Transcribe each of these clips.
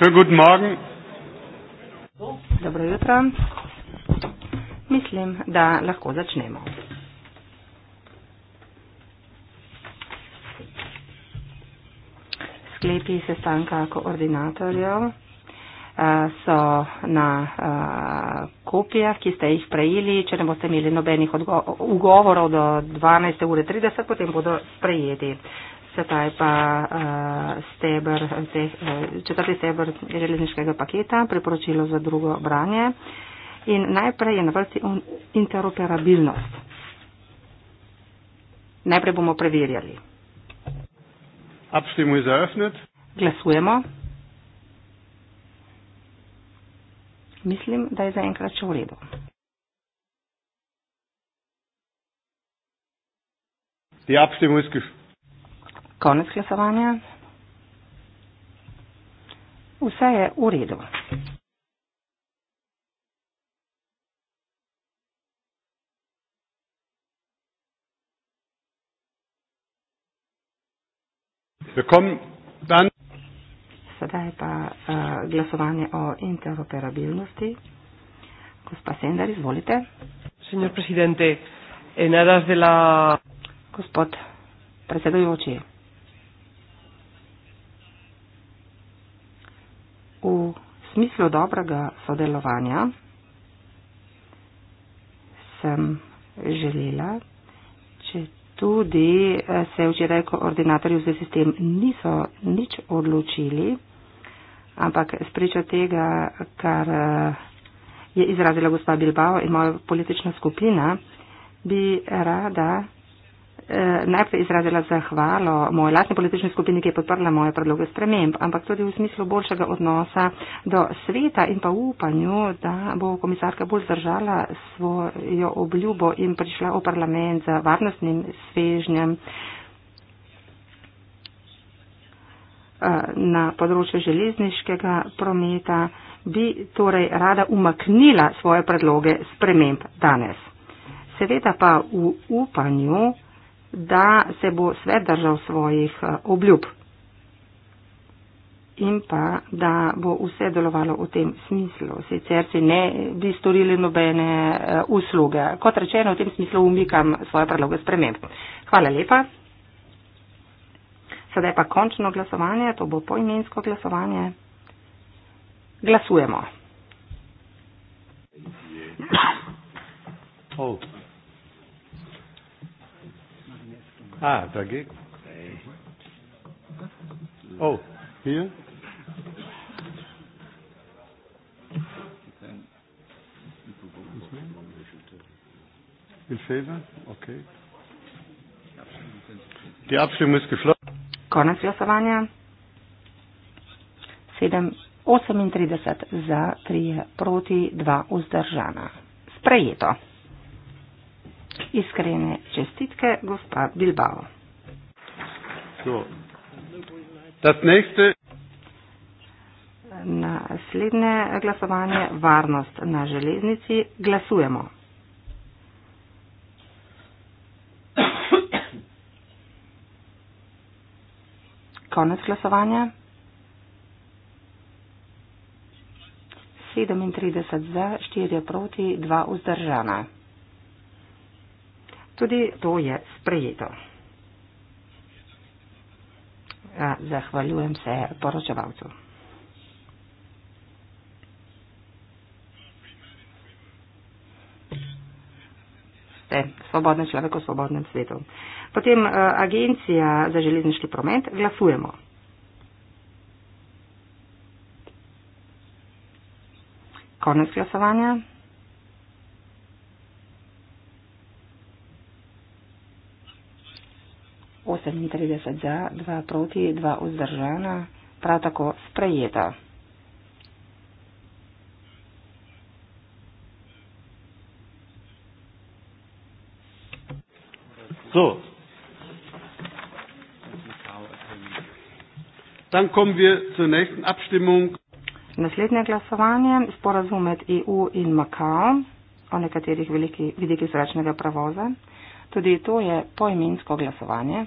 Schönen guten Morgen. Dobro jutro. Mislim, da lahko začnemo. Sklepi sestanka koordinatorjev eh, so na eh, kopijah, ki ste jih prejeli. Če ne boste imeli nobenih ugovorov do 12.30, potem bodo sprejeti sedaj pa eh, steber, te, eh, četrti steber železniškega paketa, priporočilo za drugo branje. In najprej je na vrsti interoperabilnost. Najprej bomo preverjali. Glasujemo. Mislim, da je zaenkrat še v redu. Die Abstimmung ist geschlossen. Konec glasovanja. Vse je v redu. Sedaj pa uh, glasovanje o interoperabilnosti. Gospa Sender, izvolite. Gospod predsedujoči, V smislu dobrega sodelovanja sem želela, če tudi eh, se včeraj koordinatorji v zvezi s tem niso nič odločili, ampak spričo tega, kar eh, je izrazila gospa Bilbao in moja politična skupina, bi rada Eh, najprej izrazila zahvalo moje lastne politične skupine, ki je podprla moje predloge sprememb, ampak tudi v smislu boljšega odnosa do sveta in pa upanju, da bo komisarka bolj zdržala svojo obljubo in prišla v parlament za varnostnim svežnjem eh, na področju železniškega prometa, bi torej rada umaknila svoje predloge sprememb danes. Seveda pa v upanju, da se bo svet držal svojih eh, obljub in pa da bo vse delovalo v tem smislu. Sicer si ne bi storili nobene eh, usluge. Kot rečeno, v tem smislu umikam svoje predloge sprememb. Hvala lepa. Sedaj pa končno glasovanje, to bo poimensko glasovanje. Glasujemo. Oh. Ah, da gik. Oh, hier. In favor? Okay. Die Abstimmung ist geschlossen. Konec glasovanja. 7, 38 za, 3 proti, 2 vzdržana. Sprejeto. Iskrene čestitke, gospa Bilbao. No. Das nächste. Naslednje glasovanje, varnost na železnici, glasujemo. Konec glasovanja. 37 za, 4 proti, 2 vzdržana. Tudi to je sprejeto. Ja, zahvaljujem se poročevalcu. Ste svobodni človek v svobodnem svetu. Potem eh, agencija za železniški promet, glasujemo. Konec glasovanja. strani 30 za, 2 proti, 2 vzdržana, prav tako sprejeta. So. Dann kommen wir zur nächsten Abstimmung. Naslednje glasovanje, sporazum med EU in Makao o nekaterih vidikih zračnega prevoza. Tudi to je poimensko glasovanje.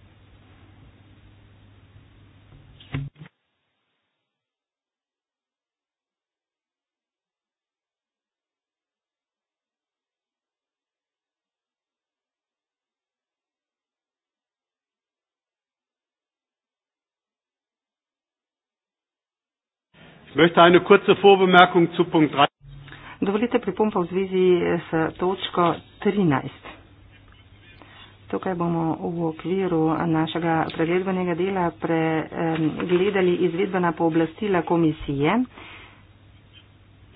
möchte eine kurze Vorbemerkung zu Punkt 3. Dovolite pripompa v zvezi s točko 13. Tukaj bomo v okviru našega pregledbenega dela pregledali izvedbena pooblastila komisije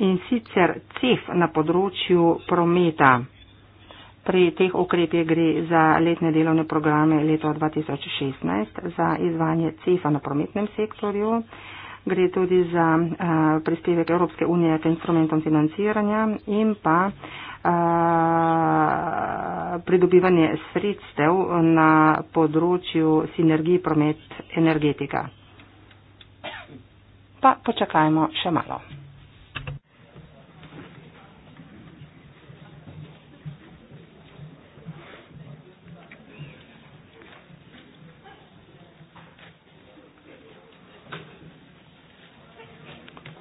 in sicer cef na področju prometa. Pri teh okrepih gre za letne delovne programe leto 2016 za izvanje cefa na prometnem sektorju gre tudi za uh, prispevek Evropske unije k instrumentom financiranja in pa uh, pridobivanje sredstev na področju sinergij promet energetika. Pa počakajmo še malo.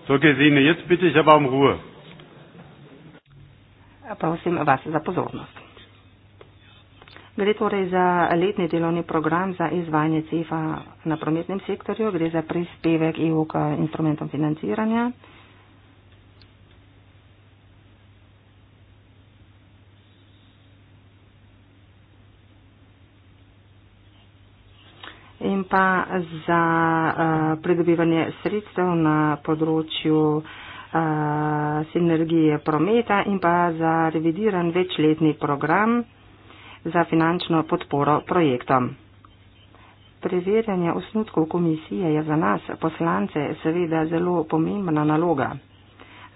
So, Gesine, jetzt bitte ich aber um Ruhe. Prosim vas za pozornost. Gre torej za letni delovni program za izvajanje CIFA na prometnem sektorju, gre za prispevek EU k instrumentom financiranja. pa za uh, pridobivanje sredstev na področju uh, sinergije prometa in pa za revidiran večletni program za finančno podporo projektom. Preverjanje osnutkov komisije je za nas, poslance, seveda zelo pomembna naloga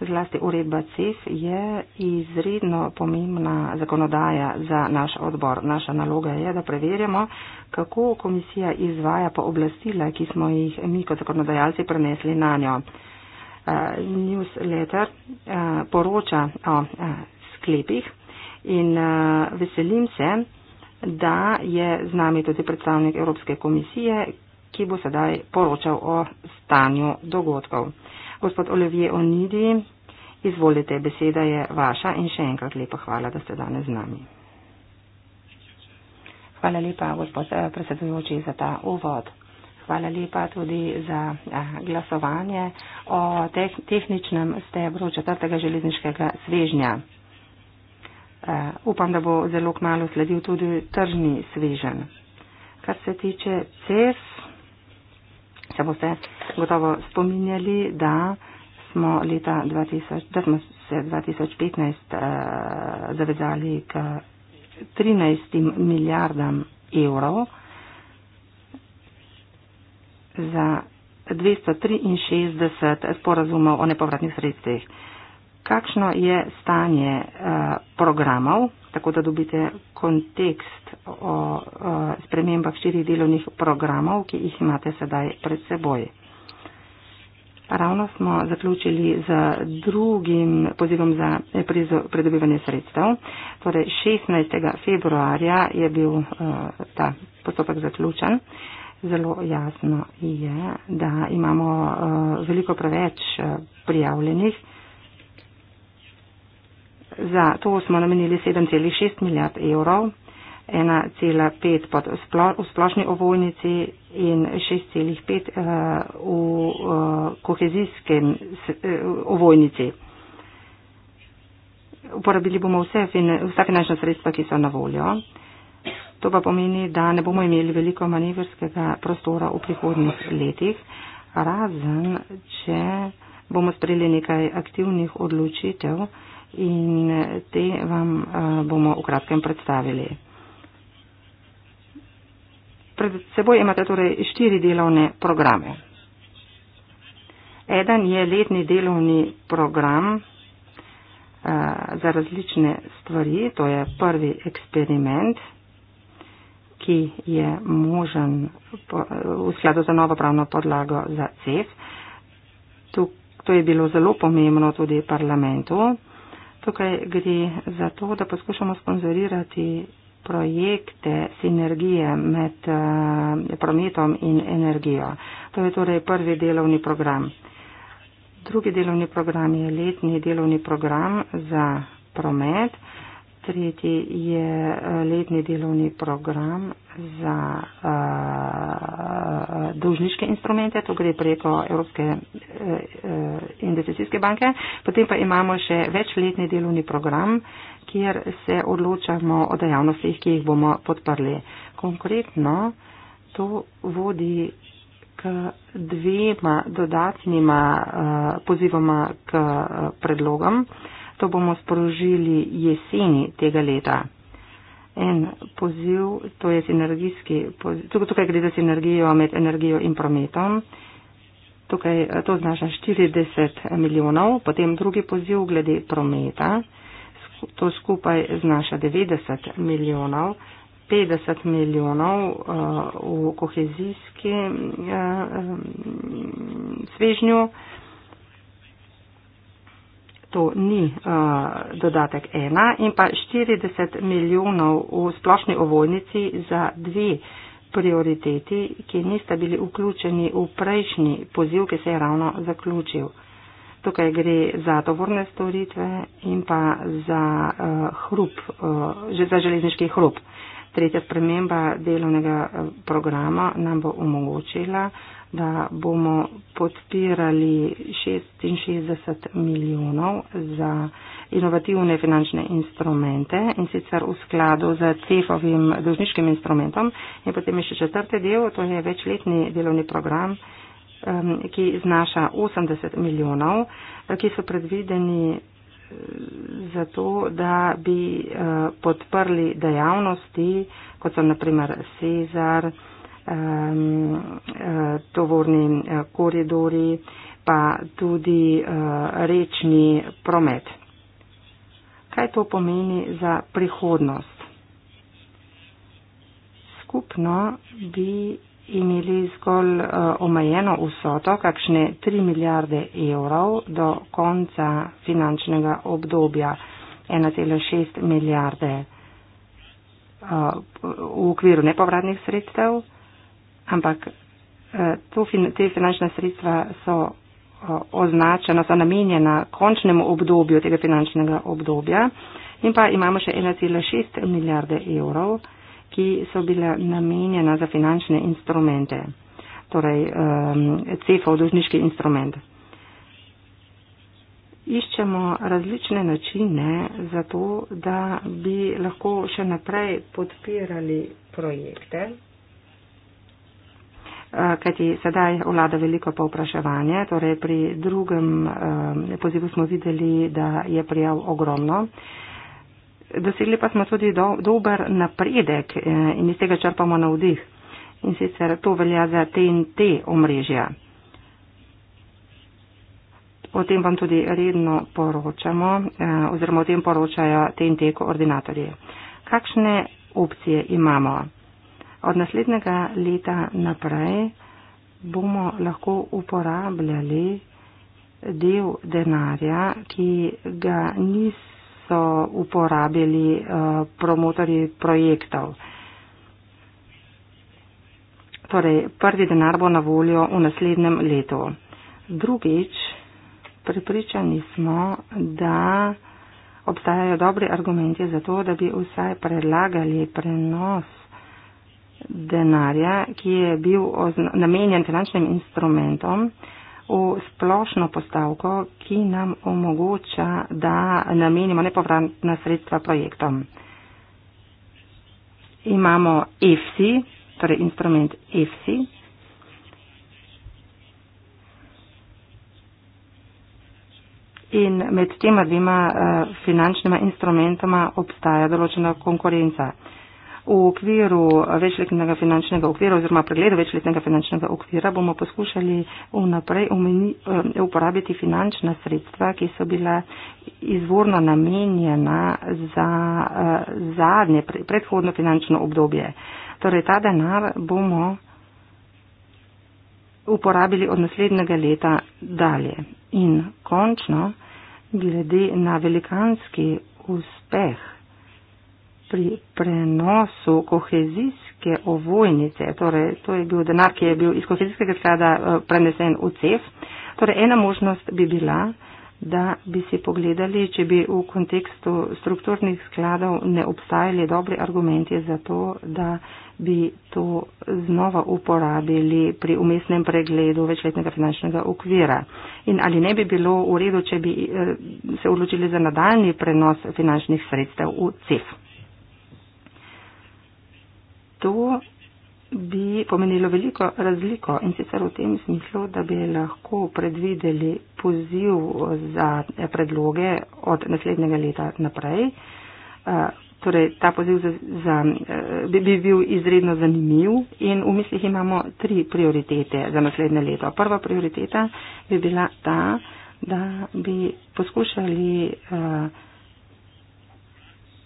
zlasti uredba CIF e je izredno pomembna zakonodaja za naš odbor. Naša naloga je, da preverjamo, kako komisija izvaja pooblastila, ki smo jih mi kot zakonodajalci prenesli na njo. Uh, eh, newsletter uh, poroča o uh, sklepih in uh, veselim se, da je z nami tudi predstavnik Evropske komisije, ki bo sedaj poročal o stanju dogodkov. Gospod Olivier Onidi, izvolite, beseda je vaša in še enkrat lepo hvala, da ste danes z nami. Hvala lepa, gospod eh, predsedujoči, za ta uvod. Hvala lepa tudi za eh, glasovanje o tehničnem stebru četrtega železniškega svežnja. Eh, upam, da bo zelo kmalo sledil tudi tržni svežen. Kar se tiče CES, se boste gotovo spominjali, da smo, leta 2000, da smo se 2015 uh, zavedali k 13 milijardam evrov za 263 sporazumov o nepovratnih sredstvih. Kakšno je stanje uh, programov? tako da dobite kontekst o, o spremembah štirih delovnih programov, ki jih imate sedaj pred seboj. Ravno smo zaključili z drugim pozivom za predobivanje sredstev. Torej 16. februarja je bil uh, ta postopek zaključen. Zelo jasno je, da imamo uh, veliko preveč uh, prijavljenih. Za to smo namenili 7,6 milijard evrov, 1,5 pod splo, v splošni ovojnici in 6,5 eh, v eh, kohezijskem eh, ovojnici. Uporabili bomo vse, vsa finančna sredstva, ki so na voljo. To pa pomeni, da ne bomo imeli veliko manevrskega prostora v prihodnjih letih, razen če bomo sprejeli nekaj aktivnih odločitev in te vam eh, bomo v kratkem predstavili. Pred seboj imate torej štiri delovne programe. Eden je letni delovni program eh, za različne stvari, to je prvi eksperiment, ki je možen v skladu za novo pravno podlago za CEF. To je bilo zelo pomembno tudi parlamentu, Tukaj gre za to, da poskušamo sponzorirati projekte sinergije med eh, prometom in energijo. To je torej prvi delovni program. Drugi delovni program je letni delovni program za promet. Tretji je eh, letni delovni program za uh, dolžniške instrumente, to gre preko Evropske investicijske banke. Potem pa imamo še večletni delovni program, kjer se odločamo o dejavnostih, ki jih bomo podprli. Konkretno to vodi k dvema dodatnima eh, pozivoma k eh, predlogom. To bomo sporožili jeseni tega leta. En poziv, to je sinergijski poziv, tukaj gre za sinergijo med energijo in prometom. Tukaj eh, to znaša 40 milijonov, potem drugi poziv glede prometa, to skupaj znaša 90 milijonov, 50 milijonov uh, v kohezijski uh, svežnju. To ni uh, dodatek ena in pa 40 milijonov v splošni ovojnici za dve uh, prioriteti, ki nista bili vključeni v prejšnji poziv, ki se je ravno zaključil. Tukaj gre za tovorne storitve in pa za, uh, hrup, uh, za železniški hrup. Tretja sprememba delovnega eh, programa nam bo omogočila, uh, da bomo podpirali 66 milijonov za inovativne finančne instrumente in sicer v skladu z CEF-ovim dolžniškim instrumentom. In potem je še četrti del, to je večletni delovni program, um, ki znaša 80 milijonov, ki so predvideni uh, zato, da bi uh, podprli dejavnosti, kot so naprimer Cezar, Ehm, eh, tovorni eh, koridori, pa tudi eh, rečni promet. Kaj to pomeni za prihodnost? Skupno bi imeli zgolj omejeno vsoto, kakšne 3 milijarde evrov do konca finančnega obdobja, 1,6 milijarde v okviru nepovratnih sredstev ampak eh, to, te finančne sredstva so eh, označena, so namenjena končnemu obdobju tega finančnega obdobja in pa imamo še 1,6 milijarde evrov, ki so bile namenjena za finančne instrumente, torej um, eh, CEFO, dožniški instrument. Iščemo različne načine za to, da bi lahko še naprej podpirali projekte. Eh, kajti sedaj vlada veliko povpraševanje. Torej pri drugem eh, pozivu smo videli, da je prijav ogromno. Dosegli pa smo tudi do, dober napredek eh, in iz tega črpamo na vdih. In sicer to velja za TNT omrežja. O tem vam tudi redno poročamo oziroma o tem poročajo TNT koordinatorji. Kakšne opcije imamo? Od naslednjega leta naprej bomo lahko uporabljali del denarja, ki ga niso uporabili eh, promotori projektov. Torej, prvi denar bo na voljo v naslednjem letu. Drugič, pripričani smo, da obstajajo dobri argumenti za to, da bi vsaj predlagali prenos denarja, ki je bil namenjen finančnim instrumentom v splošno postavko, ki nam omogoča, da namenimo nepovratna sredstva projektom. Imamo EFSI, torej instrument EFSI. In med tema dvima eh, finančnima instrumentoma obstaja določena konkurenca. V okviru večletnega finančnega okvira oziroma pregledu večletnega finančnega okvira bomo poskušali vnaprej umeni, eh, uporabiti finančna sredstva, ki so bila izvorno namenjena za eh, zadnje predhodno finančno obdobje. Torej ta denar bomo uporabili od naslednjega leta dalje. In končno, glede na velikanski uspeh pri prenosu kohezijske ovojnice, torej to je bil denar, ki je bil iz kohezijskega sklada eh, prenesen v CEF, torej ena možnost bi bila, da bi si pogledali, če bi v kontekstu strukturnih skladov ne obstajali dobri argumenti za to, da bi to znova uporabili pri umestnem pregledu večletnega finančnega okvira. In ali ne bi bilo v redu, če bi eh, se odločili za nadaljni prenos finančnih sredstev v CEF to bi pomenilo veliko razliko in sicer v tem smislu, da bi lahko predvideli poziv za predloge od naslednjega leta naprej. Eh, torej, ta poziv za, za, eh, bi, bi bil izredno zanimiv in v mislih imamo tri prioritete za naslednje leto. Prva prioriteta bi bila ta, da bi poskušali uh,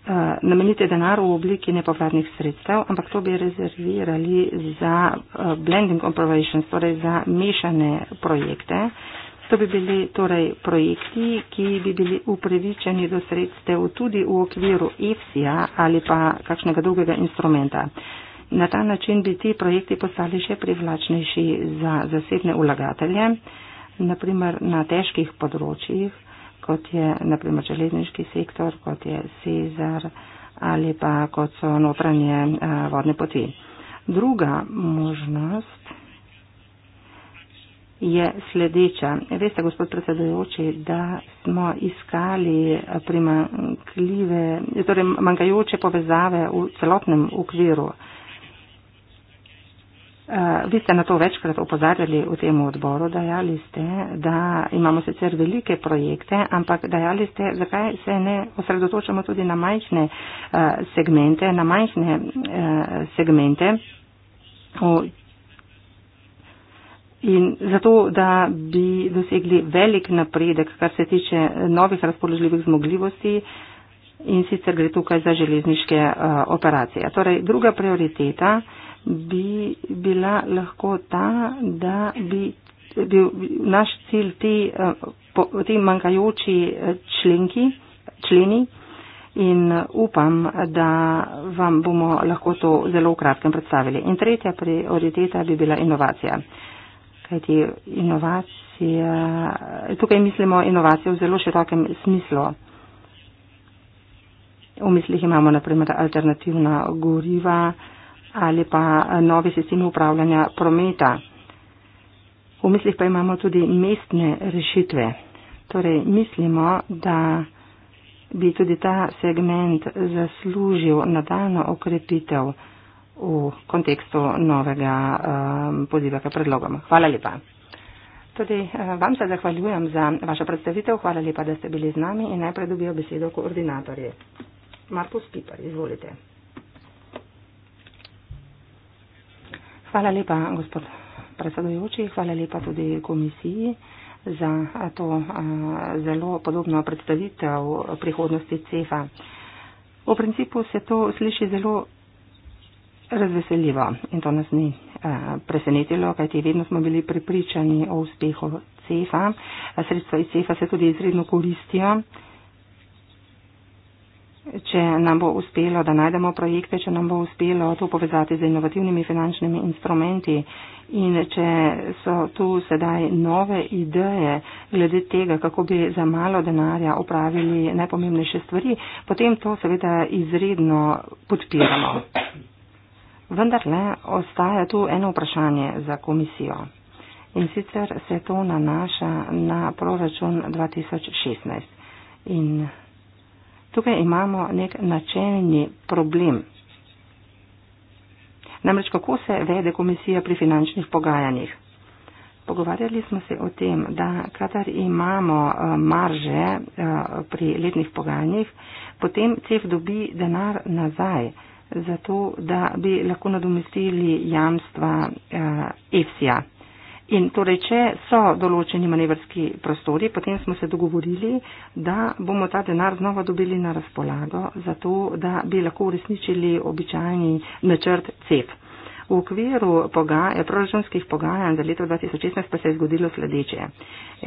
Eh, namenite denar v obliki nepovratnih sredstev, ampak to bi rezervirali za eh, blending operations, torej za mešane projekte. To bi bili torej projekti, ki bi bili upravičeni do sredstev tudi v okviru EFSI-ja ali pa kakšnega drugega instrumenta. Na ta način bi ti projekti postali še privlačnejši za zasebne ulagatelje, naprimer na težkih področjih, kot je naprimer železniški sektor, kot je Cezar ali pa kot so notranje eh, vodne poti. Druga možnost je sledeča. Veste, gospod predsedujoči, da smo iskali eh, primankljive, torej manjkajoče povezave v celotnem okviru. Eh, vi ste na to večkrat opozarjali v tem odboru, dajali ste, da imamo sicer velike projekte, ampak dajali ste, zakaj se ne osredotočamo tudi na majhne eh, segmente, na majhne eh, segmente. In zato, da bi dosegli velik napredek, kar se tiče novih razpoložljivih zmogljivosti in sicer gre tukaj za železniške uh, operacije. Torej, druga prioriteta uh, bi bila lahko ta, da bi bil naš cilj ti, eh, ti manjkajoči eh, členki, členi in eh, upam, da vam bomo lahko to zelo v kratkem predstavili. In tretja prioriteta bi bila inovacija. Kajti inovacija, tukaj mislimo inovacijo v zelo širokem smislu. V mislih imamo naprimer alternativna goriva, ali pa eh, novi sistemi upravljanja prometa. V mislih pa imamo tudi mestne rešitve. Torej, mislimo, da bi tudi ta segment zaslužil nadaljno okrepitev v kontekstu novega eh, poziva k predlogom. Hvala lepa. Tudi eh, vam se zahvaljujem za vašo predstavitev. Hvala lepa, da ste bili z nami in najprej dobijo besedo koordinatorje. Markus Piper, izvolite. Hvala lepa, gospod predsedujoči, hvala lepa tudi komisiji za to zelo podobno predstavitev prihodnosti CEFA. V principu se to sliši zelo razveseljivo in to nas ni presenetilo, kajti vedno smo bili pripričani o uspehu CEFA. Sredstva iz CEFA se tudi izredno koristijo če nam bo uspelo, da najdemo projekte, če nam bo uspelo to povezati z inovativnimi finančnimi instrumenti in če so tu sedaj nove ideje glede tega, kako bi za malo denarja opravili najpomembnejše stvari, potem to seveda izredno podpiramo. Vendar le ostaja tu eno vprašanje za komisijo. In sicer se to nanaša na proračun 2016. In Tukaj imamo nek načelni problem. Namreč kako se vede komisija pri finančnih pogajanjih? Pogovarjali smo se o tem, da kadar imamo eh, marže eh, pri letnih pogajanjih, potem CEF dobi denar nazaj, zato da bi lahko nadomestili jamstva EFSI-ja. Eh, In torej, če so določeni manevrski prostori, potem smo se dogovorili, da bomo ta denar znova dobili na razpolago, zato da bi lahko uresničili običajni načrt CEP. V okviru pogaja, proračunskih pogajanj za leto 2016 pa se je zgodilo sledeče.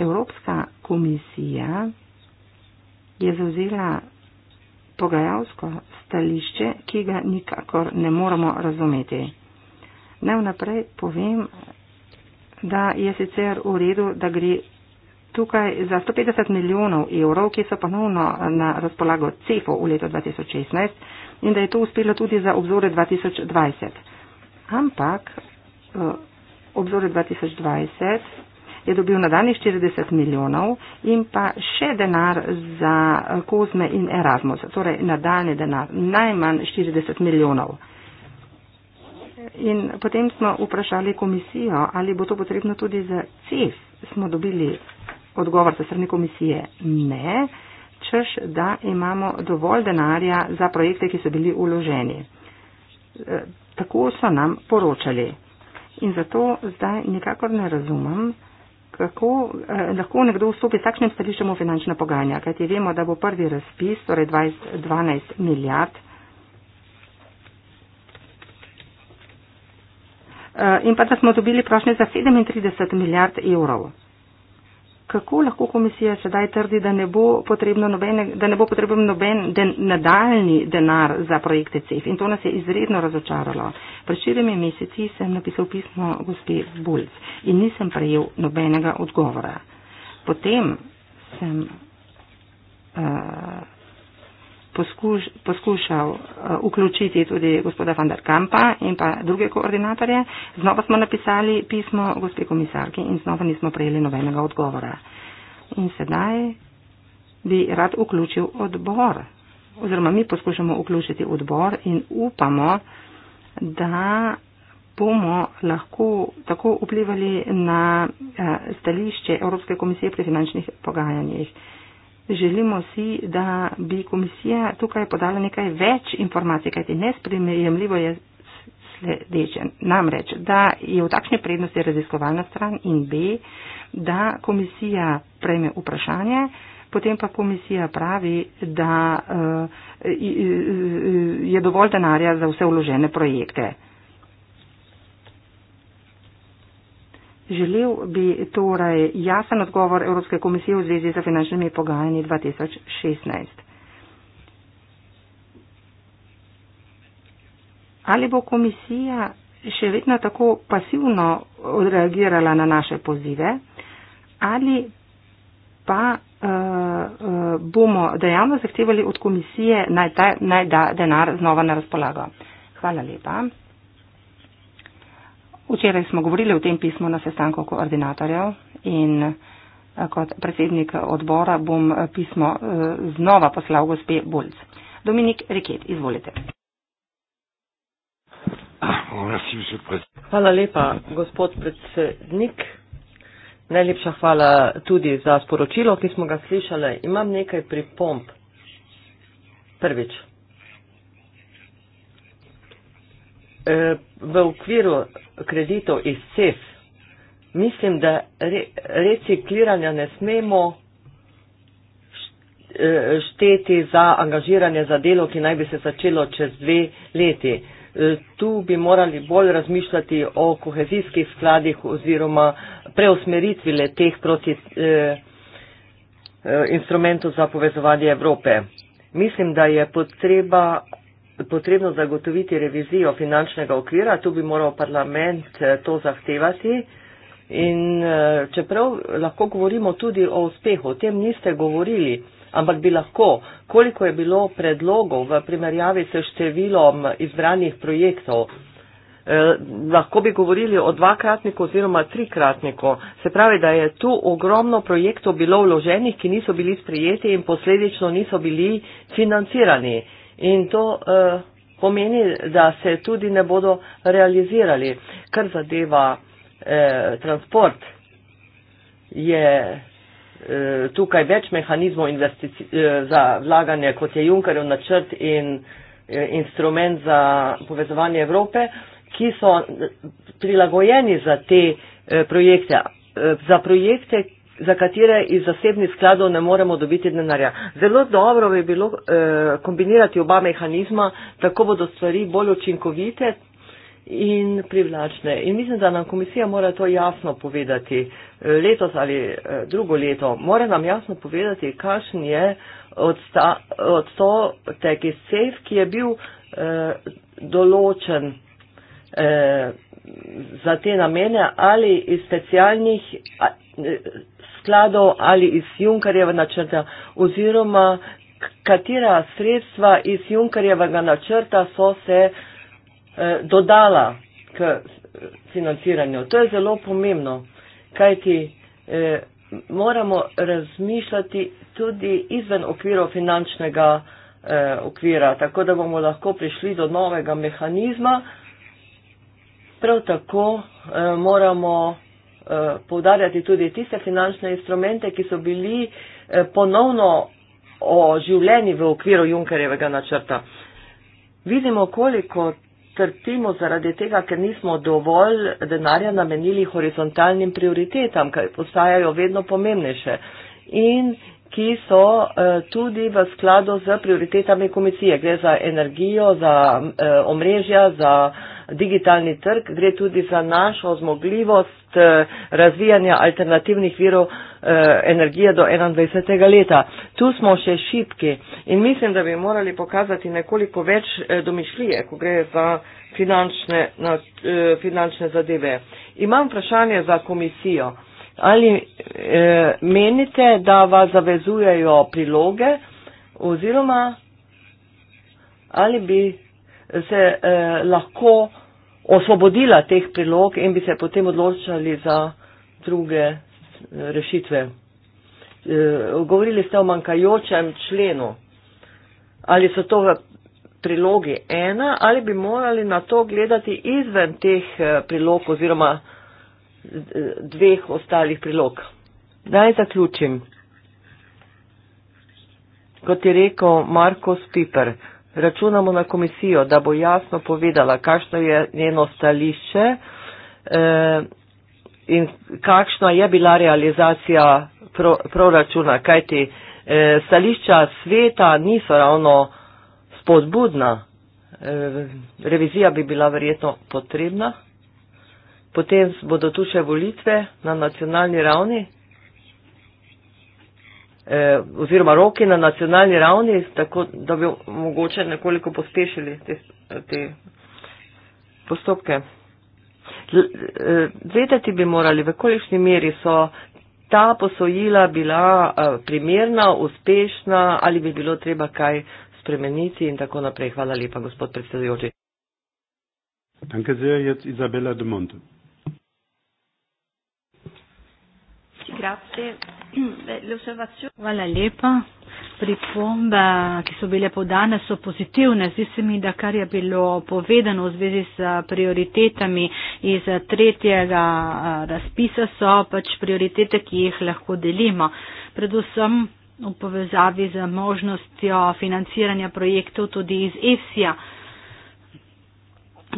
Evropska komisija je zauzela pogajalsko stališče, ki ga nikakor ne moramo razumeti. Ne vnaprej povem, da je sicer v redu, da gre tukaj za 150 milijonov evrov, ki so ponovno na razpolago CEFO v letu 2016 in da je to uspelo tudi za obzore 2020. Ampak eh, obzore 2020 je dobil na danes 40 milijonov in pa še denar za eh, Kozme in Erasmus, torej nadaljne denar, najmanj 40 milijonov. In potem smo vprašali komisijo, ali bo to potrebno tudi za CIF. Smo dobili odgovor za strani komisije ne, čež da imamo dovolj denarja za projekte, ki so bili uloženi. E, tako so nam poročali. In zato zdaj nikakor ne razumem, kako eh, lahko nekdo vstopi s takšnim stališčem v finančna pogajanja, kajti vemo, da bo prvi razpis, torej 20, 12 milijard, Eh, in pa da smo dobili prošnje za 37 milijard evrov. Kako lahko komisija sedaj trdi, da ne bo, potrebno nobene, da ne bo potreben noben den, nadaljni denar za projekte CEF? E? In to nas je izredno razočaralo. Pred širimi meseci sem napisal pismo gospe Bulc in nisem prejel nobenega odgovora. Potem sem. Uh, poskuš, poskušal uh, vključiti tudi gospoda van der Kampa in pa druge koordinatorje, znova smo napisali pismo gospe komisarki in znova nismo prejeli nobenega odgovora. In sedaj bi rad vključil odbor, oziroma mi poskušamo vključiti odbor in upamo, da bomo lahko tako vplivali na eh, stališče Evropske komisije pri finančnih pogajanjih. Želimo si, da bi komisija tukaj podala nekaj več informacij, kajti nesprejemljivo je sledeče. Namreč, da je v takšni prednosti raziskovalna stran in B, da komisija prejme vprašanje, potem pa komisija pravi, da uh, je dovolj denarja za vse vložene projekte. Uh, Želel bi torej jasen odgovor Evropske komisije v zvezi z finančnimi pogajanji 2016. Ali bo komisija še vedno tako pasivno odreagirala na naše pozive ali pa uh, uh, bomo dejavno zahtevali od komisije naj, ta, naj da denar znova na razpolago? Hvala lepa. Včeraj smo govorili o tem pismu na sestanku koordinatorjev in eh, kot predsednik odbora bom eh, pismo eh, znova poslal gospe Bulc. Dominik Reket, izvolite. Hvala lepa, gospod predsednik. Najlepša hvala tudi za sporočilo, ki smo ga slišali. Imam nekaj pripomp. Prvič, Eh, v okviru kreditov iz CEF, mislim, da recikliranja ne smemo eh, šteti za angažiranje za delo, ki naj bi se začelo čez dve leti. Eh, tu bi morali bolj razmišljati o kohezijskih skladih oziroma preusmeritvi le teh proti eh, instrumentu za povezovanje Evrope. Mislim, da je potreba potrebno zagotoviti revizijo finančnega okvira, tu bi moral parlament eh, to zahtevati. In eh, čeprav lahko govorimo tudi o uspehu, o tem niste govorili, ampak bi lahko, koliko je bilo predlogov v primerjavi s številom izbranih projektov, eh, lahko bi govorili o dvakratniku oziroma trikratniku. Se pravi, da je tu ogromno projektov bilo vloženih, ki niso bili sprejeti in posledično niso bili financirani in to uh, pomeni, da se tudi ne bodo realizirali. Kar zadeva eh, transport, je eh, tukaj več mehanizmov eh, za vlaganje, kot je Junkerjev načrt in eh, instrument za povezovanje Evrope, ki so eh, prilagojeni za te eh, projekte. Eh, za projekte, za katere iz zasebnih skladov ne moremo dobiti denarja. Zelo dobro bi bilo eh, kombinirati oba mehanizma, tako bodo stvari bolj učinkovite in privlačne. In mislim, da nam komisija mora to jasno povedati letos ali eh, drugo leto. Mora nam jasno povedati, kakšen je odstotek iz sejf, ki je bil eh, določen eh, za te namene ali iz specialnih. A, skladov ali iz Junkarjeva načrta oziroma katera sredstva iz Junkarjevega načrta so se eh, dodala k eh, financiranju. To je zelo pomembno, kajti eh, moramo razmišljati tudi izven okviru finančnega eh, okvira, tako da bomo lahko prišli do novega mehanizma. Prav tako eh, moramo Eh, poudarjati tudi tiste finančne instrumente, ki so bili eh, ponovno oživljeni v okviru Junkerjevega načrta. Vidimo, koliko trpimo zaradi tega, ker nismo dovolj denarja namenili horizontalnim prioritetam, ki postajajo vedno pomembnejše. In ki so eh, tudi v skladu z prioritetami komisije. Gre za energijo, za eh, omrežja, za digitalni trg, gre tudi za našo zmogljivost eh, razvijanja alternativnih virov energije do 21. leta. Tu smo še šipki in mislim, da bi morali pokazati nekoliko več domišljije, ko gre za finančne, finančne zadeve. Imam vprašanje za komisijo. Ali e, menite, da vas zavezujejo priloge oziroma ali bi se e, lahko osvobodila teh prilog in bi se potem odločali za druge eh, rešitve? E, govorili ste o manjkajočem členu. Ali so to prilogi ena ali bi morali na to gledati izven teh prilog oziroma dveh ostalih prilog. Naj zaključim. Kot je rekel Marko Spiper, računamo na komisijo, da bo jasno povedala, kakšno je njeno stališče eh, in kakšna je bila realizacija pro, proračuna, kajti eh, stališča sveta niso ravno spodbudna. Eh, revizija bi bila verjetno potrebna potem bodo tu še volitve na nacionalni ravni, eh, oziroma roki na nacionalni ravni, tako da bi mogoče nekoliko pospešili te, te postopke. Eh, vedeti bi morali, v kolikšni meri so ta posojila bila eh, primerna, uspešna ali bi bilo treba kaj spremeniti in tako naprej. Hvala lepa, gospod predsedujoči. Danke sehr, jetzt Isabella de Monte. Hvala lepa. Pripomba, ki so bile podane, so pozitivne. Zdi se mi, da kar je bilo povedano v zvezi s eh, prioritetami iz eh, tretjega eh, razpisa, so pač prioritete, ki jih lahko delimo. Predvsem v povezavi z možnostjo financiranja projektov tudi iz ESIA.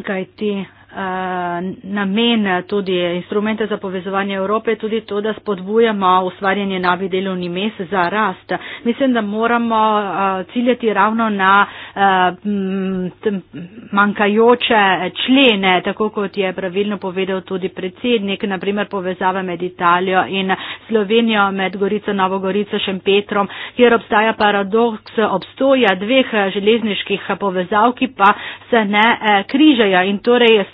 Kaj ti Eh, namen tudi instrumente za povezovanje Evrope je tudi to, da spodbujamo ustvarjanje novih delovnih mest za rast. Mislim, da moramo eh, ciljati ravno na eh, manjkajoče člene, tako kot je pravilno povedal tudi predsednik, naprimer povezava med Italijo in Slovenijo, med Gorico, Novo Gorico, Šempetrom, kjer obstaja paradoks obstoja dveh železniških povezav, ki pa se ne križajo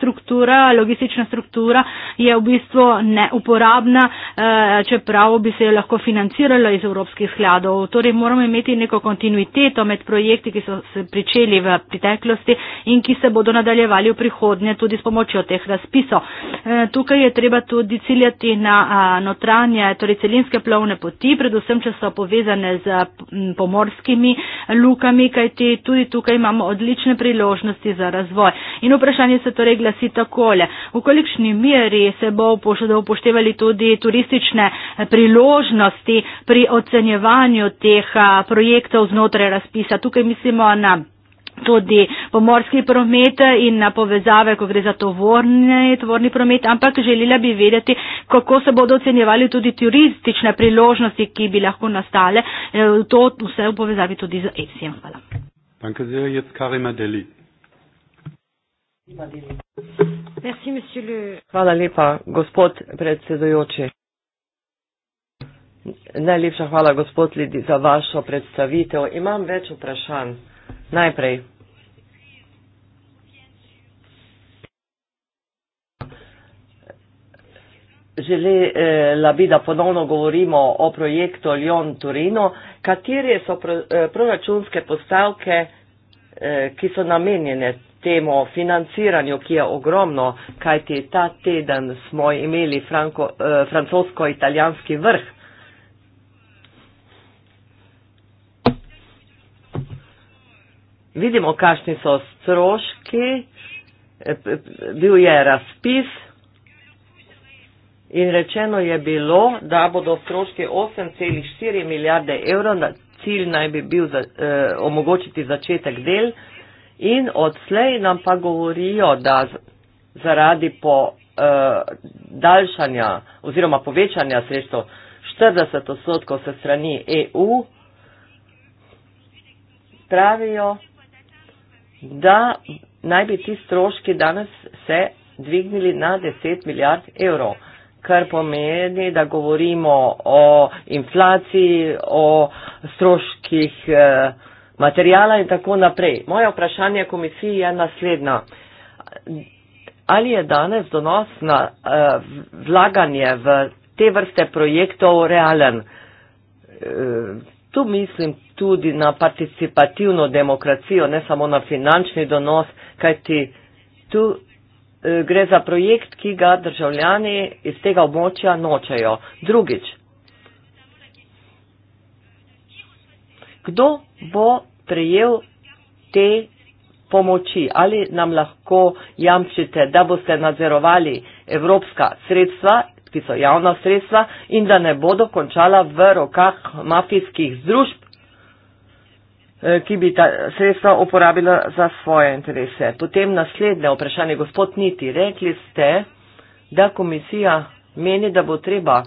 struktura, logistična struktura je v bistvu neuporabna, eh, čeprav bi se jo lahko financiralo iz evropskih skladov. Torej moramo imeti neko kontinuiteto med projekti, ki so se pričeli v preteklosti in ki se bodo nadaljevali v prihodnje tudi s pomočjo teh razpisov. Eh, tukaj je treba tudi ciljati na eh, notranje, torej celinske plovne poti, predvsem, če so povezane z pomorskimi lukami, kajti tudi tukaj imamo odlične priložnosti za razvoj. In vprašanje se torej glasi, glasi takole. V kolikšni meri se bo upoštevali tudi turistične eh, priložnosti pri ocenjevanju teh eh, projektov znotraj razpisa? Tukaj mislimo na tudi pomorski promet eh, in na povezave, ko gre za tovorni, tovorni promet, ampak želela bi vedeti, kako se bodo ocenjevali tudi turistične priložnosti, ki bi lahko nastale, to vse v povezavi tudi z ESI. Hvala. Danke sehr, jetzt Karima Deli. Merci, le... Hvala lepa, gospod predsedujoči. Najlepša hvala, gospod Lidi, za vašo predstavitev. Imam več vprašanj. Najprej. Želela bi, da ponovno govorimo o projektu Lyon Turino. Katere so eh, proračunske postavke, eh, ki so namenjene temo o financiranju, ki je ogromno, kajti ta teden smo imeli eh, francosko-italijanski vrh. Vidimo, kakšni so stroški. Eh, bil je razpis in rečeno je bilo, da bodo stroški 8,4 milijarde evrov, cilj naj bi bil za, eh, omogočiti začetek del in odslej nam pa govorijo, da zaradi po uh, daljšanja oziroma povečanja sredstev 40 odstotkov se strani EU pravijo, da naj bi ti stroški danes se dvignili na 10 milijard evrov kar pomeni, da govorimo o inflaciji, o stroških eh, materijala in tako naprej. Moje vprašanje komisiji je naslednja. Ali je danes donos na uh, vlaganje v te vrste projektov realen? Uh, tu mislim tudi na participativno demokracijo, ne samo na finančni donos, kajti tu uh, gre za projekt, ki ga državljani iz tega območja nočejo. Drugič, kdo bo prejel te pomoči. Ali nam lahko jamčite, da boste nadzorovali evropska sredstva, ki so javna sredstva, in da ne bodo končala v rokah mafijskih združb, eh, ki bi ta sredstva uporabila za svoje interese. Potem naslednje vprašanje, gospod Niti, rekli ste, da komisija meni, da bo treba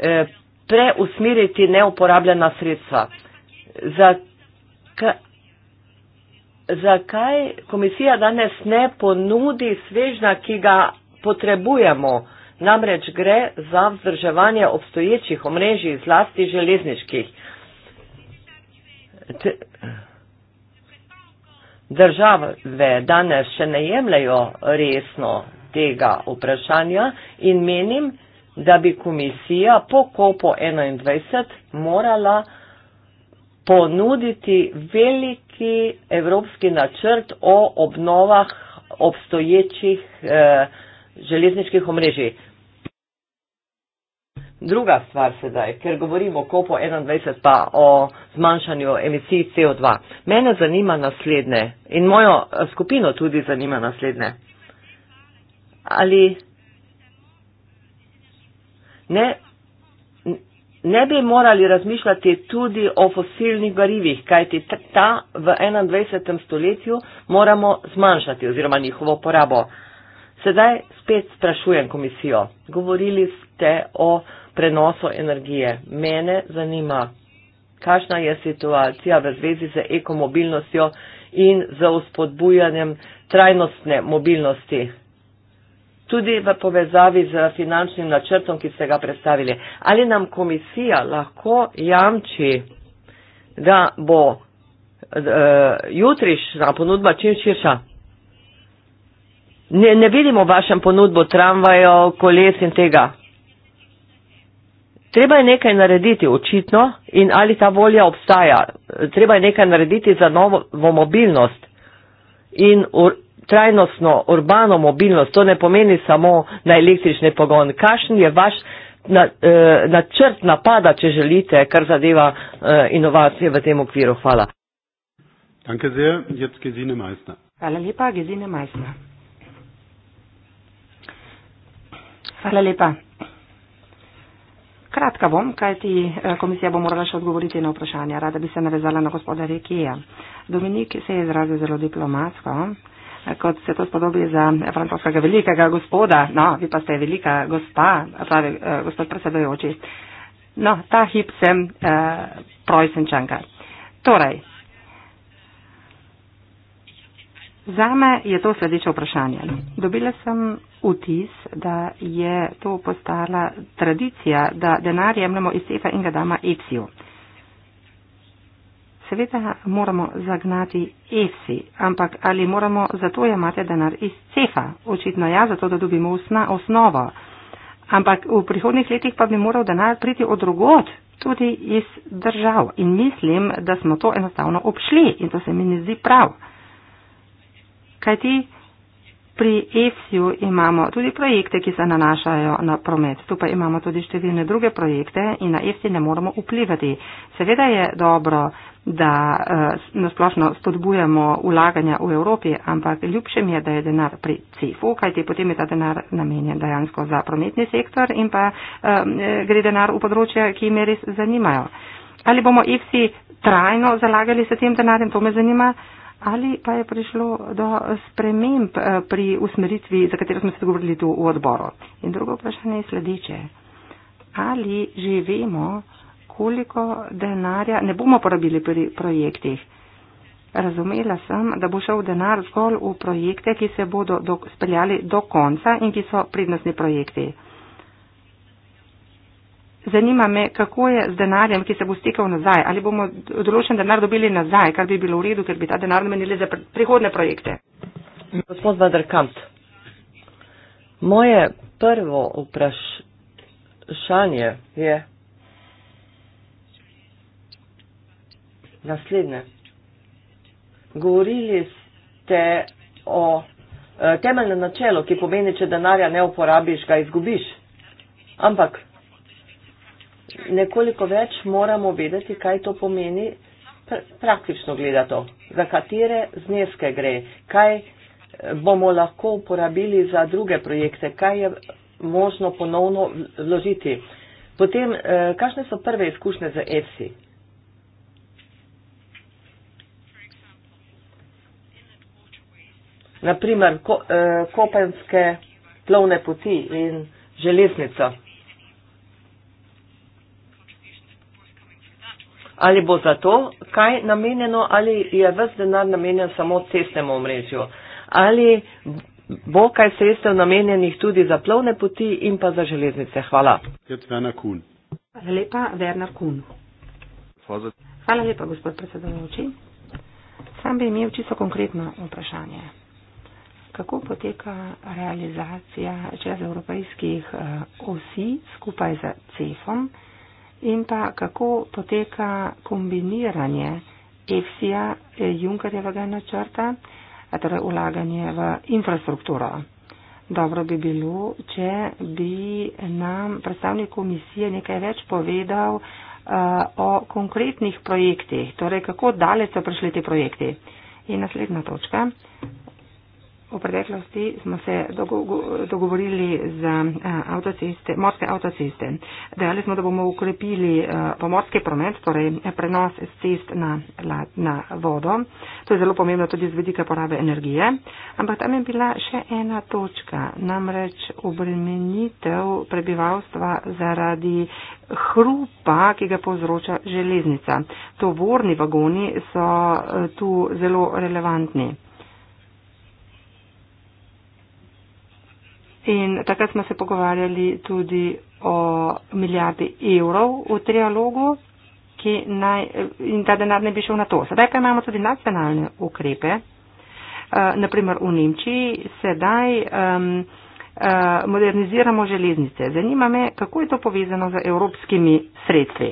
eh, preusmeriti neuporabljena sredstva. Zakaj komisija danes ne ponudi svežna, ki ga potrebujemo? Namreč gre za vzdrževanje obstoječih omrežij, zlasti železniških. Države danes še ne jemljajo resno tega vprašanja in menim, da bi komisija po kopu 21 morala ponuditi veliki evropski načrt o obnovah obstoječih eh, železniških omrežij. Druga stvar sedaj, ker govorimo o kopu 21 pa o zmanjšanju emisij CO2. Mene zanima naslednje in mojo eh, skupino tudi zanima naslednje. Ali ne, ne bi morali razmišljati tudi o fosilnih barivih, kajti ta v 21. stoletju moramo zmanjšati oziroma njihovo porabo. Sedaj spet sprašujem komisijo. Govorili ste o prenosu energije. Mene zanima, kakšna je situacija v zvezi z ekomobilnostjo in z uspodbujanjem trajnostne mobilnosti tudi v povezavi z finančnim načrtom, ki ste ga predstavili. Ali nam komisija lahko jamči, da bo uh, jutrišnja ponudba čim širša? Ne, ne vidimo vašem ponudbo tramvajo, koles in tega. Treba je nekaj narediti, očitno, in ali ta volja obstaja. Treba je nekaj narediti za novo mobilnost in trajnostno urbano mobilnost, to ne pomeni samo na električni pogon. Kakšen je vaš eh, načrt na napada, če želite, kar zadeva eh, inovacije v tem okviru? Hvala. Hvala lepa, Gezine Majsna. Hvala lepa. Kratka bom, kaj ti eh, komisija bo morala še odgovoriti na vprašanje. Rada bi se navezala na gospoda Rekija. Dominik se je izrazil zelo diplomatsko, kot se to spodobi za francoskega velikega gospoda. No, vi pa ste velika gospa, pravi eh, gospod predsedujoči. No, ta hip sem eh, projsenčanka. Torej, zame je to sledeče vprašanje. Dobila sem vtis, da je to postala tradicija, da denar jemljemo iz sefa in ga damo Epsiju seveda moramo zagnati EFSI, ampak ali moramo zato jemati denar iz CEFA? Očitno ja, zato da dobimo usna, osnovo. Ampak v prihodnih letih pa bi moral denar priti od drugot, tudi iz držav. In mislim, da smo to enostavno obšli in to se mi ne zdi prav. Kaj ti? Pri EFSI-ju imamo tudi projekte, ki se nanašajo na promet. Tu pa imamo tudi številne druge projekte in na EFSI ne moremo vplivati. Seveda je dobro, da eh, nasplošno spodbujamo ulaganja v Evropi, ampak ljubše mi je, da je denar pri CIF-u, e kajti potem je ta denar namenjen dejansko za prometni sektor in pa eh, gre denar v področje, ki me res zanimajo. Ali bomo IFSI trajno zalagali s tem denarjem, to me zanima. Ali pa je prišlo do sprememb eh, pri usmeritvi, za katero smo se dogovorili tu v odboru? In drugo vprašanje je sledeče. Ali že vemo, koliko denarja ne bomo porabili pri projektih. Razumela sem, da bo šel denar zgolj v projekte, ki se bodo do, speljali do konca in ki so prednostni projekti. Zanima me, kako je z denarjem, ki se bo stikal nazaj, ali bomo določen denar dobili nazaj, kar bi bilo v redu, ker bi ta denar namenili za prihodne projekte. Gospod Vaderkamp, moje prvo vprašanje je, naslednje. Govorili ste o e, temeljnem načelu, ki pomeni, če denarja ne uporabiš, ga izgubiš. Ampak nekoliko več moramo vedeti, kaj to pomeni praktično gledato, za katere zneske gre, kaj e, bomo lahko uporabili za druge projekte, kaj je možno ponovno vložiti. Potem, e, kakšne so prve izkušnje z EFSI? naprimer ko, eh, kopenske plovne poti in železnico. Ali bo za to kaj namenjeno, ali je vse denar namenjen samo cestnemu omrežju, ali bo kaj sredstev namenjenih tudi za plovne poti in pa za železnice. Hvala. Hvala lepa, Werner Kuhn. Hvala lepa, gospod predsedujoči. Sam bi imel čisto konkretno vprašanje kako poteka realizacija čez evropejskih eh, osi skupaj z CEF-om in pa kako poteka kombiniranje EFSI-ja, eh, Junkerjevega načrta, torej ulaganje v infrastrukturo. Dobro bi bilo, če bi nam predstavnik komisije nekaj več povedal eh, o konkretnih projektih, torej kako daleč so prišli ti projekti. In naslednja točka, V preteklosti smo se dogo dogovorili z eh, avtoceste, morske avtoceste. Dejali smo, da bomo ukrepili eh, pomorski promet, torej prenos z cest na, na vodo. To je zelo pomembno tudi z vedika porabe energije. Ampak tam je bila še ena točka, namreč obremenitev prebivalstva zaradi hrupa, ki ga povzroča železnica. Tovorni vagoni so eh, tu zelo relevantni. In takrat smo se pogovarjali tudi o milijardi evrov v trialogu, ki naj, in ta denar ne bi šel na to. Sedaj pa imamo tudi nacionalne ukrepe. Eh, Naprimer v Nemčiji sedaj um, moderniziramo železnice. Zanima me, kako je to povezano z evropskimi sredstvi.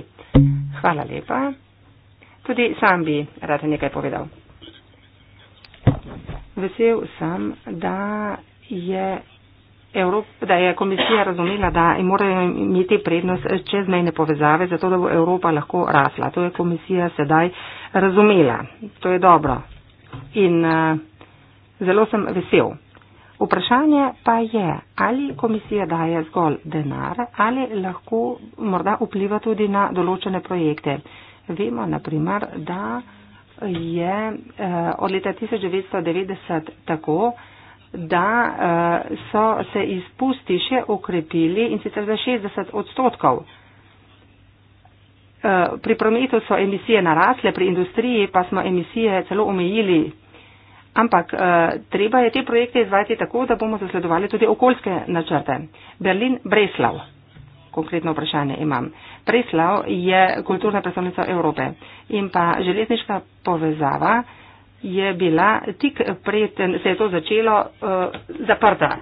Hvala lepa. Tudi sam bi rad nekaj povedal. Vesel sem, da je Evropa, da je komisija razumela, da morajo imeti prednost čezmejne povezave, zato da bo Evropa lahko rasla. To je komisija sedaj razumela. To je dobro. In uh, zelo sem vesel. Vprašanje pa je, ali komisija daje zgolj denar ali lahko morda vpliva tudi na določene projekte. Vemo naprimer, da je uh, od leta 1990 tako, da eh, so se izpusti še okrepili in sicer za 60 odstotkov. Eh, pri prometu so emisije narasle, pri industriji pa smo emisije celo omejili. Ampak eh, treba je te projekte izvajati tako, da bomo zasledovali tudi okoljske načrte. Berlin, Breslav. Konkretno vprašanje imam. Breslav je kulturna predstavnica Evrope in pa železniška povezava je bila tik preden se je to začelo uh, zaprta.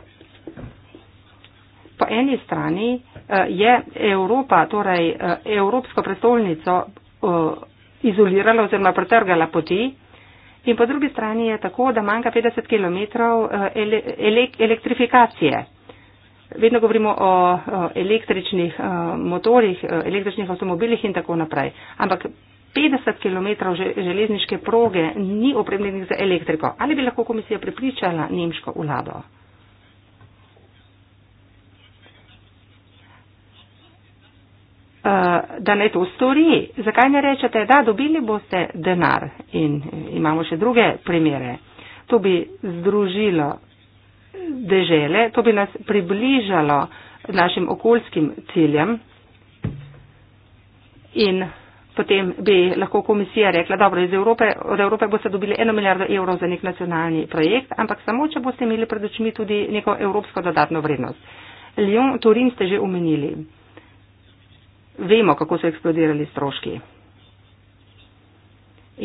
Po eni strani uh, je Evropa, torej uh, Evropsko prestolnico, uh, izolirala oziroma pretrgala poti in po drugi strani je tako, da manjka 50 km uh, ele, elek, elektrifikacije. Vedno govorimo o, o električnih uh, motorjih, električnih avtomobilih in tako naprej. Ampak 50 km železniške proge ni opremljenih z elektriko. Ali bi lahko komisija pripričala nemško vlado? Eh, da ne to stori. Zakaj ne rečete, da dobili boste denar in eh, imamo še druge primere. To bi združilo dežele, to bi nas približalo našim okoljskim ciljem in potem bi lahko komisija rekla, dobro, iz Evrope, od Evrope boste dobili eno milijardo evrov za nek nacionalni projekt, ampak samo, če boste imeli pred očmi tudi neko evropsko dodatno vrednost. Lyon, Turin ste že omenili. Vemo, kako so eksplodirali stroški.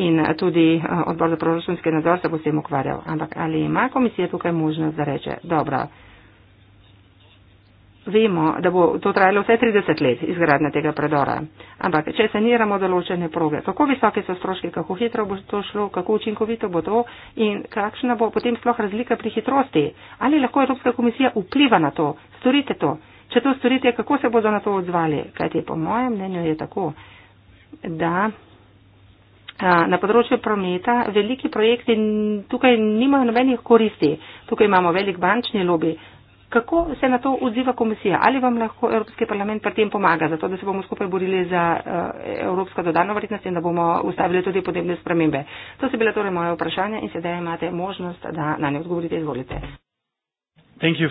In tudi eh, odbor za proračunske nadzor se bo s tem ukvarjal. Ampak ali ima komisija tukaj možnost, da reče, dobro, vemo, da bo to trajalo vse 30 let izgradnja tega predora. Ampak, če saniramo določene proge, kako visoke so stroške, kako hitro bo to šlo, kako učinkovito bo to in kakšna bo potem sploh razlika pri hitrosti? Ali lahko Evropska komisija vpliva na to? Storite to. Če to storite, kako se bodo na to odzvali? Kajti po mojem mnenju je tako, da. Na področju prometa veliki projekti tukaj nimajo nobenih koristi. Tukaj imamo velik bančni lobby, Kako se na to odziva komisija? Ali vam lahko Evropski parlament pri tem pomaga, zato da se bomo skupaj borili za uh, evropsko dodano vrednost in da bomo ustavili tudi podnebne spremembe? To so bile torej moje vprašanja in sedaj imate možnost, da na ne odgovorite. Izvolite.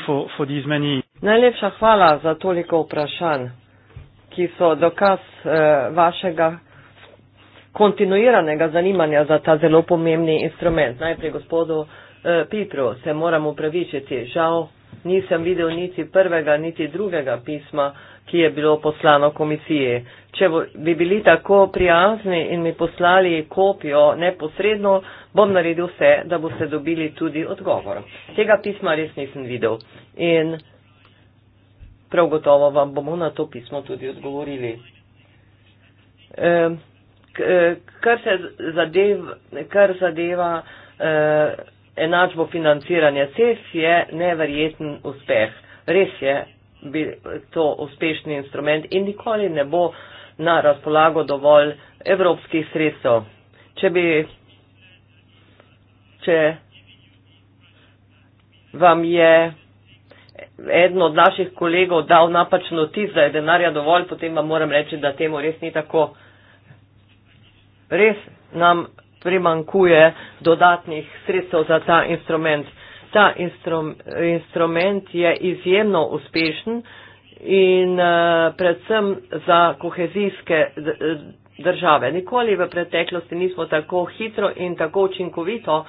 For, for many... Najlepša hvala za toliko vprašanj, ki so dokaz uh, vašega kontinuiranega zanimanja za ta zelo pomembni instrument. Najprej gospodu uh, Petru se moramo upravičiti. Žal nisem videl niti prvega, niti drugega pisma, ki je bilo poslano komisiji. Če bi bili tako prijazni in mi poslali kopijo neposredno, bom naredil vse, da boste dobili tudi odgovor. Tega pisma res nisem videl in prav gotovo vam bomo na to pismo tudi odgovorili. E, k, eh, kar se zadev, kar zadeva. E, enačbo financiranja CEF je neverjeten uspeh. Res je, bi to uspešni instrument in nikoli ne bo na razpolago dovolj evropskih sredstev. Če bi, če vam je eden od naših kolegov dal napačno tis, da je denarja dovolj, potem vam moram reči, da temu res ni tako. Res nam primankuje dodatnih sredstev za ta instrument. Ta instrum, instrument je izjemno uspešen in eh, predvsem za kohezijske eh, države. Nikoli v preteklosti nismo tako hitro in tako učinkovito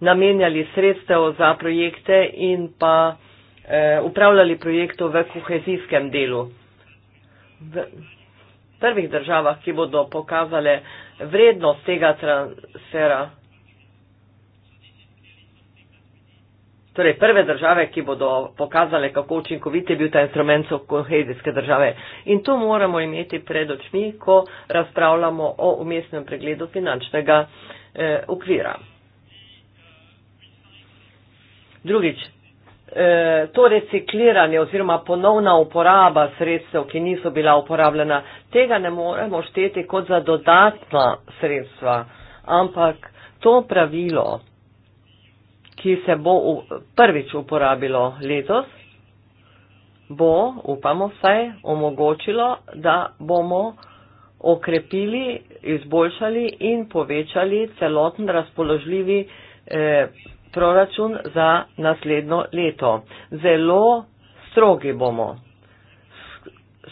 namenjali sredstev za projekte in pa eh, upravljali projekto v kohezijskem delu. V prvih državah, ki bodo pokazale eh, vrednost tega transfera. Torej, prve države, ki bodo pokazale, kako učinkovit je bil ta instrument, so kohezijske države. In to moramo imeti pred očmi, ko razpravljamo o umestnem pregledu finančnega eh, okvira. Drugič, E, to recikliranje oziroma ponovna uporaba sredstev, ki niso bila uporabljena, tega ne moremo šteti kot za dodatna sredstva, ampak to pravilo, ki se bo prvič uporabilo letos, bo, upamo vsaj, omogočilo, da bomo okrepili, izboljšali in povečali celoten razpoložljivi eh, proračun za naslednjo leto. Zelo strogi bomo.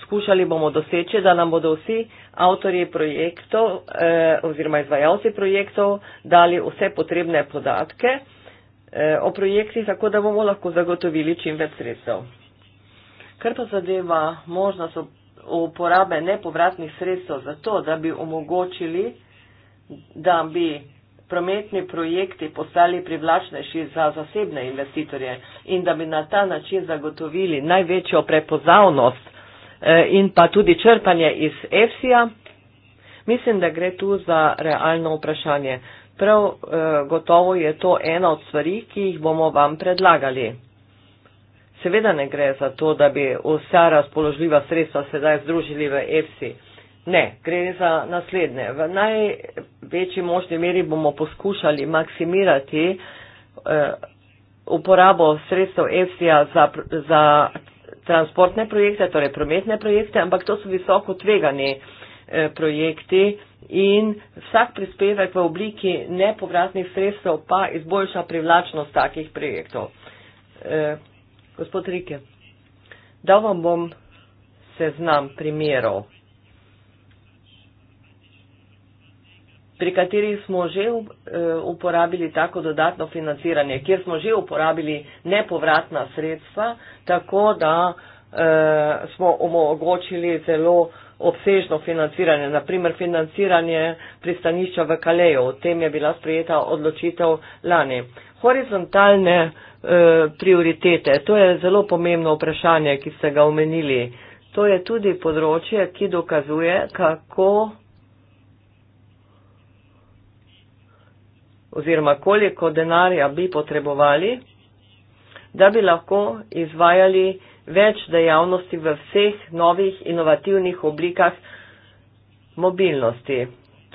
Skušali bomo doseči, da nam bodo vsi avtori projektov eh, oziroma izvajalci projektov dali vse potrebne podatke eh, o projektih, tako da bomo lahko zagotovili čim več sredstev. Kar pa zadeva možnost uporabe nepovratnih sredstev za to, da bi omogočili, da bi prometni projekti postali privlačnejši za zasebne investitorje in da bi na ta način zagotovili največjo prepoznavnost eh, in pa tudi črpanje iz EFSI-ja, mislim, da gre tu za realno vprašanje. Prav eh, gotovo je to ena od stvari, ki jih bomo vam predlagali. Seveda ne gre za to, da bi vsa razpoložljiva sredstva sedaj združili v EFSI. Ne, gre za naslednje. V največji možni meri bomo poskušali maksimirati eh, uporabo sredstev EFSI-ja za, za transportne projekte, torej prometne projekte, ampak to so visoko tvegani eh, projekti in vsak prispevek v obliki nepovratnih sredstev pa izboljša privlačnost takih projektov. Eh, gospod Rike, dal vam bom seznam primerov. pri katerih smo že eh, uporabili tako dodatno financiranje, kjer smo že uporabili nepovratna sredstva, tako da eh, smo omogočili zelo obsežno financiranje, naprimer financiranje pristanišča v Kaleju. O tem je bila sprejeta odločitev lani. Horizontalne eh, prioritete, to je zelo pomembno vprašanje, ki ste ga omenili. To je tudi področje, ki dokazuje, kako oziroma koliko denarja bi potrebovali, da bi lahko izvajali več dejavnosti v vseh novih inovativnih oblikah mobilnosti.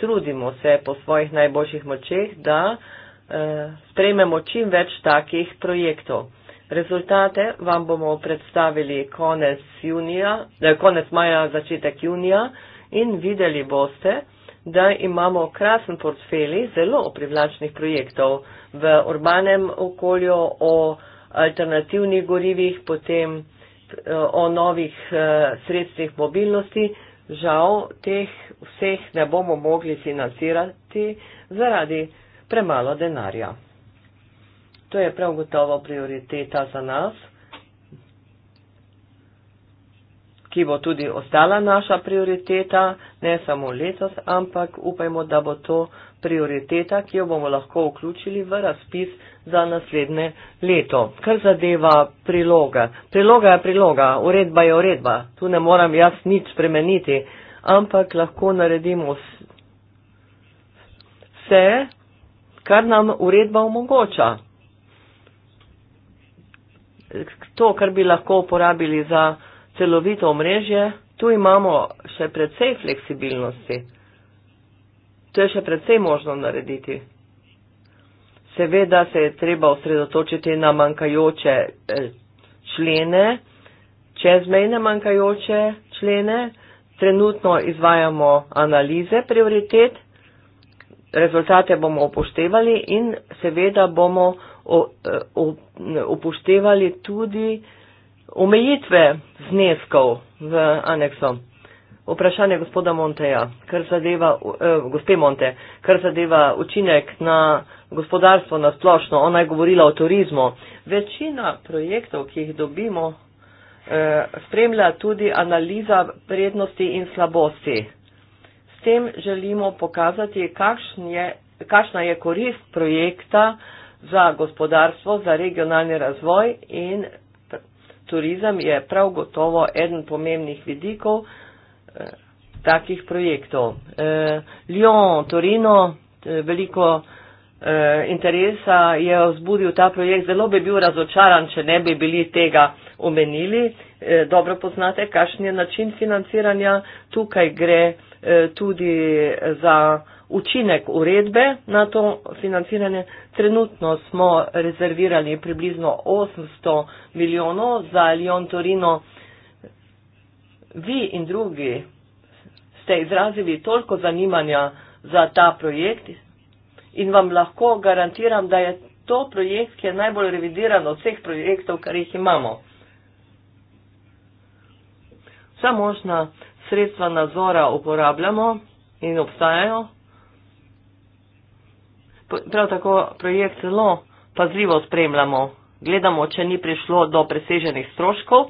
Trudimo se po svojih najboljših močeh, da eh, sprejmemo čim več takih projektov. Rezultate vam bomo predstavili konec, junija, eh, konec maja, začetek junija in videli boste, da imamo krasen portfelj zelo privlačnih projektov v urbanem okolju, o alternativnih gorivih, potem eh, o novih eh, sredstvih mobilnosti. Žal teh vseh ne bomo mogli financirati zaradi premalo denarja. To je prav gotovo prioriteta za nas ki bo tudi ostala naša prioriteta, ne samo letos, ampak upajmo, da bo to prioriteta, ki jo bomo lahko vključili v razpis za naslednje leto. Kar zadeva priloga. Priloga je priloga, uredba je uredba, tu ne moram jaz nič spremeniti, ampak lahko naredimo vse, kar nam uredba omogoča. To, kar bi lahko uporabili za celovito omrežje, tu imamo še precej fleksibilnosti. To je še precej možno narediti. Seveda se je treba osredotočiti na manjkajoče eh, člene, čezmejne manjkajoče člene. Trenutno izvajamo analize prioritet, rezultate bomo upoštevali in seveda bomo eh, upoštevali tudi omejitve zneskov z aneksom. Vprašanje gospoda Monteja, kar zadeva, eh, gospe Monte, kar zadeva učinek na gospodarstvo na splošno, ona je govorila o turizmu. Večina projektov, ki jih dobimo, eh, spremlja tudi analiza prednosti in slabosti. S tem želimo pokazati, je, kakšna je korist projekta za gospodarstvo, za regionalni razvoj in turizem je prav gotovo eden pomembnih vidikov eh, takih projektov. Eh, Lyon, Torino, eh, veliko eh, interesa je vzbudil ta projekt. Zelo bi bil razočaran, če ne bi bili tega omenili. Eh, dobro poznate, kakšen je način financiranja. Tukaj gre eh, tudi za. Eh, učinek uredbe na to financiranje. Trenutno smo rezervirali približno 800 milijonov za Lyon Torino. Vi in drugi ste izrazili toliko zanimanja za ta projekt in vam lahko garantiram, da je to projekt, ki je najbolj revidiran od vseh projektov, kar jih imamo. Vsa možna sredstva nadzora uporabljamo in obstajajo prav tako projekt zelo pazljivo spremljamo. Gledamo, če ni prišlo do preseženih stroškov.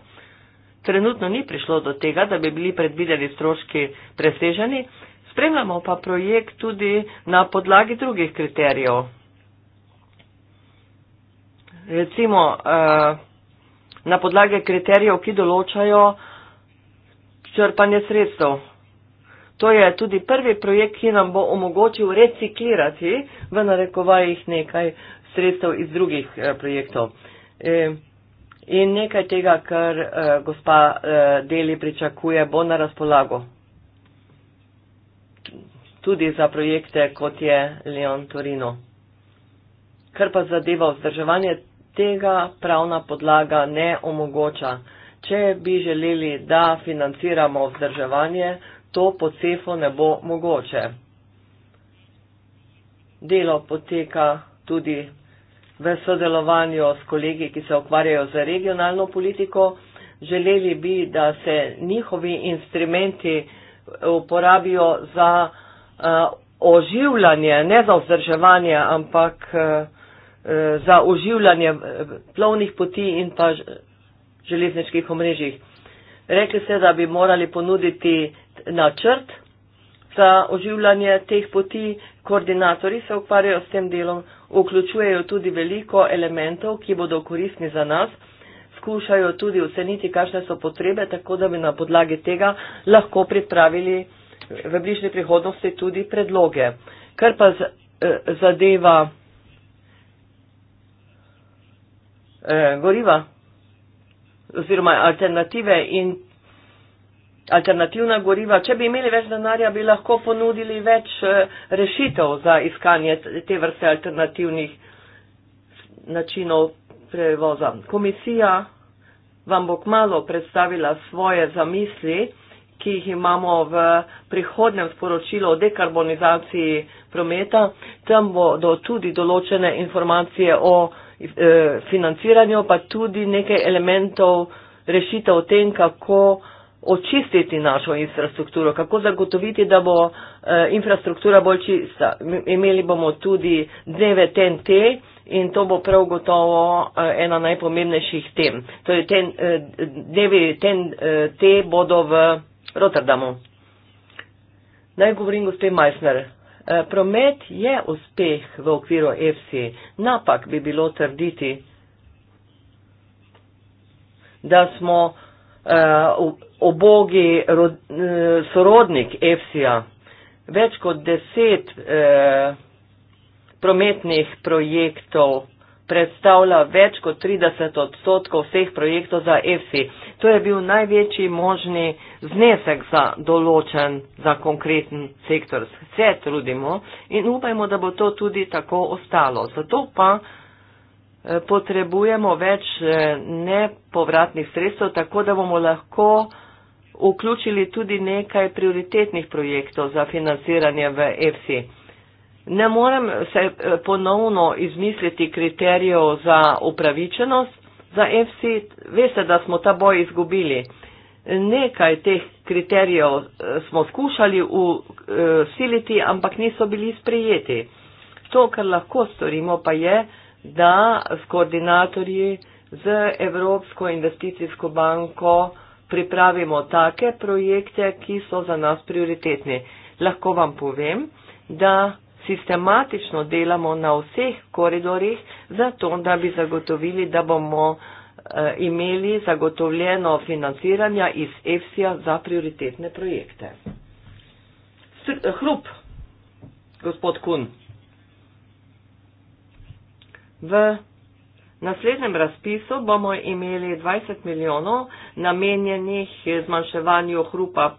Trenutno ni prišlo do tega, da bi bili predvideni stroški preseženi. Spremljamo pa projekt tudi na podlagi drugih kriterijev. Recimo eh, na podlagi kriterijev, ki določajo črpanje sredstev To je tudi prvi projekt, ki nam bo omogočil reciklirati v narekovajih nekaj sredstev iz drugih eh, projektov. E, in nekaj tega, kar eh, gospa eh, Deli pričakuje, bo na razpolago tudi za projekte, kot je Leon Torino. Kar pa zadeva vzdrževanje, tega pravna podlaga ne omogoča. Če bi želeli, da financiramo vzdrževanje, to po cefu ne bo mogoče. Delo poteka tudi v sodelovanju s kolegi, ki se ukvarjajo z regionalno politiko. Želeli bi, da se njihovi instrumenti eh, uporabijo za uh, oživljanje, ne za vzdrževanje, ampak uh, za oživljanje plovnih poti in pa železniških omrežjih. Rekli ste, da bi morali ponuditi uh, načrt za oživljanje teh poti. Koordinatori se ukvarjajo s tem delom, vključujejo tudi veliko elementov, ki bodo koristni za nas, skušajo tudi oceniti, kakšne so potrebe, tako da bi na podlagi tega lahko pripravili v bližnji prihodnosti tudi predloge. Kar pa eh, zadeva eh, goriva oziroma alternative in alternativna goriva. Če bi imeli več denarja, bi lahko ponudili več eh, rešitev za iskanje te vrste alternativnih načinov prevoza. Komisija vam bo kmalo predstavila svoje zamisli, ki jih imamo v prihodnem sporočilu o dekarbonizaciji prometa. Tam bodo tudi določene informacije o eh, financiranju, pa tudi nekaj elementov rešitev o tem, kako očistiti našo infrastrukturo, kako zagotoviti, da bo eh, infrastruktura bolj čista. Imeli bomo tudi dneve TNT in to bo prav gotovo eh, ena najpomembnejših tem. To je ten, eh, dnevi TNT eh, bodo v Rotterdamu. Naj govorim gospe Majsner. Eh, promet je uspeh v okviru EFSI. Napak bi bilo trditi, da smo uh, eh, obogi rod, uh, sorodnik EFSI-ja. Več kot deset uh, prometnih projektov predstavlja več kot 30 odstotkov vseh projektov za EFSI. To je bil največji možni znesek za določen, za konkreten sektor. Vse trudimo in upajmo, da bo to tudi tako ostalo. Zato pa Eh, potrebujemo več eh, nepovratnih sredstev, tako da bomo lahko vključili tudi nekaj prioritetnih projektov za financiranje v EFSI. Ne morem se eh, ponovno izmisliti kriterijev za upravičenost za EFSI. Veste, da smo ta boj izgubili. Nekaj teh kriterijev smo skušali usiliti, ampak niso bili sprejeti. To, kar lahko storimo, pa je, da koordinatorji z Evropsko investicijsko banko pripravimo take projekte, ki so za nas prioritetni. Lahko vam povem, da sistematično delamo na vseh koridorjih, zato da bi zagotovili, da bomo eh, imeli zagotovljeno financiranje iz EFSI-ja za prioritetne projekte. Eh, hrup, gospod Kun. V naslednjem razpisu bomo imeli 20 milijonov namenjenih zmanjševanju hrupa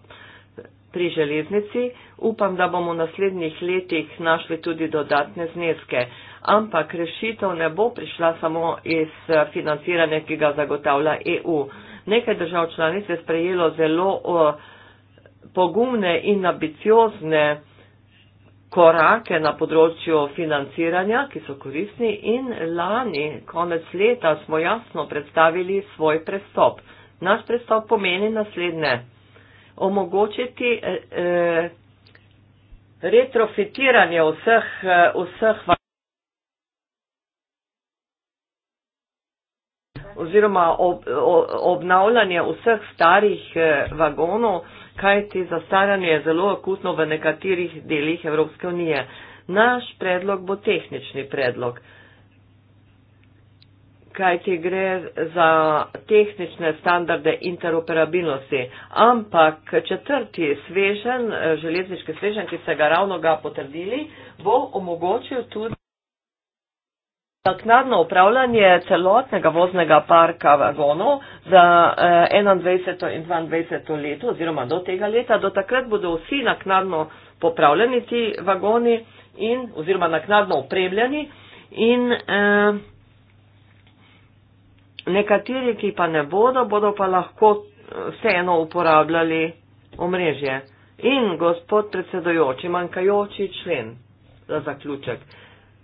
pri železnici. Upam, da bomo v naslednjih letih našli tudi dodatne zneske. Ampak rešitev ne bo prišla samo iz financiranja, ki ga zagotavlja EU. Nekaj držav članic je sprejelo zelo o, eh, pogumne in ambiciozne korake na področju financiranja, ki so korisni in lani, konec leta, smo jasno predstavili svoj prestop. Naš prestop pomeni naslednje. Omogočiti eh, eh retrofitiranje vseh, eh, vseh oziroma ob, ob, obnavljanje vseh starih eh, vagonov kajti zastaranje je zelo akutno v nekaterih delih Evropske unije. Naš predlog bo tehnični predlog, kajti gre za tehnične standarde interoperabilnosti, ampak četrti svežen, železniški svežen, ki ste ga ravno ga potrdili, bo omogočil tudi. Naknadno upravljanje celotnega voznega parka vagonov za eh, 21. in 22. leto oziroma do tega leta, do takrat bodo vsi naknadno popravljeni ti vagoni in, oziroma naknadno upremljeni in eh, nekateri, ki pa ne bodo, bodo pa lahko eh, vseeno uporabljali omrežje. In gospod predsedojoči, manjkajoči člen za zaključek.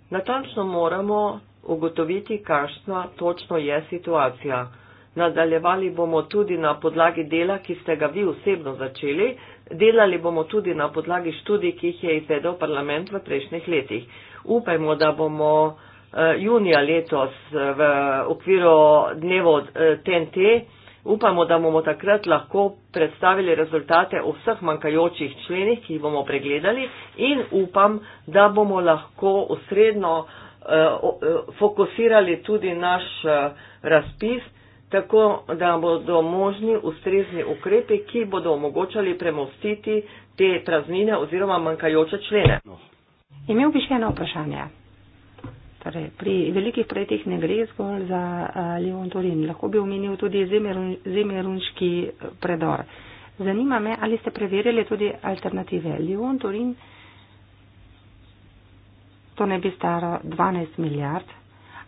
Natančno moramo ugotoviti, kakšna točno je situacija. Nadaljevali bomo tudi na podlagi dela, ki ste ga vi osebno začeli, delali bomo tudi na podlagi študij, ki jih je izvedel parlament v prejšnjih letih. Upajmo, da bomo eh, junija letos eh, v okviru dnevo TNT, eh, upajmo, da bomo takrat lahko predstavili rezultate o vseh manjkajočih členih, ki jih bomo pregledali in upam, da bomo lahko osredno Eh, eh, fokusirali tudi naš eh, razpis, tako da bodo možni ustrezni ukrepi, ki bodo omogočali premostiti te praznine oziroma manjkajoče člene. Imel bi še eno vprašanje. Torej, pri velikih projektih ne gre zgolj za Leon Turin. Lahko bi omenil tudi zemerunški predor. Zanima me, ali ste preverili tudi alternative. Leon Turin to ne bi stalo 12 milijard,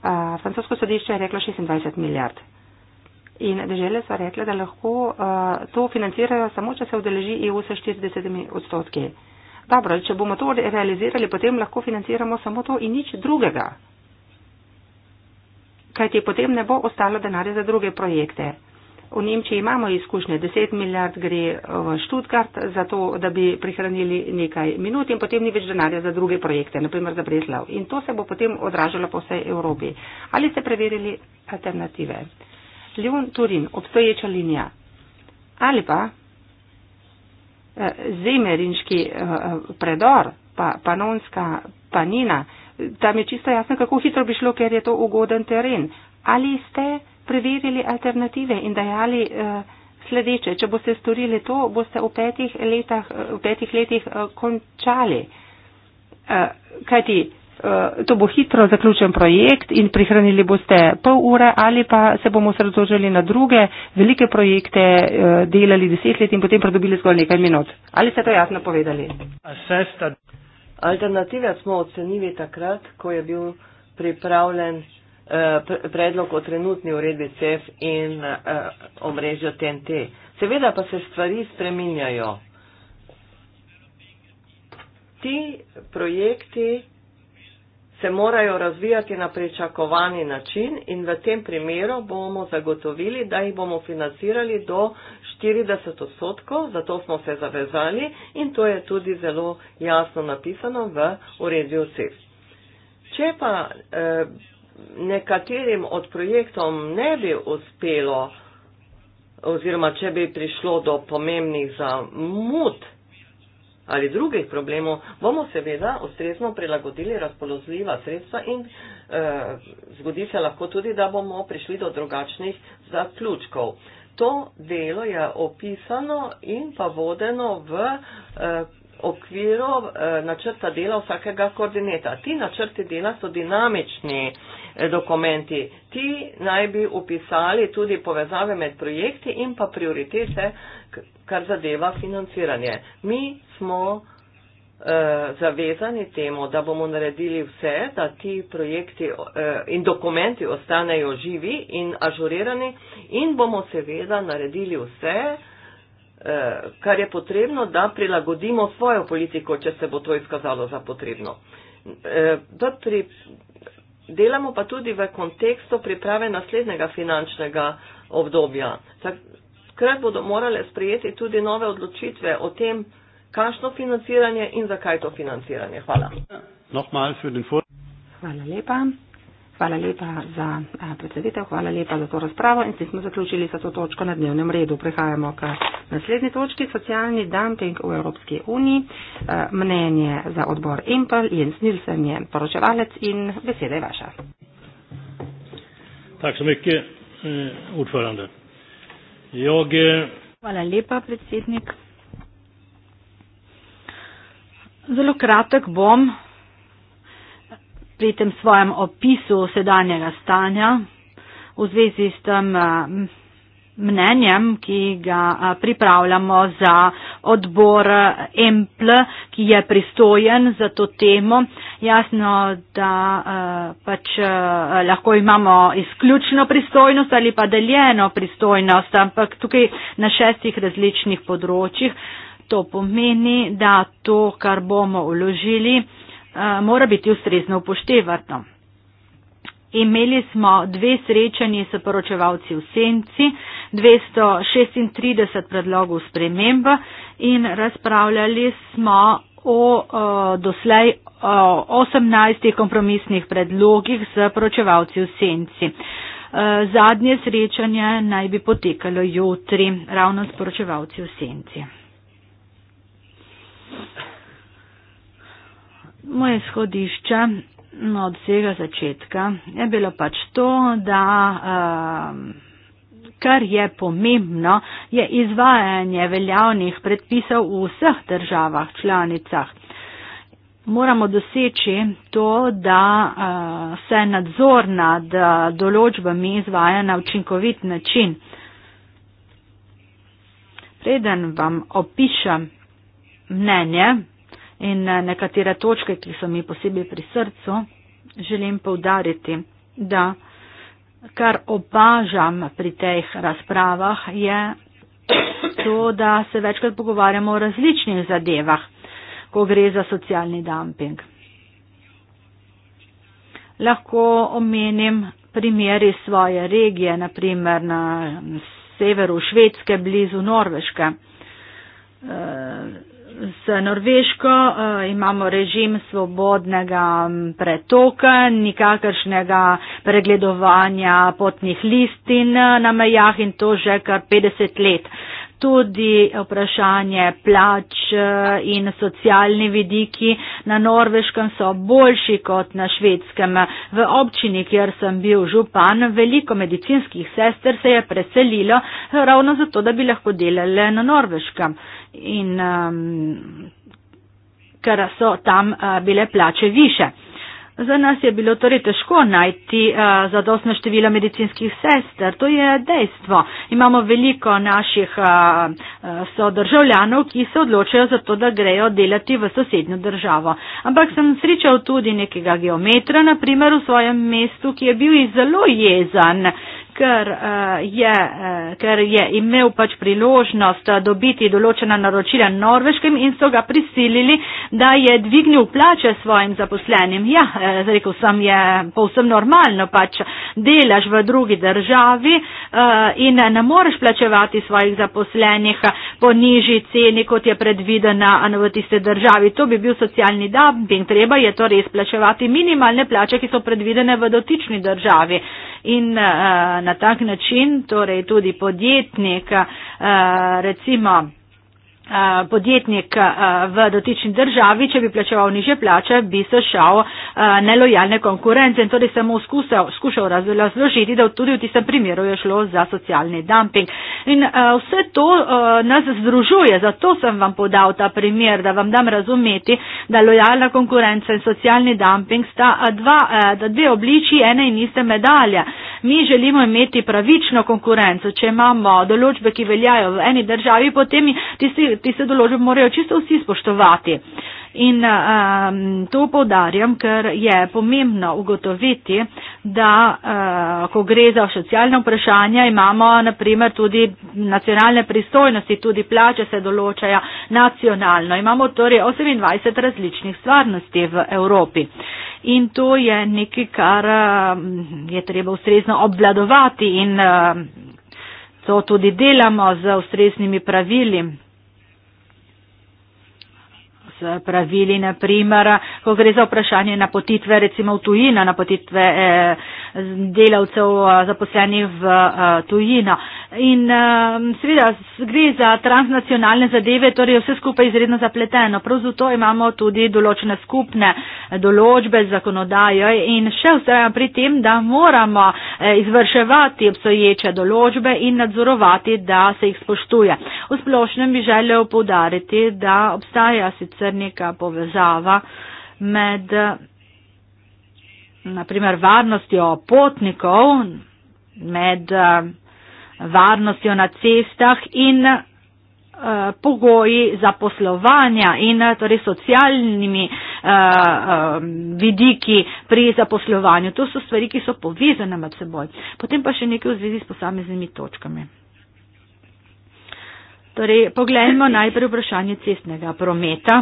a, francosko sodišče je reklo 26 milijard. In države so rekle, da lahko a, to financirajo samo, če se udeleži EU s 40 odstotki. Dobro, če bomo to realizirali, potem lahko financiramo samo to in nič drugega. Kajti potem ne bo ostalo denarja za druge projekte. V Nemčiji imamo izkušnje, 10 milijard gre v Študgard za to, da bi prihranili nekaj minut in potem ni več denarja za druge projekte, naprimer za Breslav. In to se bo potem odražalo po vsej Evropi. Ali ste preverili alternative? Ljun Turin, obstoječa linija. Ali pa eh, zemerinški eh, predor, pa panonska panina. Tam je čisto jasno, kako hitro bi šlo, ker je to ugoden teren. Ali ste preverili alternative in dajali uh, sledeče. Če boste storili to, boste v petih, letah, eh, v petih letih uh, končali. Uh, kajti uh, to bo hitro zaključen projekt in prihranili boste pol ure ali pa se bomo sredozožili na druge velike projekte, uh, delali deset let in potem pridobili zgolj nekaj minut. Ali ste to jasno povedali? Alternative smo ocenili takrat, ko je bil pripravljen Eh, predlog o trenutni uredbi CEF in uh, omrežju TNT. Seveda pa se stvari spreminjajo. Ti projekti se morajo razvijati na pričakovani način in v tem primeru bomo zagotovili, da jih bomo financirali do 40 odstotkov, zato smo se zavezali in to je tudi zelo jasno napisano v uredbi CEF. Če pa eh, nekaterim od projektom ne bi uspelo, oziroma če bi prišlo do pomembnih zamud ali drugih problemov, bomo seveda ustrezno prilagodili razpoložljiva sredstva in eh, zgodi se lahko tudi, da bomo prišli do drugačnih zaključkov. To delo je opisano in pa vodeno v eh, okviru eh, načrta dela vsakega koordineta. Ti načrti dela so dinamični eh, dokumenti. Ti naj bi upisali tudi povezave med projekti in pa prioritete, kar zadeva financiranje. Mi smo eh, zavezani temu, da bomo naredili vse, da ti projekti in dokumenti ostanejo živi in ažurirani in bomo seveda naredili vse, Eh, kar je potrebno, da prilagodimo svojo politiko, če se bo to izkazalo za potrebno. Eh, pri, delamo pa tudi v kontekstu priprave naslednjega finančnega obdobja. Takrat bodo morale sprejeti tudi nove odločitve o tem, kakšno financiranje in zakaj to financiranje. Hvala. Hvala lepa. Hvala lepa za predsedite, hvala lepa za to razpravo in s tem smo zaključili s to točko na dnevnem redu. Prehajamo k naslednji točki, socialni dumping v Evropski uniji, mnenje za odbor Impel, Jens Nilsen je poročevalec in beseda je vaša. Eh, eh, hvala lepa, predsednik. Zelo kratek bom, pri tem svojem opisu sedanjega stanja v zvezi s tem eh, mnenjem, ki ga eh, pripravljamo za odbor eh, EMPL, ki je pristojen za to temo. Jasno, da pač lahko imamo izključno pristojnost ali pa deljeno pristojnost, ampak tukaj na šestih različnih področjih. To pomeni, da to, kar bomo uložili, uh, mora biti ustrezno upoštevano. Imeli smo dve srečanji s poročevalci v senci, 236 predlogov sprememb in razpravljali smo o, o doslej o 18 kompromisnih predlogih s poročevalci v senci. E, zadnje srečanje naj bi potekalo jutri ravno s poročevalci v senci. Moje izhodišče no, od vsega začetka je bilo pač to, da um, kar je pomembno, je izvajanje veljavnih predpisov v vseh državah, članicah. Moramo doseči to, da uh, se nadzor nad uh, določbami izvaja na učinkovit način. Preden vam opišem mnenje, In eh, nekatere točke, ki so mi posebej pri srcu, želim povdariti, da kar opažam pri teh razpravah je to, da se večkrat pogovarjamo o različnih zadevah, ko gre za socialni dumping. Lahko omenim primeri svoje regije, naprimer na severu Švedske, blizu Norveške. Eh, z Norveško uh, imamo režim svobodnega mm, pretoka, nikakršnega pregledovanja potnih listin eh, na mejah in to že kar 50 let. Uh, tudi vprašanje plač eh, in socialni vidiki. Na Norveškem so boljši kot na švedskem. V občini, kjer sem bil župan, veliko medicinskih sester se je preselilo ravno zato, da bi lahko delali na Norveškem. In, um, ker so tam uh, bile plače više. Za nas je bilo torej težko najti eh, zadostno število medicinskih sester. To je dejstvo. Imamo veliko naših eh, eh, sodržavljanov, ki se odločajo za to, da grejo delati v sosednjo državo. Ampak sem srečal tudi nekega geometra, naprimer v svojem mestu, ki je bil zelo jezen ker, uh, je, uh, ker je imel pač priložnost uh, dobiti določena naročila norveškim in so ga prisilili, da je dvignil plače svojim zaposlenim. Ja, uh, rekel sem, je povsem normalno, pač delaš v drugi državi uh, in ne moreš plačevati svojih zaposlenih po nižji ceni, kot je predvidena v tiste državi. To bi bil socialni dumping. Treba je torej izplačevati minimalne plače, ki so predvidene v dotični državi in uh, na tak način torej tudi podjetnik uh, recimo podjetnik v dotični državi, če bi plačeval niže plače, bi se šal nelojalne konkurence in torej sem mu skusel, skušal razložiti, da tudi v tistem primeru je šlo za socialni dumping. In vse to nas združuje, zato sem vam podal ta primer, da vam dam razumeti, da lojalna konkurenca in socialni dumping sta dva, dve obliči ene in iste medalje mi želimo imeti pravično konkurenco. Če imamo določbe, ki veljajo v eni državi, potem ti se določbe morajo čisto vsi spoštovati. In um, to povdarjam, ker je pomembno ugotoviti, da uh, ko gre za socialne vprašanja, imamo naprimer tudi nacionalne pristojnosti, tudi plače se določajo nacionalno. Imamo torej 28 različnih stvarnosti v Evropi. Uh, in to je nekaj, kar eh, je treba ustrezno obvladovati in eh, to tudi delamo z ustreznimi pravili. Z pravili, naprimer, ko gre za vprašanje napotitve, recimo v tujina, napotitve. Eh, delavcev eh, zaposlenih v eh, tujino. In eh, seveda gre za transnacionalne zadeve, torej vse skupaj izredno zapleteno. Prav zato imamo tudi določene skupne določbe zakonodaje in še ustrajam pri tem, da moramo izvrševati obstoječe določbe in nadzorovati, da se jih spoštuje. V splošnem bi želel podariti, da obstaja sicer neka povezava med naprimer varnostjo potnikov, med eh, varnostjo na cestah in eh, pogoji zaposlovanja in eh, torej socialnimi vidiki pri zaposlovanju. To so stvari, ki so povezane med seboj. Potem pa še nekaj v zvezi s posameznimi točkami. Torej, poglejmo najprej vprašanje cestnega prometa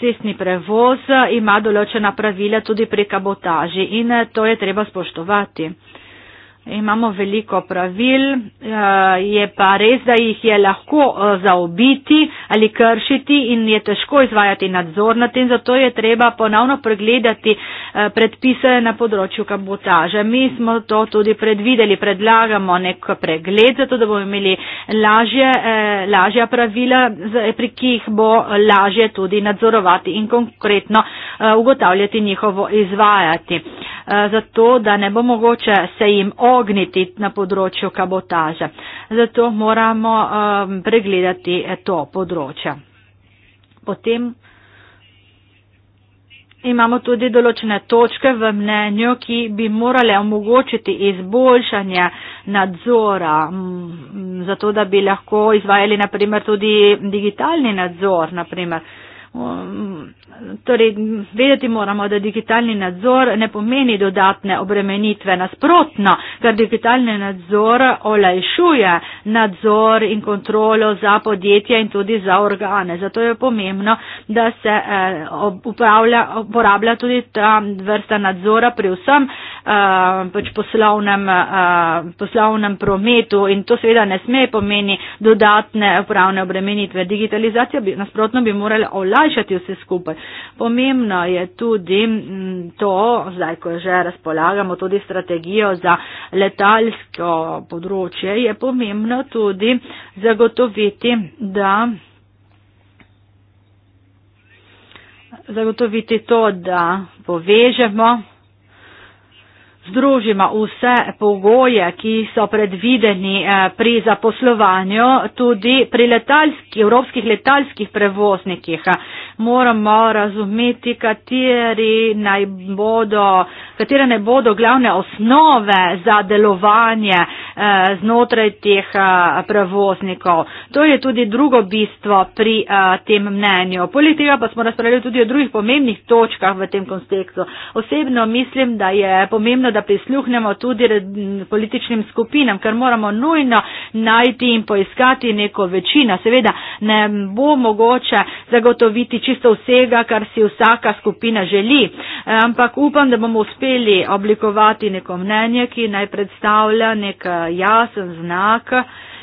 cestni prevoz eh, ima določena pravila tudi pri kabotaži in eh, to je treba spoštovati. Imamo veliko pravil, eh, je pa res, da jih je lahko eh, zaobiti ali kršiti in je težko izvajati nadzor nad tem, zato je treba ponovno pregledati eh, predpise na področju kabotaže. Mi smo to tudi predvideli, predlagamo nek pregled, zato da bomo imeli lažje, lažja pravila, pri ki jih bo lažje tudi nadzorovati in konkretno ugotavljati njihovo izvajati. Eh, zato da ne bo mogoče se jim ogniti na področju kabotaže. Zato moramo eh, pregledati eh, to področje. Potem imamo tudi določene točke v mnenju, ki bi morale omogočiti izboljšanje nadzora, mm, zato da bi lahko izvajali naprimer tudi digitalni nadzor. Naprimer. Um, torej, vedeti moramo, da digitalni nadzor ne pomeni dodatne obremenitve. Nasprotno, ker digitalni nadzor olajšuje nadzor in kontrolo za podjetja in tudi za organe. Zato je pomembno, da se eh, uporablja tudi ta vrsta nadzora pri vsem pač poslovnem, poslovnem prometu in to seveda ne sme pomeni dodatne upravne obremenitve. Digitalizacija bi nasprotno bi morala olajšati vse skupaj. Pomembno je tudi to, zdaj ko že razpolagamo tudi strategijo za letalsko področje, je pomembno tudi zagotoviti, da zagotoviti to, da povežemo združimo vse pogoje, ki so predvideni eh, pri zaposlovanju, tudi pri letalski, evropskih letalskih prevoznikih. Moramo razumeti, naj bodo, katere naj bodo glavne osnove za delovanje eh, znotraj teh eh, prevoznikov. To je tudi drugo bistvo pri tem mnenju. Poleg tega pa smo razpravljali tudi o drugih pomembnih točkah v tem kontekstu. Osebno mislim, da je pomembno, da da prisluhnemo tudi političnim skupinam, ker moramo nujno najti in poiskati neko večino. Seveda ne bo mogoče zagotoviti čisto vsega, kar si vsaka skupina želi, ampak upam, da bomo uspeli oblikovati neko mnenje, ki naj predstavlja nek jasen znak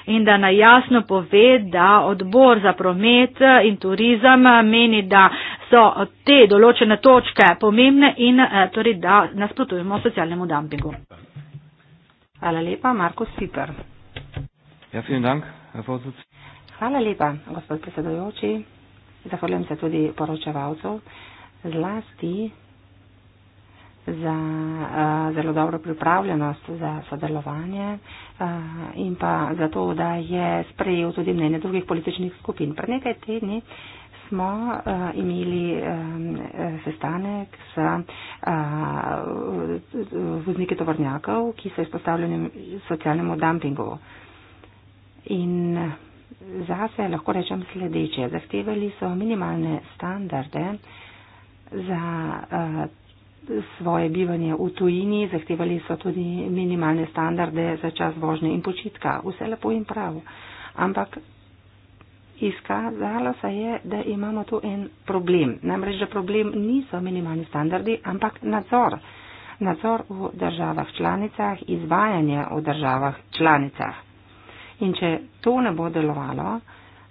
in da na jasno pove, da odbor za promet in turizem meni, da so te določene točke pomembne in eh, torej, da nasprotujemo socialnemu dampingu. Hvala lepa, Marko Siper. Ja, dank, Hvala lepa, gospod predsedujoči. Zahvaljujem se tudi poročevalcu, zlasti za uh, zelo dobro pripravljenost za sodelovanje. Uh, Eh, in pa zato, da je sprejel tudi mnenje drugih političnih skupin. Pred nekaj tedni smo uh, imeli uh, sestanek s uh, vozniki tovornjakov, ki so izpostavljeni socialnemu dumpingu. In zase lahko rečem sledeče. Zahtevali so minimalne standarde za uh, svoje bivanje v tujini, zahtevali so tudi minimalne standarde za čas vožnje in počitka. Vse lepo in prav. Ampak izkazalo se je, da imamo tu en problem. Namreč, da problem niso minimalni standardi, ampak nadzor. Nadzor v državah članicah, izvajanje v državah članicah. In če to ne bo delovalo,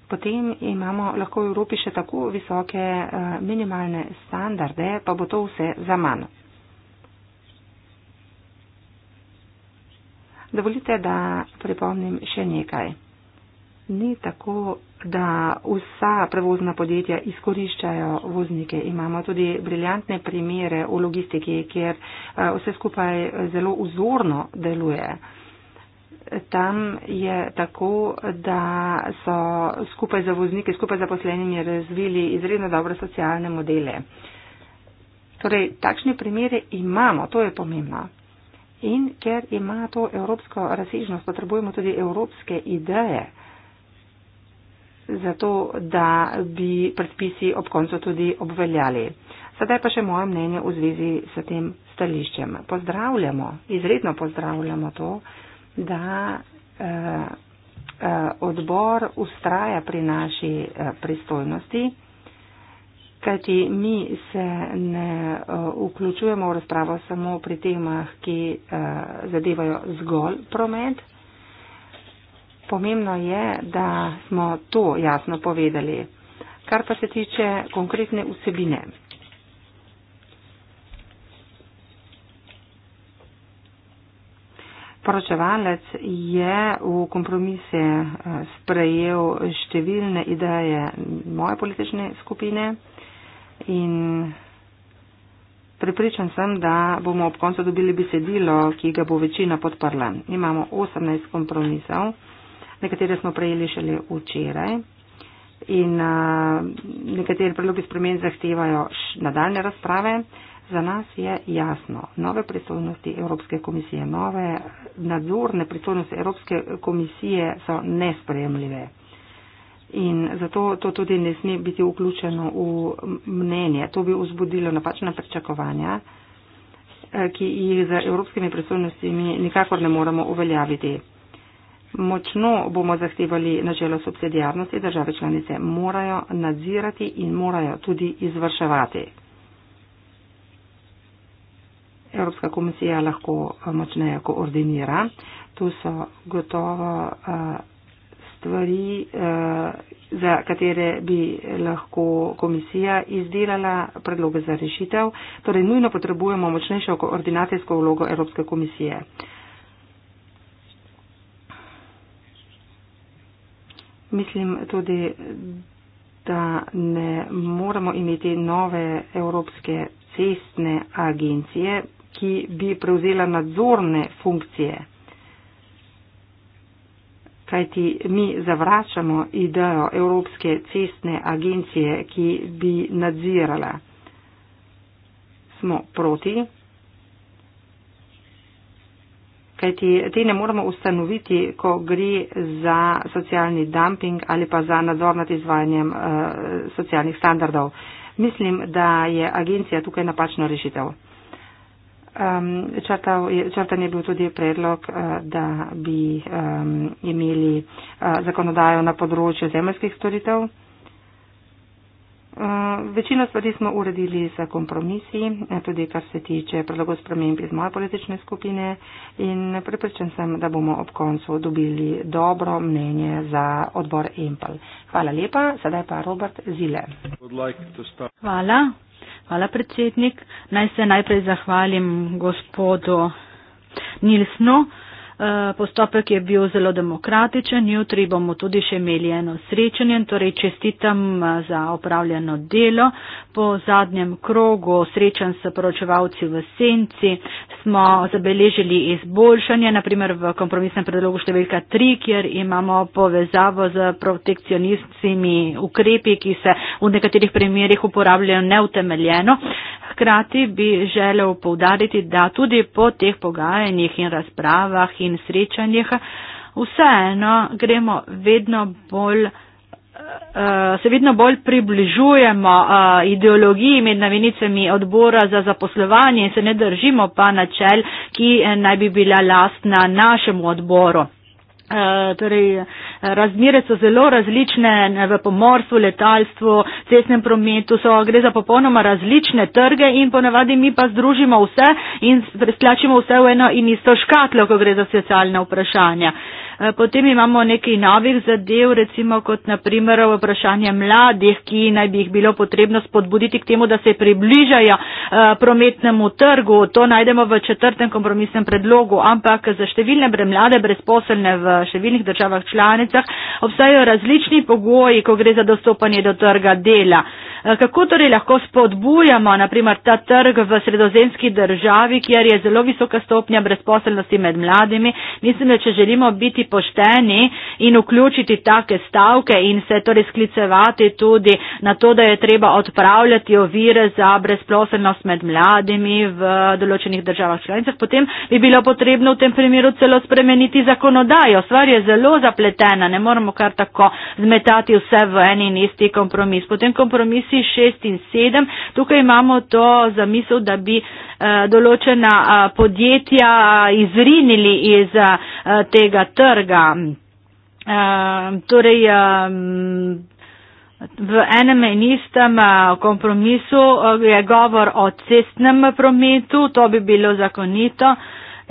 Potem imamo lahko v Evropi še tako visoke eh, minimalne standarde, pa bo to vse za manj. Dovolite, da pripomnim še nekaj. Ni tako, da vsa prevozna podjetja izkoriščajo voznike. Imamo tudi briljantne primere v logistiki, kjer eh, vse skupaj zelo vzorno deluje tam je tako, da so skupaj za vozniki, skupaj za poslenimi razvili izredno dobre socialne modele. Torej, takšne primere imamo, to je pomembno. In ker ima to evropsko razsežnost, potrebujemo tudi evropske ideje, zato da bi predpisi ob koncu tudi obveljali. Sedaj pa še moje mnenje v zvezi s tem stališčem. Pozdravljamo, izredno pozdravljamo to, da eh, eh, odbor ustraja pri naši eh, pristojnosti, kajti mi se ne vključujemo v razpravo samo pri temah, ki zadevajo zgolj promet. Pomembno je, da smo to jasno povedali. Kar pa se tiče konkretne vsebine. Poročevalec je v kompromise eh, sprejel številne ideje moje politične skupine in pripričan sem, da bomo ob koncu dobili besedilo, ki ga bo večina podprla. Imamo 18 kompromisov, nekatere smo prejeli šele včeraj in eh, nekateri predlogi spremen zahtevajo nadaljne razprave. Za nas je jasno, nove pristojnosti Evropske komisije, nove nadzorne pristojnosti Evropske komisije so nespremljive. In zato to tudi ne sme biti vključeno v mnenje. To bi vzbudilo napačna pričakovanja, eh, ki jih z evropskimi pristojnostmi nikakor ne moremo uveljaviti. Močno bomo zahtevali načelo subsidijarnosti, države članice morajo nadzirati in morajo tudi izvrševati. Evropska komisija lahko eh, močneje koordinira. Tu so gotovo eh, stvari, eh, za katere bi lahko komisija izdelala predloge za rešitev. Torej, nujno potrebujemo močnejšo koordinatorsko vlogo Evropske komisije. Mislim tudi, da ne moremo imeti nove evropske cestne agencije, ki bi prevzela nadzorne funkcije. Kajti mi zavračamo idejo Evropske cestne agencije, ki bi nadzirala. Smo proti. Kajti te ne moremo ustanoviti, ko gre za socialni dumping ali pa za nadzor nad izvajanjem uh, socialnih standardov. Mislim, da je agencija tukaj napačna rešitev. Um, črtal, črtan je bil tudi predlog, uh, da bi um, imeli uh, zakonodajo na področju zemljskih storitev. Uh, večino stvari smo uredili z kompromisi, eh, tudi kar se tiče predlogov sprememb iz moje politične skupine in prepričan sem, da bomo ob koncu dobili dobro mnenje za odbor EMPL. Hvala lepa, sedaj pa Robert Zile. Hvala. Hvala, predsednik. Naj se najprej zahvalim gospodu Nilsnu postopek je bil zelo demokratičen. Jutri bomo tudi še imeli eno srečanje, torej čestitam eh, za opravljeno delo. Po zadnjem krogu srečan s poročevalci v senci smo zabeležili izboljšanje, naprimer v kompromisnem predlogu številka 3, kjer imamo povezavo z protekcionistskimi ukrepi, ki se v nekaterih primerjih uporabljajo neutemeljeno. Hkrati bi želel povdariti, da tudi po teh pogajanjih in razpravah in srečanjih vseeno gremo vedno bolj. Eh, se vedno bolj približujemo eh, ideologiji med navenicami odbora za zaposlovanje in se ne držimo pa načel, ki eh, naj bi bila lastna našemu odboru. Eh, torej, razmere so zelo različne ne, v pomorstvu, letalstvu, cestnem prometu, so, gre za popolnoma različne trge in ponavadi mi pa združimo vse in stlačimo vse v eno in isto škatlo, ko gre za socialne vprašanja. Uh, Eh, potem imamo nekaj novih zadev, recimo kot naprimer vprašanje mladih, ki naj bi jih bilo potrebno spodbuditi k temu, da se približajo eh, prometnemu trgu. To najdemo v četrtem kompromisnem predlogu, ampak za številne mlade brezposelne v številnih državah članicah obstajajo različni pogoji, ko gre za dostopanje do trga dela. Eh, kako torej lahko spodbujamo, naprimer, ta trg v sredozemski državi, kjer je zelo visoka stopnja brezposelnosti med mladimi. Mislim, da če želimo biti pošteni in vključiti take stavke in se torej sklicevati tudi na to, da je treba odpravljati ovire za brezposelnost med mladimi v določenih državah članicah, potem bi bilo potrebno v tem primeru celo spremeniti zakonodajo. Stvar je zelo zapletena, ne moramo kar tako zmetati vse v en in isti kompromis. Potem kompromisi četrti, šesti in sedem. Tukaj imamo to zamisel, da bi eh, določena eh, podjetja eh, izrinili iz tega trga. Torej, V enem in istem kompromisu je govor o cestnem prometu, to bi bilo zakonito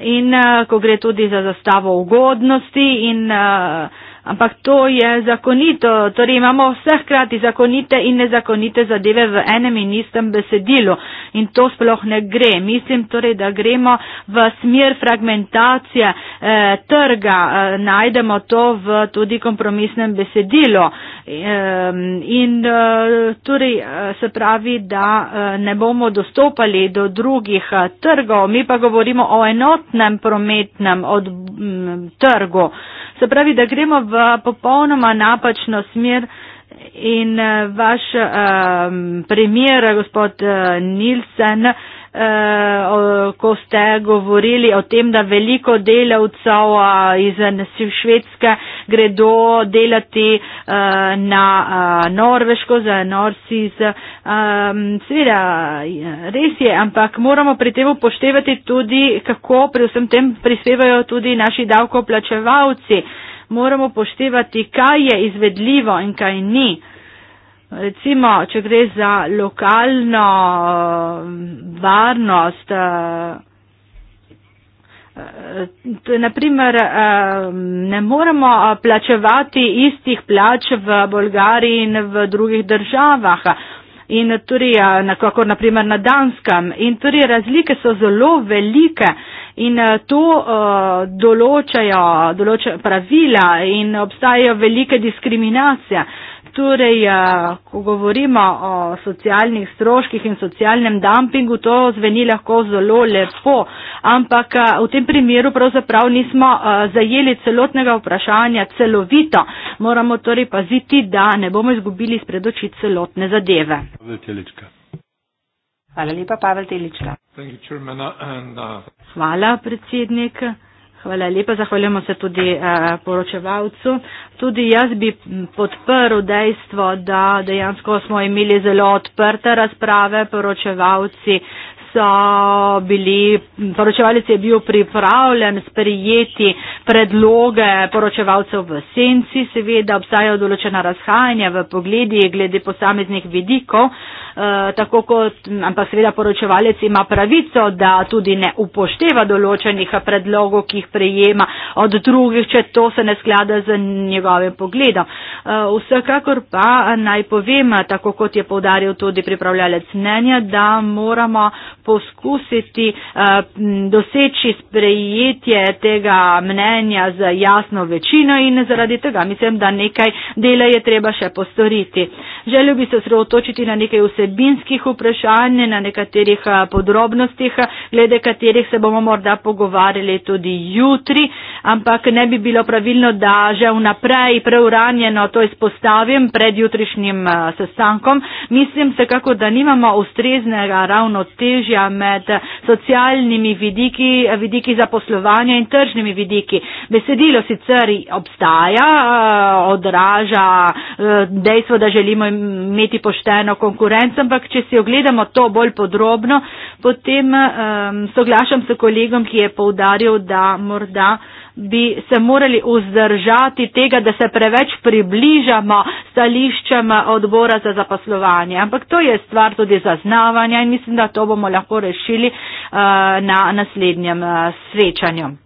in ko gre tudi za zastavo ugodnosti in uh, ampak to je zakonito, torej imamo vseh krati zakonite in nezakonite zadeve v enem in istem besedilu in to sploh ne gre. Mislim torej, da gremo v smer fragmentacije eh, trga, eh, najdemo to v tudi kompromisnem besedilu eh, in eh, torej eh, se pravi, da eh, ne bomo dostopali do drugih eh, trgov, mi pa govorimo o enotnem prometnem od, m, trgu. Se pravi, da gremo v popolnoma napačno smer in eh, vaš um, eh, premijer, gospod uh, eh, Nilsen, uh, Eh, ko ste govorili o tem, da veliko delavcev iz eh, Švedske gredo delati eh, na Norveško za Norsiz. Ehm, Sveda, res je, ampak moramo pri tem upoštevati tudi, kako pri vsem tem prispevajo tudi naši davkoplačevalci. Moramo upoštevati, kaj je izvedljivo in kaj ni. Recimo, če gre za lokalno eh, varnost, eh, eh, naprimer, ne moremo plačevati istih plač v Bolgariji in v drugih državah. In tudi, kako naprimer na Danskem. In tudi razlike so zelo velike in eh, to uh, določajo, določajo pravila in obstajajo velike diskriminacije. Torej, eh, ko govorimo o socialnih stroških in socialnem dumpingu, to zveni lahko zelo lepo, ampak v tem primeru pravzaprav nismo zajeli celotnega vprašanja celovito. Moramo torej paziti, da ne bomo izgubili spred oči celotne zadeve. Zdaj, Hvala lepa, Pavel Telička. Uh, Hvala, predsednik. Hvala lepa, zahvaljujemo se tudi uh, poročevalcu. Tudi jaz bi podprl dejstvo, da dejansko smo imeli zelo odprte razprave, poročevalci so bili, poročevalec je bil pripravljen sprijeti predloge poročevalcev v senci, seveda obstajajo določena razhajanja v pogledi glede posameznih vidikov. Uh, Eh, tako kot, ampak seveda poročevalec ima pravico, da tudi ne upošteva določenih predlogov, ki jih prejema od drugih, če to se ne sklada z njegovim pogledom. Eh, vsekakor pa naj povem, tako kot je povdaril tudi pripravljalec mnenja, da moramo poskusiti eh, doseči sprejetje tega mnenja z jasno večino in zaradi tega mislim, da nekaj dela je treba še postoriti. Želel bi se osredotočiti na nekaj vse vsebinskih vprašanj, na nekaterih podrobnostih, glede katerih se bomo morda pogovarjali tudi jutri, ampak ne bi bilo pravilno, da že vnaprej preuranjeno to izpostavim pred jutrišnjim sestankom. Mislim se kako, da nimamo ustreznega ravnotežja med socialnimi vidiki, vidiki zaposlovanja in tržnimi vidiki. Besedilo sicer obstaja, odraža e, dejstvo, da želimo imeti pošteno konkurenco, konec, ampak če si ogledamo to bolj podrobno, potem um, soglašam s kolegom, ki je povdaril, da morda bi se morali vzdržati tega, da se preveč približamo stališčem odbora za zaposlovanje. Ampak to je stvar tudi zaznavanja in mislim, da to bomo lahko rešili uh, na naslednjem uh, srečanju.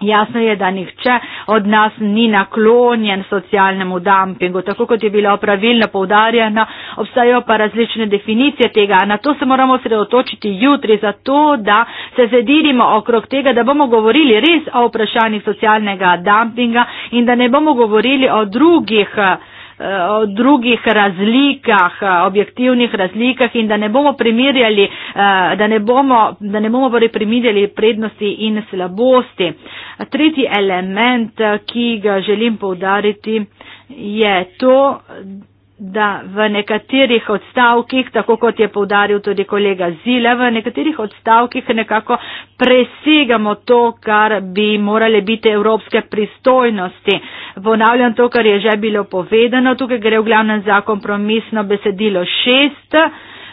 Jasno je, da nihče od nas ni naklonjen socialnemu dampingu, tako kot je bilo pravilno povdarjeno, obstajajo pa različne definicije tega. Na to se moramo sredotočiti jutri, zato da se zedirimo okrog tega, da bomo govorili res o vprašanjih socialnega dampinga in da ne bomo govorili o drugih. Eh, drugih razlikah, eh, objektivnih razlikah in da ne bomo primirjali, eh, da ne bomo, da ne bomo bori torej primirjali prednosti in slabosti. Tretji element, ki ga želim poudariti, je to, da da v nekaterih odstavkih, tako kot je povdaril tudi kolega Zile, v nekaterih odstavkih nekako presegamo to, kar bi morale biti evropske pristojnosti. Ponavljam to, kar je že bilo povedano, tukaj gre v glavnem za kompromisno besedilo šest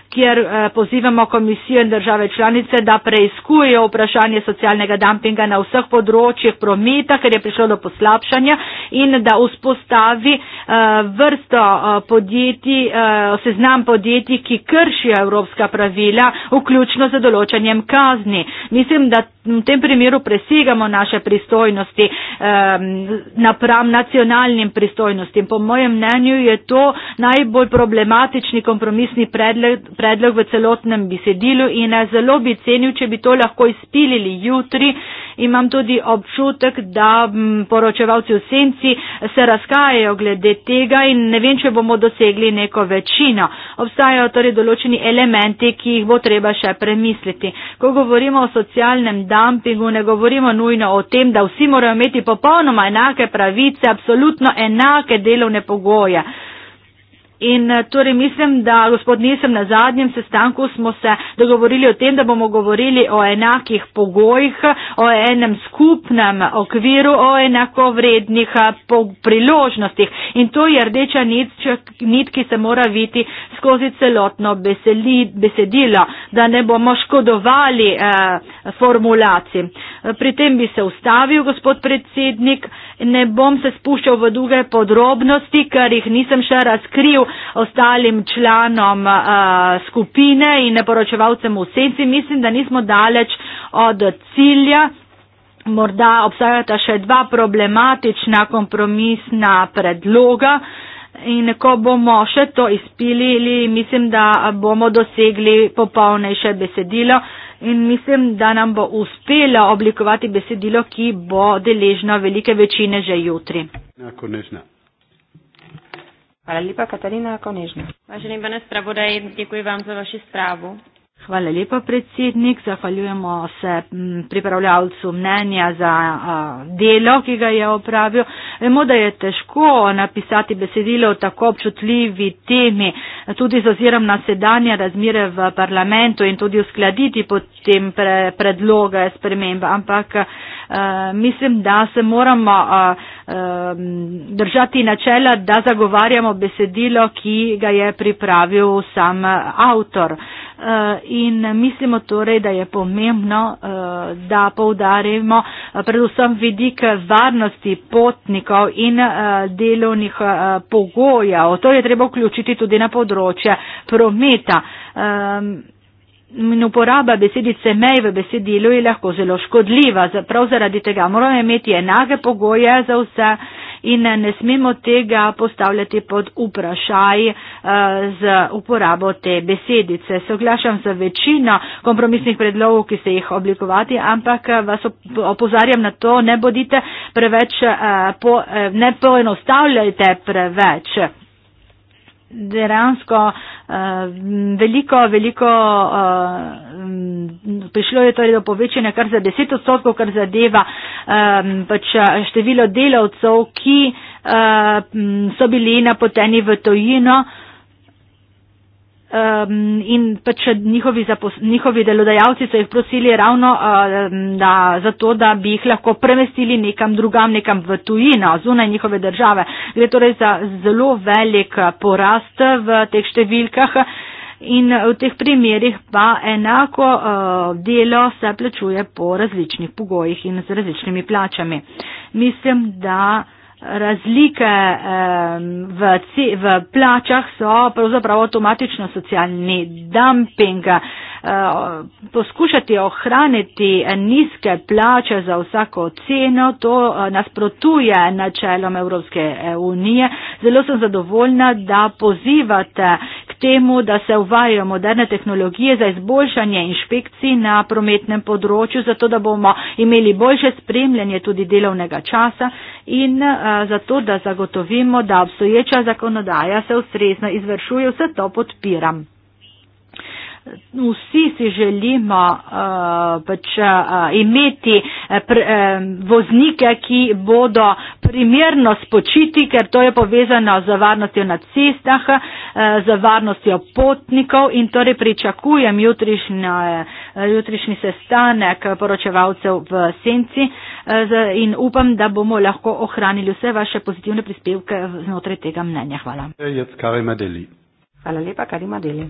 kjer eh, pozivamo komisijo in države članice, da preizkujejo vprašanje socialnega dampinga na vseh področjih prometa, ker je prišlo do poslabšanja in da vzpostavi eh, vrsto eh, podjetij, seznam podjetij, ki kršijo evropska pravila, vključno z določanjem kazni. Mislim, da v tem primeru presegamo naše pristojnosti ehm, napram nacionalnim pristojnostim. Po mojem mnenju je to najbolj problematični kompromisni predlog, predlog v celotnem besedilu in zelo bi cenil, če bi to lahko izpilili jutri. Imam tudi občutek, da mm, poročevalci v senci se razkajajo glede tega in ne vem, če bomo dosegli neko večino. Obstajajo torej določeni elementi, ki jih bo treba še premisliti. Ko govorimo o socialnem dumpingu, ne govorimo nujno o tem, da vsi morajo imeti popolnoma enake pravice, absolutno enake delovne pogoje. In eh, torej mislim, da gospod Nisem na zadnjem sestanku smo se dogovorili o tem, da bomo govorili o enakih pogojih, o enem skupnem okviru, o enakovrednih eh, priložnostih. In to je rdeča nit, nit, ki se mora viti skozi celotno beseli, besedilo, da ne bomo škodovali eh, formulaciji. Pri tem bi se ustavil, gospod predsednik. Eh, Ne bom se spuščal v druge podrobnosti, ker jih nisem še razkril ostalim članom uh, skupine in neporočevalcem v senci. Mislim, da nismo daleč od cilja. Morda obstajata še dva problematična kompromisna predloga. In ko bomo še to izpilili, mislim, da bomo dosegli popolnejše besedilo. Uh, in mislim, da nam bo uspela oblikovati besedilo, ki bo deležno velike večine že jutri. Konežna. Hvala lepa, Katarina Konežna. Važeni bane spravodaj, děkuji vam za vaši zprávu. Hvala lepa, predsednik. Zahvaljujemo se pripravljavcu mnenja za delo, ki ga je opravil. Vemo, da je težko napisati besedilo o tako občutljivi temi, tudi z ozirom na sedanje razmire v parlamentu in tudi uskladiti potem pre, predloge spremembe, ampak mislim, da se moramo držati načela, da zagovarjamo besedilo, ki ga je pripravil sam avtor. Eh, in mislimo torej, da je pomembno, eh, da povdarimo eh, predvsem vidik varnosti potnikov in delovnih pogojev. To je treba vključiti tudi na področje prometa. In uporaba besedice mej v besedilu je lahko zelo škodljiva. Prav zaradi tega moramo imeti enake pogoje za vse in ne smemo tega postavljati pod vprašaj eh, z uporabo te besedice. Soglašam za večino kompromisnih predlogov, ki se jih oblikovati, ampak eh, vas opozarjam na to, ne bodite preveč, eh, ne poenostavljajte preveč dejansko uh, veliko, veliko uh, prišlo je torej do povečanja kar za 10 odstotkov, kar zadeva um, pač število delavcev, ki uh, so bili napoteni v tojino. Uh, um, in pač njihovi, zapos, njihovi delodajalci so jih prosili ravno uh, da, zato, da bi jih lahko premestili nekam drugam, nekam v tujino, zunaj njihove države. Gre torej za zelo velik uh, porast v teh številkah. In v teh primerih pa enako uh, delo se plačuje po različnih pogojih in z različnimi plačami. Mislim, da razlike um, v, v plačah so pravzaprav avtomatično socialni dumping. Uh, poskušati ohraniti nizke plače za vsako ceno, to eh, nasprotuje načelom Evropske eh, unije. Zelo sem zadovoljna, da pozivate temu, da se uvajajo moderne tehnologije za izboljšanje inšpekcij na prometnem področju, zato da bomo imeli boljše spremljanje tudi delovnega časa in eh, zato, da zagotovimo, da obstoječa zakonodaja se ustrezno izvršuje, vse to podpiram. Vsi si želimo uh, pač, uh, imeti eh, pr, uh, voznike, ki bodo primerno spočiti, ker to je povezano z varnostjo na cestah, uh, z varnostjo potnikov in torej pričakujem jutrišnja, jutrišnji sestanek poročevalcev v Senci uh, in upam, da bomo lahko ohranili vse vaše pozitivne prispevke znotraj tega mnenja. Hvala. Hvala lepa, Karima Deli.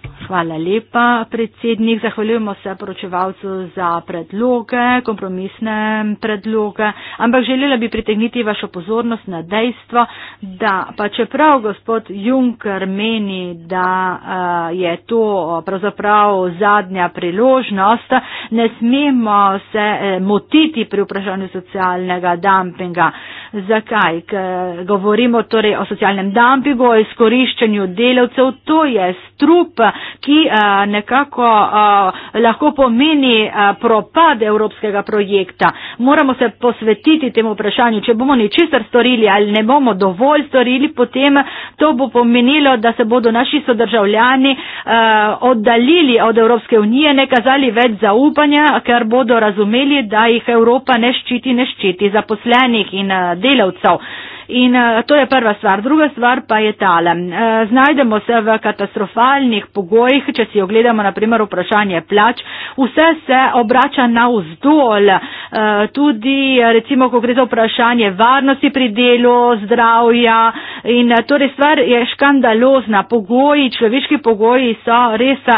Hvala lepa, predsednik. Zahvaljujemo se poročevalcu za predloge, kompromisne predloge, ampak želela bi pritegniti vašo pozornost na dejstvo, da pa čeprav gospod Juncker meni, da eh, je to pravzaprav zadnja priložnost, ne smemo se eh, motiti pri vprašanju socialnega dumpinga. Zakaj? Ker govorimo torej o socialnem dumpingu, o izkoriščanju delavcev, to je strup ki eh, nekako eh, lahko pomeni eh, propad evropskega projekta. Moramo se posvetiti temu vprašanju. Če bomo ničesar storili ali ne bomo dovolj storili, potem to bo pomenilo, da se bodo naši sodržavljani oddaljili od Evropske unije, ne kazali več zaupanja, ker bodo razumeli, da jih Evropa ne ščiti, ne ščiti zaposlenih in delavcev. In uh, to je prva stvar. Druga stvar pa je tale. Uh, znajdemo se v katastrofalnih pogojih, če si ogledamo naprimer vprašanje plač. Vse se obrača na vzdolj. Uh, eh, tudi recimo, ko gre za vprašanje varnosti pri delu, zdravja. In uh, torej stvar je škandalozna. Pogoji, človeški pogoji so res uh,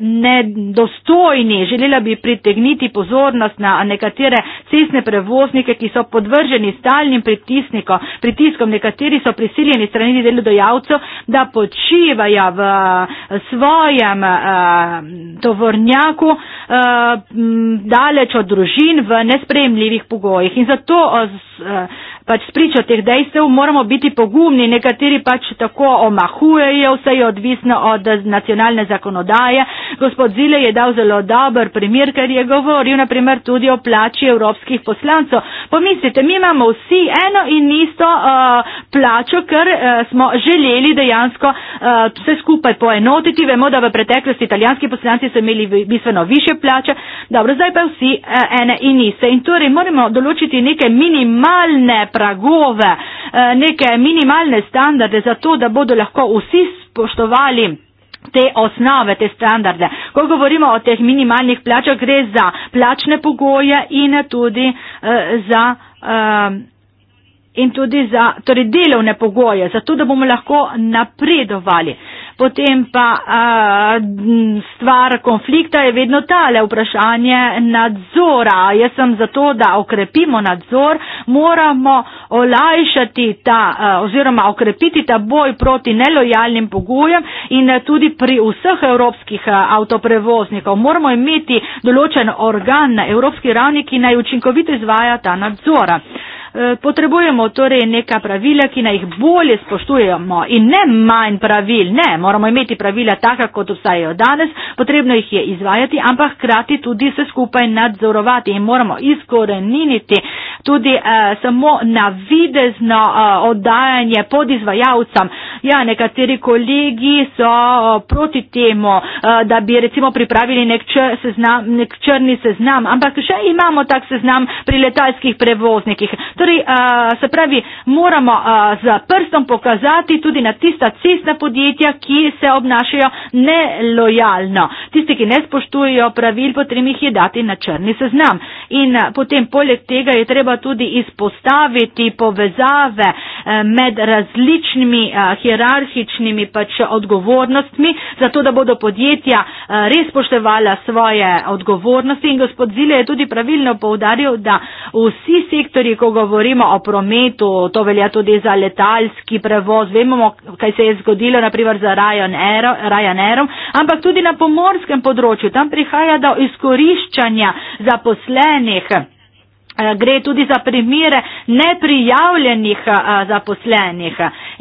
nedostojni. Ne Želela bi pritegniti pozornost na nekatere cestne prevoznike, ki so podvrženi soočeni s stalnim pritiskom, nekateri so prisiljeni strani delodajalcev, da počivajo v eh, svojem eh, tovornjaku eh, daleč od družin v nespremljivih pogojih. In zato pač spričo teh dejstev, moramo biti pogumni, nekateri pač tako omahujejo, vse je odvisno od nacionalne zakonodaje. Gospod Zile je dal zelo dober primer, ker je govoril naprimer tudi o plači evropskih poslancov. Pomislite, mi imamo vsi eno in isto uh, plačo, ker uh, smo želeli dejansko uh, vse skupaj poenotiti. Vemo, da v preteklosti italijanski poslanci so imeli bistveno više plače, dobro, zdaj pa vsi uh, ene in iste. In torej moramo določiti neke minimalne pravice pragove, eh, neke minimalne standarde za to, da bodo lahko vsi spoštovali te osnove, te standarde. Ko govorimo o teh minimalnih plačah, gre za plačne pogoje in tudi eh, za. Eh, In tudi za torej delovne pogoje, zato da bomo lahko napredovali. Uh, potem pa uh, stvar konflikta je vedno tale vprašanje nadzora. Jaz sem za to, da okrepimo nadzor, moramo olajšati ta uh, oziroma okrepiti ta boj proti nelojalnim pogojem in tudi pri vseh evropskih uh, avtoprevoznikov. Moramo imeti določen organ na evropski ravni, ki naj učinkovito izvaja ta nadzora. Uh, Eh, potrebujemo torej neka pravila, ki naj jih bolje spoštujemo in ne manj pravil, ne, moramo imeti pravila taka, kot obstajajo danes, potrebno jih je izvajati, ampak hkrati tudi se skupaj nadzorovati in moramo izkoreniniti tudi uh, samo navidezno uh, oddajanje pod izvajalcem. Ja, nekateri kolegi so uh, proti temu, uh, da bi recimo pripravili nek, čr seznam, nek črni seznam, ampak še imamo tak seznam pri letalskih prevoznikih pri, torej, uh, se pravi, moramo uh, z prstom pokazati tudi na tista cestna podjetja, ki se obnašajo nelojalno. Tisti, ki ne spoštujejo pravil, potrebno jih je dati na črni seznam. In uh, potem poleg tega je treba tudi izpostaviti povezave uh, med različnimi uh, hierarhičnimi pač odgovornostmi, zato da bodo podjetja uh, res spoštevala svoje odgovornosti. In gospod Zile je tudi pravilno povdaril, da vsi sektori, ko govorimo, govorimo o prometu, to velja tudi za letalski prevoz, vemo, kaj se je zgodilo naprimer za Ryanairom, ampak tudi na pomorskem področju, tam prihaja do izkoriščanja zaposlenih. Eh, gre tudi za primere neprijavljenih eh, zaposlenih.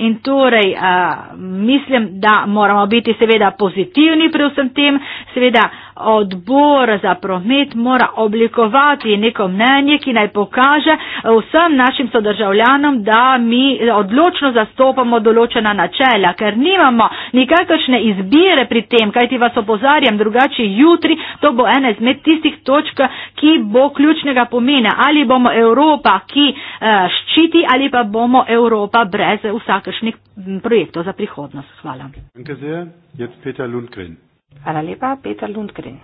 In torej eh, mislim, da moramo biti seveda pozitivni pri vsem tem, seveda odbor za promet mora oblikovati neko mnenje, ki naj pokaže eh, vsem našim sodržavljanom, da mi odločno zastopamo določena načela, ker nimamo nikakršne izbire pri tem, kaj ti vas opozarjam, drugače jutri to bo ena izmed tistih točk, ki bo ključnega pomena, ali bomo Evropa, ki eh, ščiti, ali pa bomo Evropa brez vsakršnih projektov za prihodnost. Hvala. Hvala lepa. Peter Lundgren.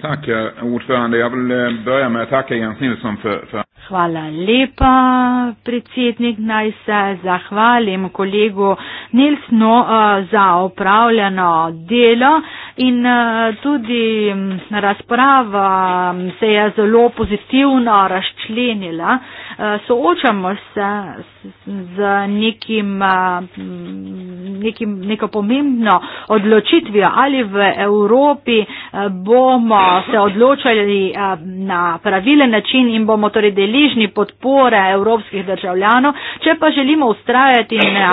Tak, ja, ordförande, jag vill eh, börja med att tacka Jens Nilsson för, för... Hvala lepa, predsednik, naj se zahvalim kolegu Nilsno uh, eh, za opravljeno delo in uh, tudi um, razprava um, se je zelo pozitivno razčlenila. Uh, soočamo se z nekim, nekim, neko pomembno odločitvijo, ali v Evropi bomo se odločali na pravilen način in bomo torej deližni podpore evropskih državljanov, če pa želimo ustrajati na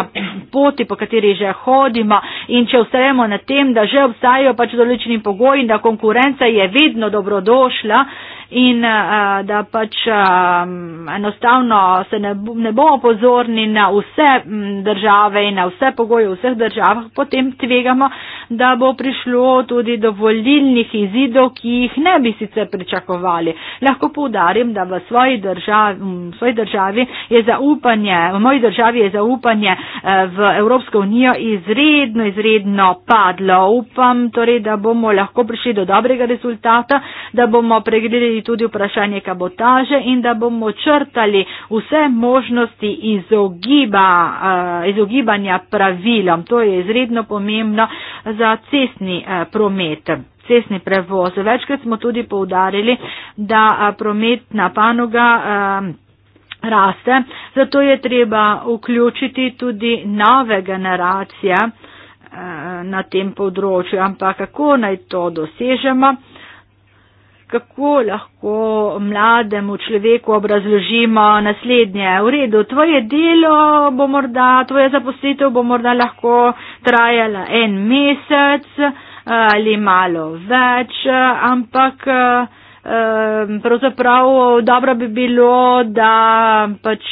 poti, po kateri že hodimo in če ustrajamo na tem, da že obstajajo pač določeni pogoji in da konkurenca je vedno dobrodošla in uh, da pač um, enostavno se ne, ne bomo pozorni na vse mm, države in na vse pogoje v vseh državah, potem tvegamo, da bo prišlo tudi do volilnih izidov, ki jih ne bi sicer pričakovali. Lahko poudarim, da v svoji državi, v svoji državi je zaupanje, v moji državi je zaupanje eh, v Evropsko unijo izredno, izredno padlo. Upam torej, da bomo lahko prišli do dobrega rezultata, da bomo pregledali tudi vprašanje kabotaže in da bomo črtali vse možnosti izogiba, eh, izogibanja pravilom. To je izredno pomembno za cestni eh, promet. Cestni prevoz. Večkrat smo tudi poudarili, da eh, prometna panoga raste, zato je treba vključiti tudi nove generacije na tem področju. Ampak kako naj to dosežemo? kako lahko mlademu človeku obrazložimo naslednje. V redu, tvoje delo bo morda, tvoja zaposlitev bo morda lahko trajala en mesec eh, ali malo več, ampak eh, eh, pravzaprav dobro bi bilo, da pač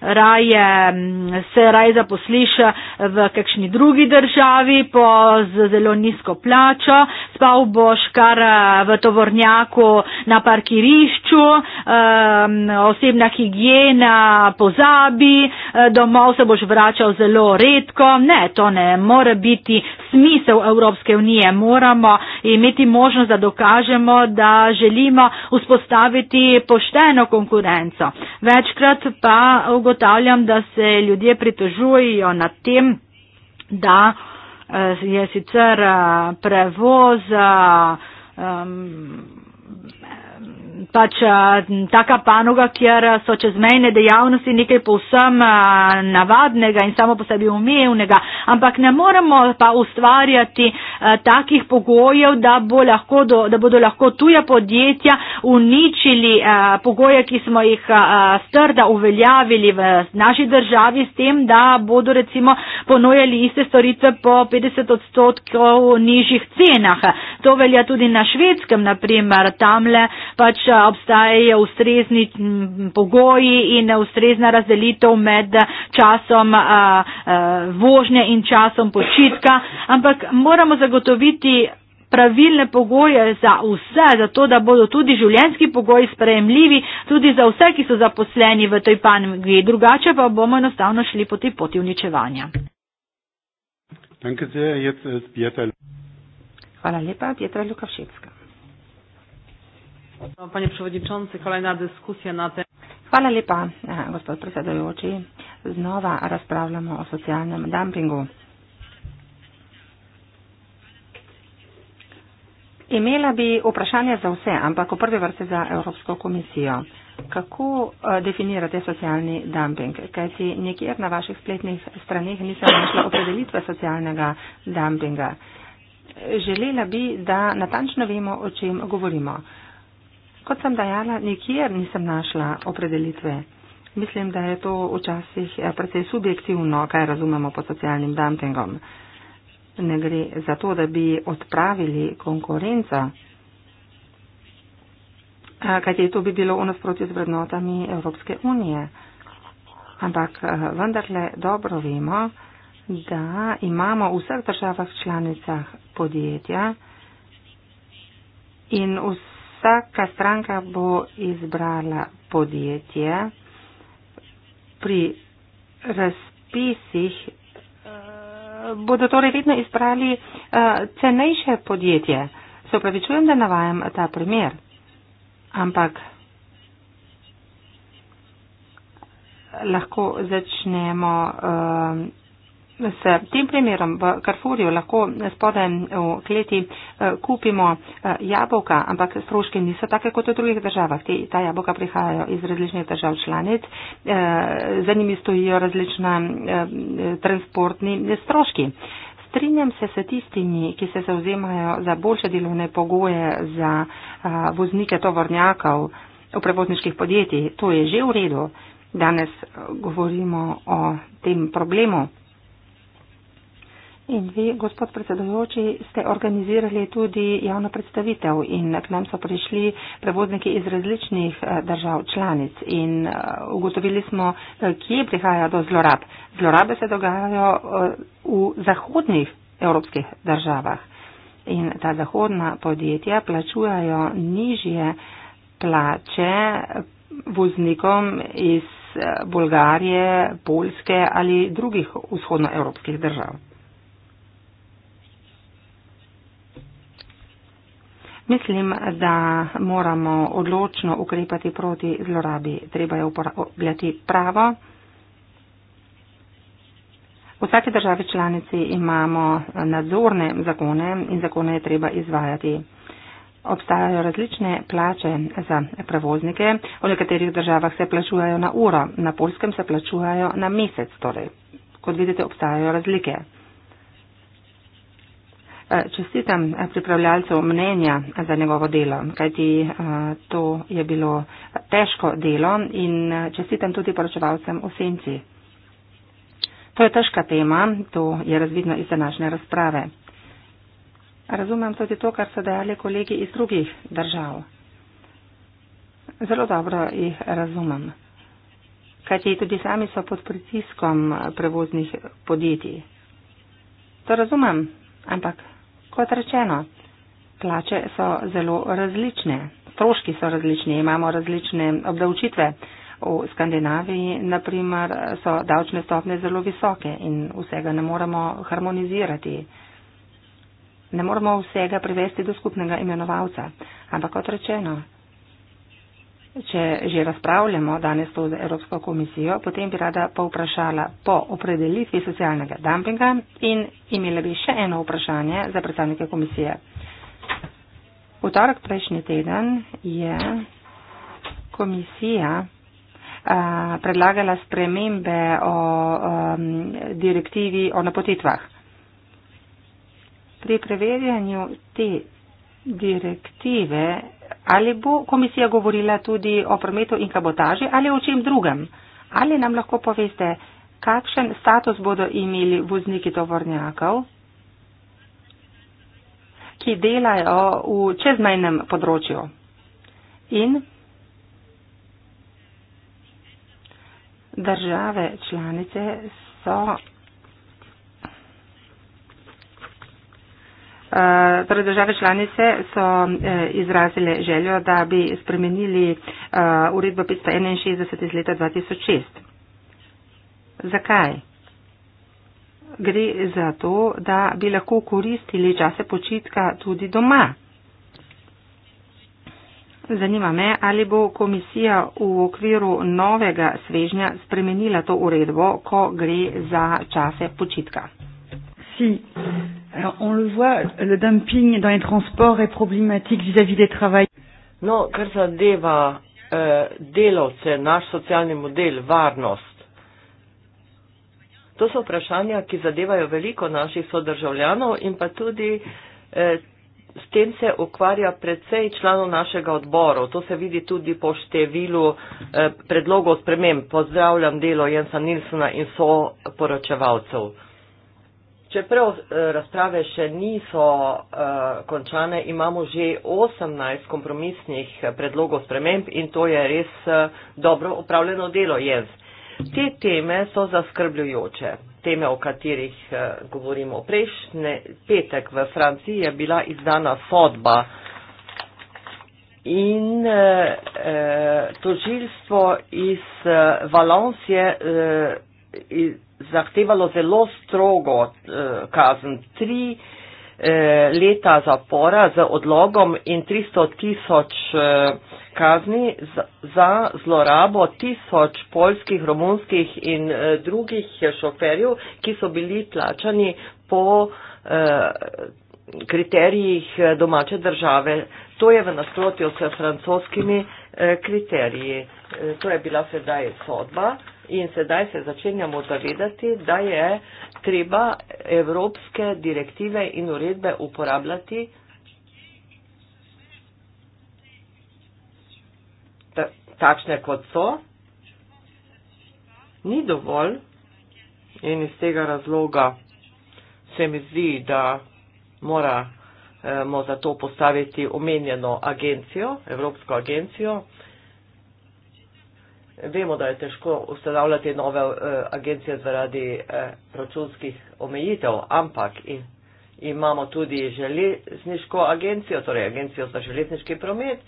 raje mm, se raje zaposliš eh, v kakšni drugi državi po zelo nizko plačo, spav boš kar eh, v tovornjaku na parkirišču, osebna higiena pozabi, eh, domov se boš vračal zelo redko. Ne, to ne more biti smisel Evropske unije. Moramo imeti možnost, da dokažemo, da želimo vzpostaviti pošteno konkurenco. Večkrat pa ugotovimo, ugotavljam, da se ljudje pritožujejo nad tem, da eh, je sicer eh, prevoz um, pač taka panoga, kjer so čezmejne dejavnosti nekaj povsem navadnega in samo po sebi umevnega, ampak ne moremo pa ustvarjati takih pogojev, da, bo lahko do, da bodo lahko tuja podjetja uničili pogoje, ki smo jih strda uveljavili v naši državi s tem, da bodo recimo ponujali iste storitve po 50 odstotkov nižjih cenah. To velja tudi na švedskem, naprimer, tamle pač obstajajo ustrezni pogoji in ustrezna razdelitev med časom vožnje in časom počitka, ampak moramo zagotoviti pravilne pogoje za vse, zato da bodo tudi življenski pogoji sprejemljivi, tudi za vse, ki so zaposleni v tej panogi, drugače pa bomo enostavno šli po tej poti uničevanja. Hvala lepa, Pietra Lukašetska. No, panie przewodniczący, kolejna dyskusja na ten. Hvala lepa, e, gospod predsedujoči. Znova razpravljamo o socialnem dumpingu. Imela bi vprašanje za vse, ampak v prvi vrsti za Evropsko komisijo. Kako e, definirate socialni dumping? Kaj ti nekjer na vaših spletnih stranih nisem našla opredelitve socialnega dumpinga. Želela bi, da natančno vemo, o čem govorimo kot sem dajala, nikjer nisem našla opredelitve. Mislim, da je to včasih eh, precej subjektivno, kaj razumemo pod socialnim dumpingom. Ne gre za to, da bi odpravili konkurenca, eh, kajti to bi bilo v nasprotju z vrednotami Evropske unije. Ampak eh, vendarle dobro vemo, da imamo v vseh državah članicah podjetja in vse. Vsaka stranka bo izbrala podjetje pri razpisih. Eh, bodo torej vedno izbrali uh, cenejše podjetje. Se upravičujem, da navajam ta primer. Ampak lahko začnemo eh, s tem primerom v Carrefourju lahko spodaj v kleti eh, kupimo eh, jabolka, ampak stroški niso take kot v drugih državah. Te, ta jabolka prihajajo iz različnih držav članic, eh, za njimi stojijo različna transportni stroški. Strinjam se s tistimi, ki se zauzemajo za boljše delovne pogoje za voznike tovornjakov v prevozniških podjetjih. To je že v redu. Danes govorimo o tem problemu. In vi, gospod predsedujoči, ste organizirali tudi javno predstavitev in k nam so prišli prevozniki iz različnih eh, držav članic in eh, ugotovili smo, eh, kje prihaja do zlorab. Zlorabe se dogajajo v zahodnih evropskih državah in ta zahodna podjetja plačujajo nižje plače voznikom iz Bolgarije, Polske ali drugih vzhodnoevropskih držav. Mislim, da moramo odločno ukrepati proti zlorabi. Treba je upogledati pravo. V vsake države članici imamo nadzorne zakone in zakone je treba izvajati. Obstajajo različne plače za prevoznike. V nekaterih državah se plačujejo na uro, na polskem se plačujejo na mesec. Torej. Kot vidite, obstajajo razlike. Eh, čestitam eh, pripravljalcu mnenja za njegovo delo, kajti eh, to je bilo težko delo in čestitam tudi poročevalcem v senci. To je težka tema, to je razvidno iz današnje razprave. Razumem tudi to, kar so dejali kolegi iz drugih držav. Zelo dobro jih razumem, kajti tudi sami so pod pritiskom prevoznih podjetij. To razumem, ampak Kot rečeno, plače so zelo različne, stroški so različni, imamo različne obdavčitve. V Skandinaviji, naprimer, so davčne stopne zelo visoke in vsega ne moremo harmonizirati. Ne moremo vsega privesti do skupnega imenovalca. Ampak kot rečeno, Če že razpravljamo danes to z Evropsko komisijo, potem bi rada pa vprašala po opredelitvi socialnega dumpinga in imela bi še eno vprašanje za predstavnike komisije. V torek prejšnji teden je komisija a, predlagala spremembe o a, direktivi o napotitvah. Pri preverjanju te direktive, ali bo komisija govorila tudi o prometu in kabotaži ali o čem drugem? Ali nam lahko poveste, kakšen status bodo imeli vozniki tovornjakov, ki delajo v čezmejnem področju? In države članice so Eh, torej države članice so eh, izrazile željo, da bi spremenili eh, uredbo 561 iz leta 2006. Zakaj? Gre za to, da bi lahko koristili čase počitka tudi doma. Zanima me, ali bo komisija v okviru novega svežnja spremenila to uredbo, ko gre za čase počitka. Si. Alors, on le voit, le dumping dans les transports est problématique vis-à-vis -vis des travailleurs. Non, kar zadeva eh, delovce, naš socialni model, varnost. To so vprašanja, ki zadevajo veliko naših sodržavljanov in pa tudi eh, s tem se ukvarja predvsej članov našega odbora. To se vidi tudi po številu eh, predlogov sprememb. Pozdravljam delo Jensa Nilsona in so poročevalcev. Čeprav eh, razprave še niso uh, končane, imamo že 18 kompromisnih predlogov sprememb in to je res uh, dobro upravljeno delo jaz. Te teme so zaskrbljujoče. Teme, o katerih uh, govorimo prejšnje petek v Franciji, je bila izdana sodba in uh, uh, tožilstvo iz uh, Valencije. Uh, zahtevalo zelo strogo eh, kazen. Tri eh, leta zapora z odlogom in 300 tisoč eh, kazni za zlorabo tisoč polskih, romunskih in drugih šoferjev, ki so bili plačani po kriterijih domače države. To je v nasprotju s francoskimi kriteriji. To je bila sedaj sodba. In sedaj se začenjamo zavedati, da je treba evropske direktive in uredbe uporabljati. Takšne kot so, ni dovolj in iz tega razloga se mi zdi, da moramo za to postaviti omenjeno agencijo, Evropsko agencijo, Vemo, da je težko ustanavljati nove eh, agencije zaradi eh, računskih omejitev, ampak in, imamo tudi železniško agencijo, torej agencijo za železniški promet.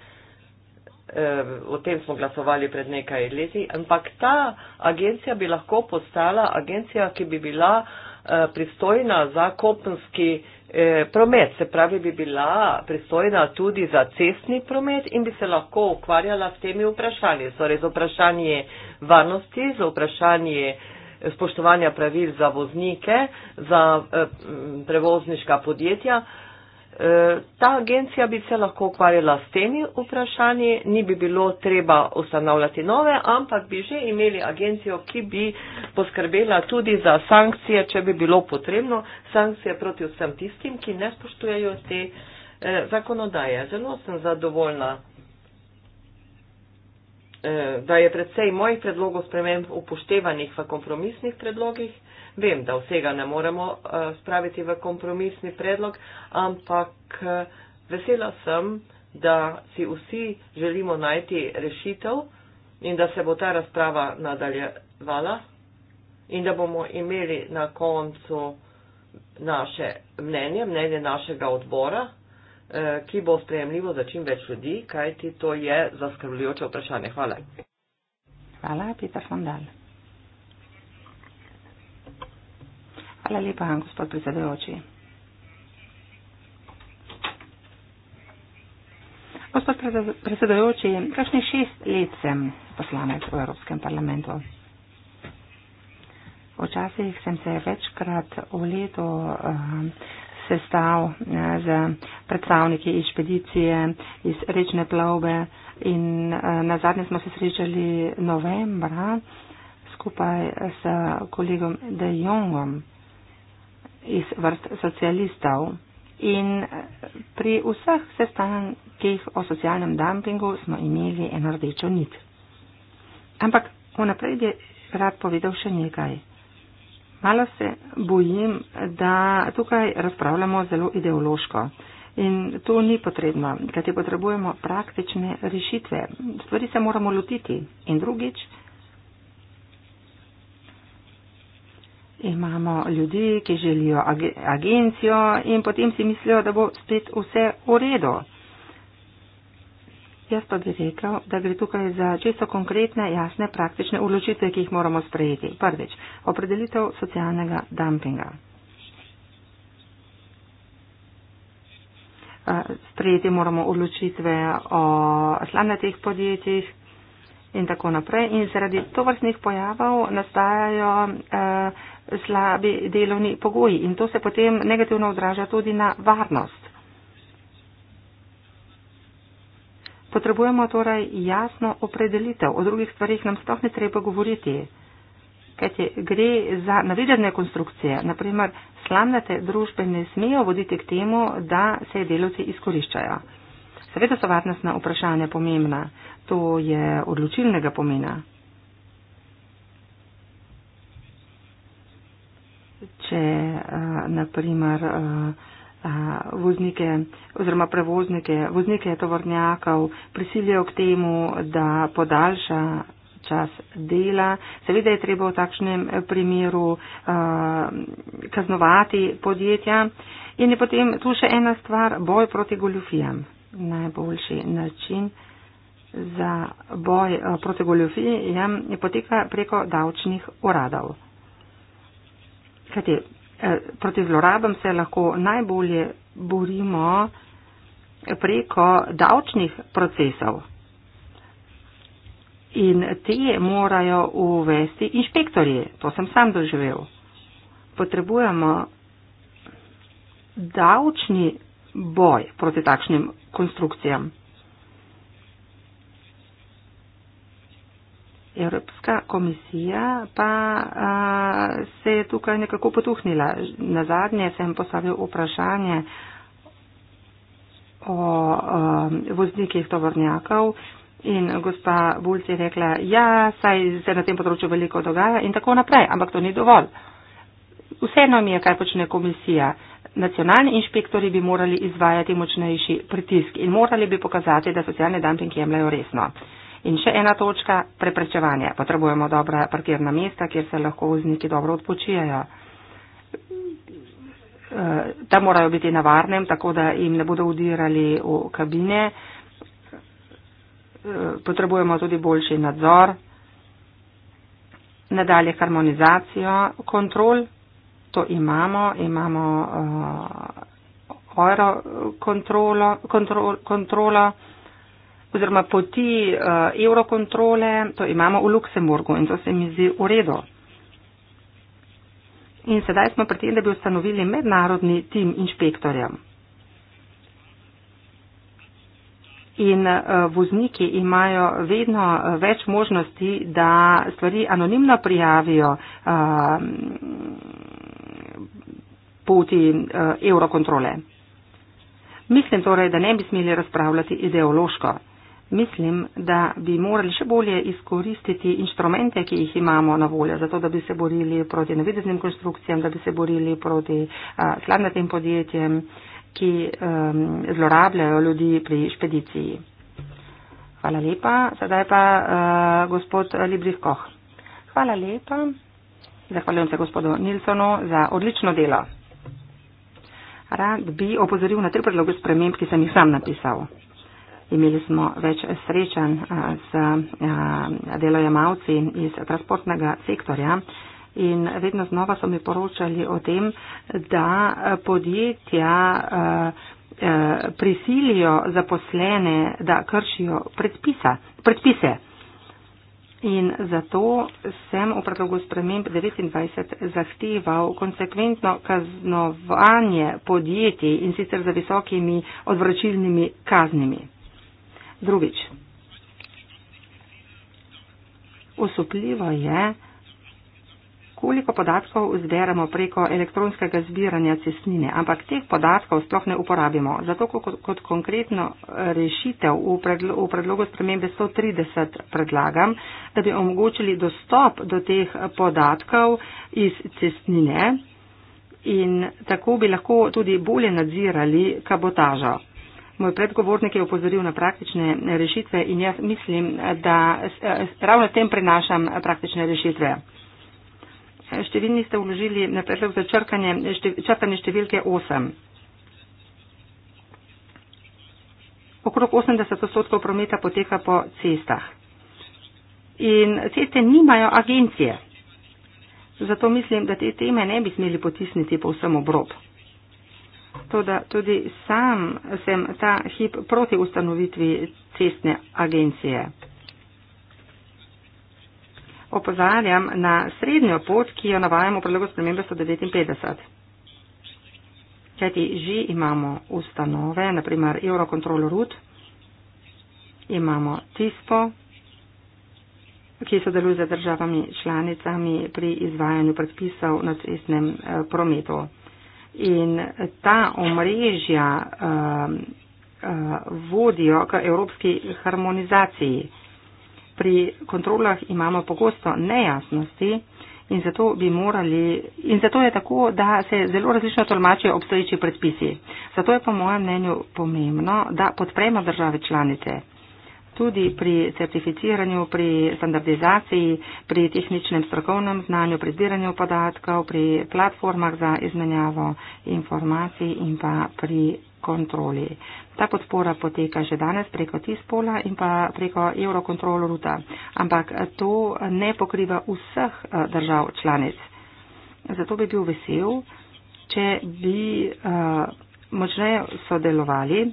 Eh, o tem smo glasovali pred nekaj leti, ampak ta agencija bi lahko postala agencija, ki bi bila eh, pristojna za kopenski eh, promet, se pravi, bi bila pristojna tudi za cestni promet in bi se lahko ukvarjala s temi vprašanji, torej z vprašanje varnosti, z vprašanje eh, spoštovanja pravil za voznike, za eh, prevozniška podjetja. Eh, E, ta agencija bi se lahko ukvarjala s temi vprašanji, ni bi bilo treba ustanavljati nove, ampak bi že imeli agencijo, ki bi poskrbela tudi za sankcije, če bi bilo potrebno, sankcije proti vsem tistim, ki ne spoštujejo te eh, zakonodaje. Zelo sem zadovoljna. Eh, da je predvsej mojih predlogov sprememb upoštevanih v kompromisnih predlogih. Vem, da vsega ne moremo eh, spraviti v kompromisni predlog, ampak eh, vesela sem, da si vsi želimo najti rešitev in da se bo ta razprava nadaljevala in da bomo imeli na koncu naše mnenje, mnenje našega odbora. Eh, ki bo sprejemljivo za čim več ljudi, kajti to je zaskrbljujoče vprašanje. Hvala. Hvala, Peter Fondal. Hvala lepa, gospod predsedujoči. Gospod predsedujoči, kakšni šest let sem poslanec v Evropskem parlamentu. Včasih sem se večkrat v letu uh, sestav eh, z predstavniki išpedicije iz rečne plovbe in eh, na zadnje smo se srečali novembra skupaj s kolegom De Jongom iz vrst socialistov. In eh, pri vseh sestankih o socialnem dumpingu smo imeli eno rdečo nit. Ampak vnaprej je rad povedal še nekaj. Malo se bojim, da tukaj razpravljamo zelo ideološko. In to ni potrebno, kajti potrebujemo praktične rešitve. Stvari se moramo lotiti. In drugič, imamo ljudi, ki želijo agencijo in potem si mislijo, da bo spet vse v redu. Jaz pa bi rekel, da gre tukaj za čisto konkretne, jasne, praktične odločitve, ki jih moramo sprejeti. Prvič, opredelitev socialnega dumpinga. Sprejeti moramo odločitve o slanatih podjetjih in tako naprej. In zaradi tovrstnih pojavov nastajajo slabi delovni pogoji in to se potem negativno odraža tudi na varnost. Potrebujemo torej jasno opredelitev. O drugih stvarih nam sploh ne treba govoriti. Kajti gre za navidezne konstrukcije. Naprimer, slamnate družbe ne smejo voditi k temu, da se delovci izkoriščajo. Seveda so varnostna vprašanja pomembna. To je odločilnega pomena. Če, uh, eh, naprimer, uh, eh, voznike oziroma prevoznike, voznike tovornjakov prisilijo k temu, da podaljša čas dela. Seveda je treba v takšnem primeru uh, kaznovati podjetja. In je potem tu še ena stvar, boj proti goljufijam. Najboljši način za boj proti goljufijam je poteka preko davčnih uradov. Kajte, Eh, proti zlorabam se lahko najbolje borimo preko davčnih procesov. In te morajo uvesti inšpektorji. To sem sam doživel. Potrebujemo davčni boj proti takšnim konstrukcijam. Evropska komisija pa a, se je tukaj nekako potuhnila. Na zadnje sem postavil vprašanje o a, voznikih tovornjakov in gospa Bulc je rekla, ja, saj se na tem področju veliko dogaja in tako naprej, ampak to ni dovolj. Vseeno mi je, kaj počne komisija. Nacionalni inšpektori bi morali izvajati močnejši pritisk in morali bi pokazati, da socialne dumping jemljajo resno. In še ena točka, preprečevanje. Potrebujemo dobra parkirna mesta, kjer se lahko vozniki dobro odpočijajo. Eh, ta morajo biti na varnem, tako da jim ne bodo udirali v kabine. Eh, potrebujemo tudi boljši nadzor, nadalje harmonizacijo, kontrol, to imamo, imamo uh, aero kontrolo, kontrol, kontrolo oziroma poti evrokontrole, eh, to imamo v Luksemburgu in to se mi zdi v redu. In sedaj smo pri tem, da bi ustanovili mednarodni tim inšpektorjem. In eh, vozniki imajo vedno eh, več možnosti, da stvari anonimno prijavijo poti evrokontrole. Mislim torej, da ne bi smeli razpravljati ideološko. Mislim, da bi morali še bolje izkoristiti inštrumente, ki jih imamo na voljo, zato da bi se borili proti navideznim konstrukcijam, da bi se borili proti uh, sladnatim podjetjem, ki um, zlorabljajo ljudi pri špediciji. Hvala lepa. Sedaj pa uh, gospod Librih Koh. Hvala lepa. Zahvaljujem se gospodu Nilsonu za odlično delo. Rad bi opozoril na tri predloge sprememb, ki sem jih sam napisal. Imeli smo več srečanj z delojemalci iz transportnega sektorja in vedno znova so mi poročali o tem, da podjetja prisilijo zaposlene, da kršijo predpisa, predpise. In zato sem v predlogu sprememb 29 zahteval konsekventno kaznovanje podjetij in sicer za visokimi odvračilnimi kaznimi. Drugič. Osupljivo je, koliko podatkov zberemo preko elektronskega zbiranja cestnine, ampak teh podatkov sploh ne uporabimo. Zato kot, kot konkretno eh, rešitev v, predlo, v predlogu spremembe 130 predlagam, da bi omogočili dostop do teh eh, podatkov iz cestnine in tako bi lahko tudi bolje nadzirali kabotažo. Moj predgovornik je upozoril na praktične rešitve in jaz mislim, da eh, ravno s tem prenašam praktične rešitve. Številni ste vložili na predlog za črkanje, števil, črkanje številke 8. Okrog 80 odstotkov prometa poteka po cestah. In ceste nimajo agencije. Zato mislim, da te teme ne bi smeli potisniti po vsem obrobu. Toda tudi sam sem ta hip proti ustanovitvi cestne agencije. Opozarjam na srednjo pot, ki jo navajamo v predlogu spremembe 159. Kajti že imamo ustanove, naprimer Eurocontrol Root, imamo TISPO, ki sodeluje z državami članicami pri izvajanju predpisov na cestnem eh, prometu. In ta omrežja uh, uh, vodijo k evropski harmonizaciji. Pri kontrolah imamo pogosto nejasnosti in zato, morali, in zato je tako, da se zelo različno tolmačijo obstoječi predpisi. Zato je po mojem mnenju pomembno, da podpremo države članice tudi pri certificiranju, pri standardizaciji, pri tehničnem strokovnem znanju, pri zbiranju podatkov, pri platformah za izmenjavo informacij in pa pri kontroli. Ta podpora poteka že danes preko TISPOL-a in pa preko Eurocontrol Ruta, ampak to ne pokriva vseh eh, držav članic. Zato bi bil vesel, če bi uh, močneje sodelovali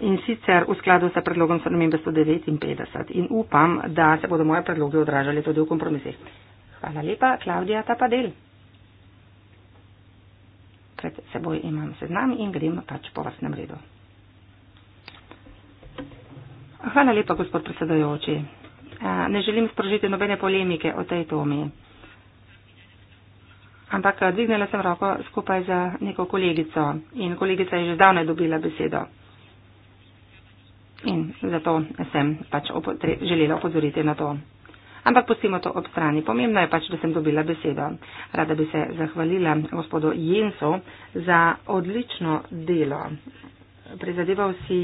In sicer v skladu s predlogom 159 in upam, da se bodo moje predloge odražali tudi v kompromisih. Hvala lepa, Klaudija, ta pa del. Pred seboj imam seznam in grem pač po vrstnem redu. Hvala lepa, gospod predsedajoči. Ne želim sprožiti nobene polemike o tej tomi. Ampak dvignila sem roko skupaj z neko kolegico in kolegica je že zdavne dobila besedo. In zato sem pač opotre, želela opozoriti na to. Ampak pustimo to ob strani. Pomembno je pač, da sem dobila besedo. Rada bi se zahvalila gospodu Jensu za odlično delo. Prizadeval si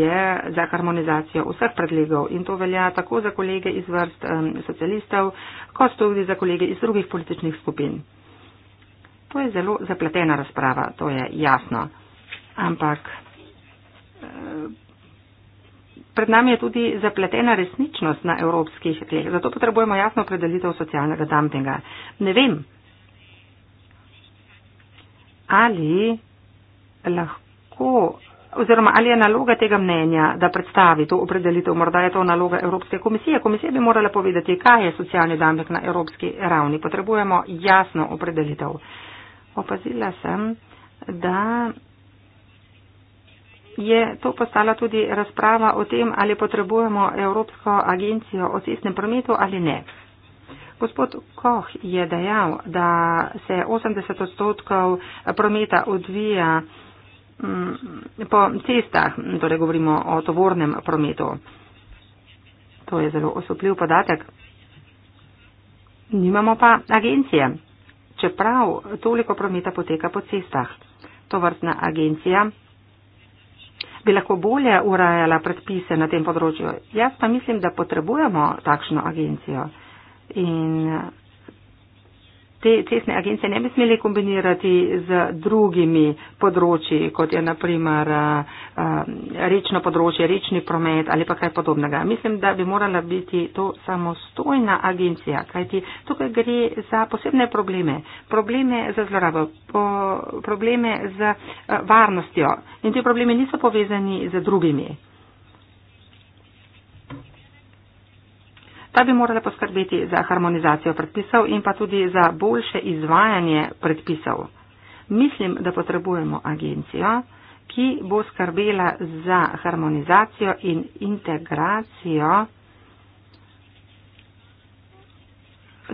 je za harmonizacijo vseh predlegov in to velja tako za kolege iz vrst um, socialistov, kot tudi za kolege iz drugih političnih skupin. To je zelo zapletena razprava, to je jasno. Ampak. Uh, pred nami je tudi zapletena resničnost na evropskih tleh. Zato potrebujemo jasno opredelitev socialnega dumpinga. Ne vem, ali lahko. Oziroma, ali je naloga tega mnenja, da predstavi to opredelitev, morda je to naloga Evropske komisije. Komisija bi morala povedati, kaj je socialni dampek na evropski ravni. Potrebujemo jasno opredelitev. Opazila sem, da je to postala tudi razprava o tem, ali potrebujemo Evropsko agencijo o cestnem prometu ali ne. Gospod Koh je dejal, da se 80 odstotkov prometa odvija mm, po cestah, torej govorimo o tovornem prometu. To je zelo osupljiv podatek. Nimamo pa agencije, čeprav toliko prometa poteka po cestah. To vrstna agencija bi lahko bolje urajala predpise na tem področju. Jaz pa mislim, da potrebujemo takšno agencijo. In te cestne agencije ne bi smeli kombinirati z drugimi področji, kot je naprimer eh, rečno področje, rečni promet ali pa kaj podobnega. Mislim, da bi morala biti to samostojna agencija, kajti tukaj gre za posebne probleme, probleme za zlorabo, probleme z eh, varnostjo in ti problemi niso povezani z drugimi. Ta bi morala poskrbeti za harmonizacijo predpisov in pa tudi za boljše izvajanje predpisov. Mislim, da potrebujemo agencijo, ki bo skrbela za harmonizacijo in integracijo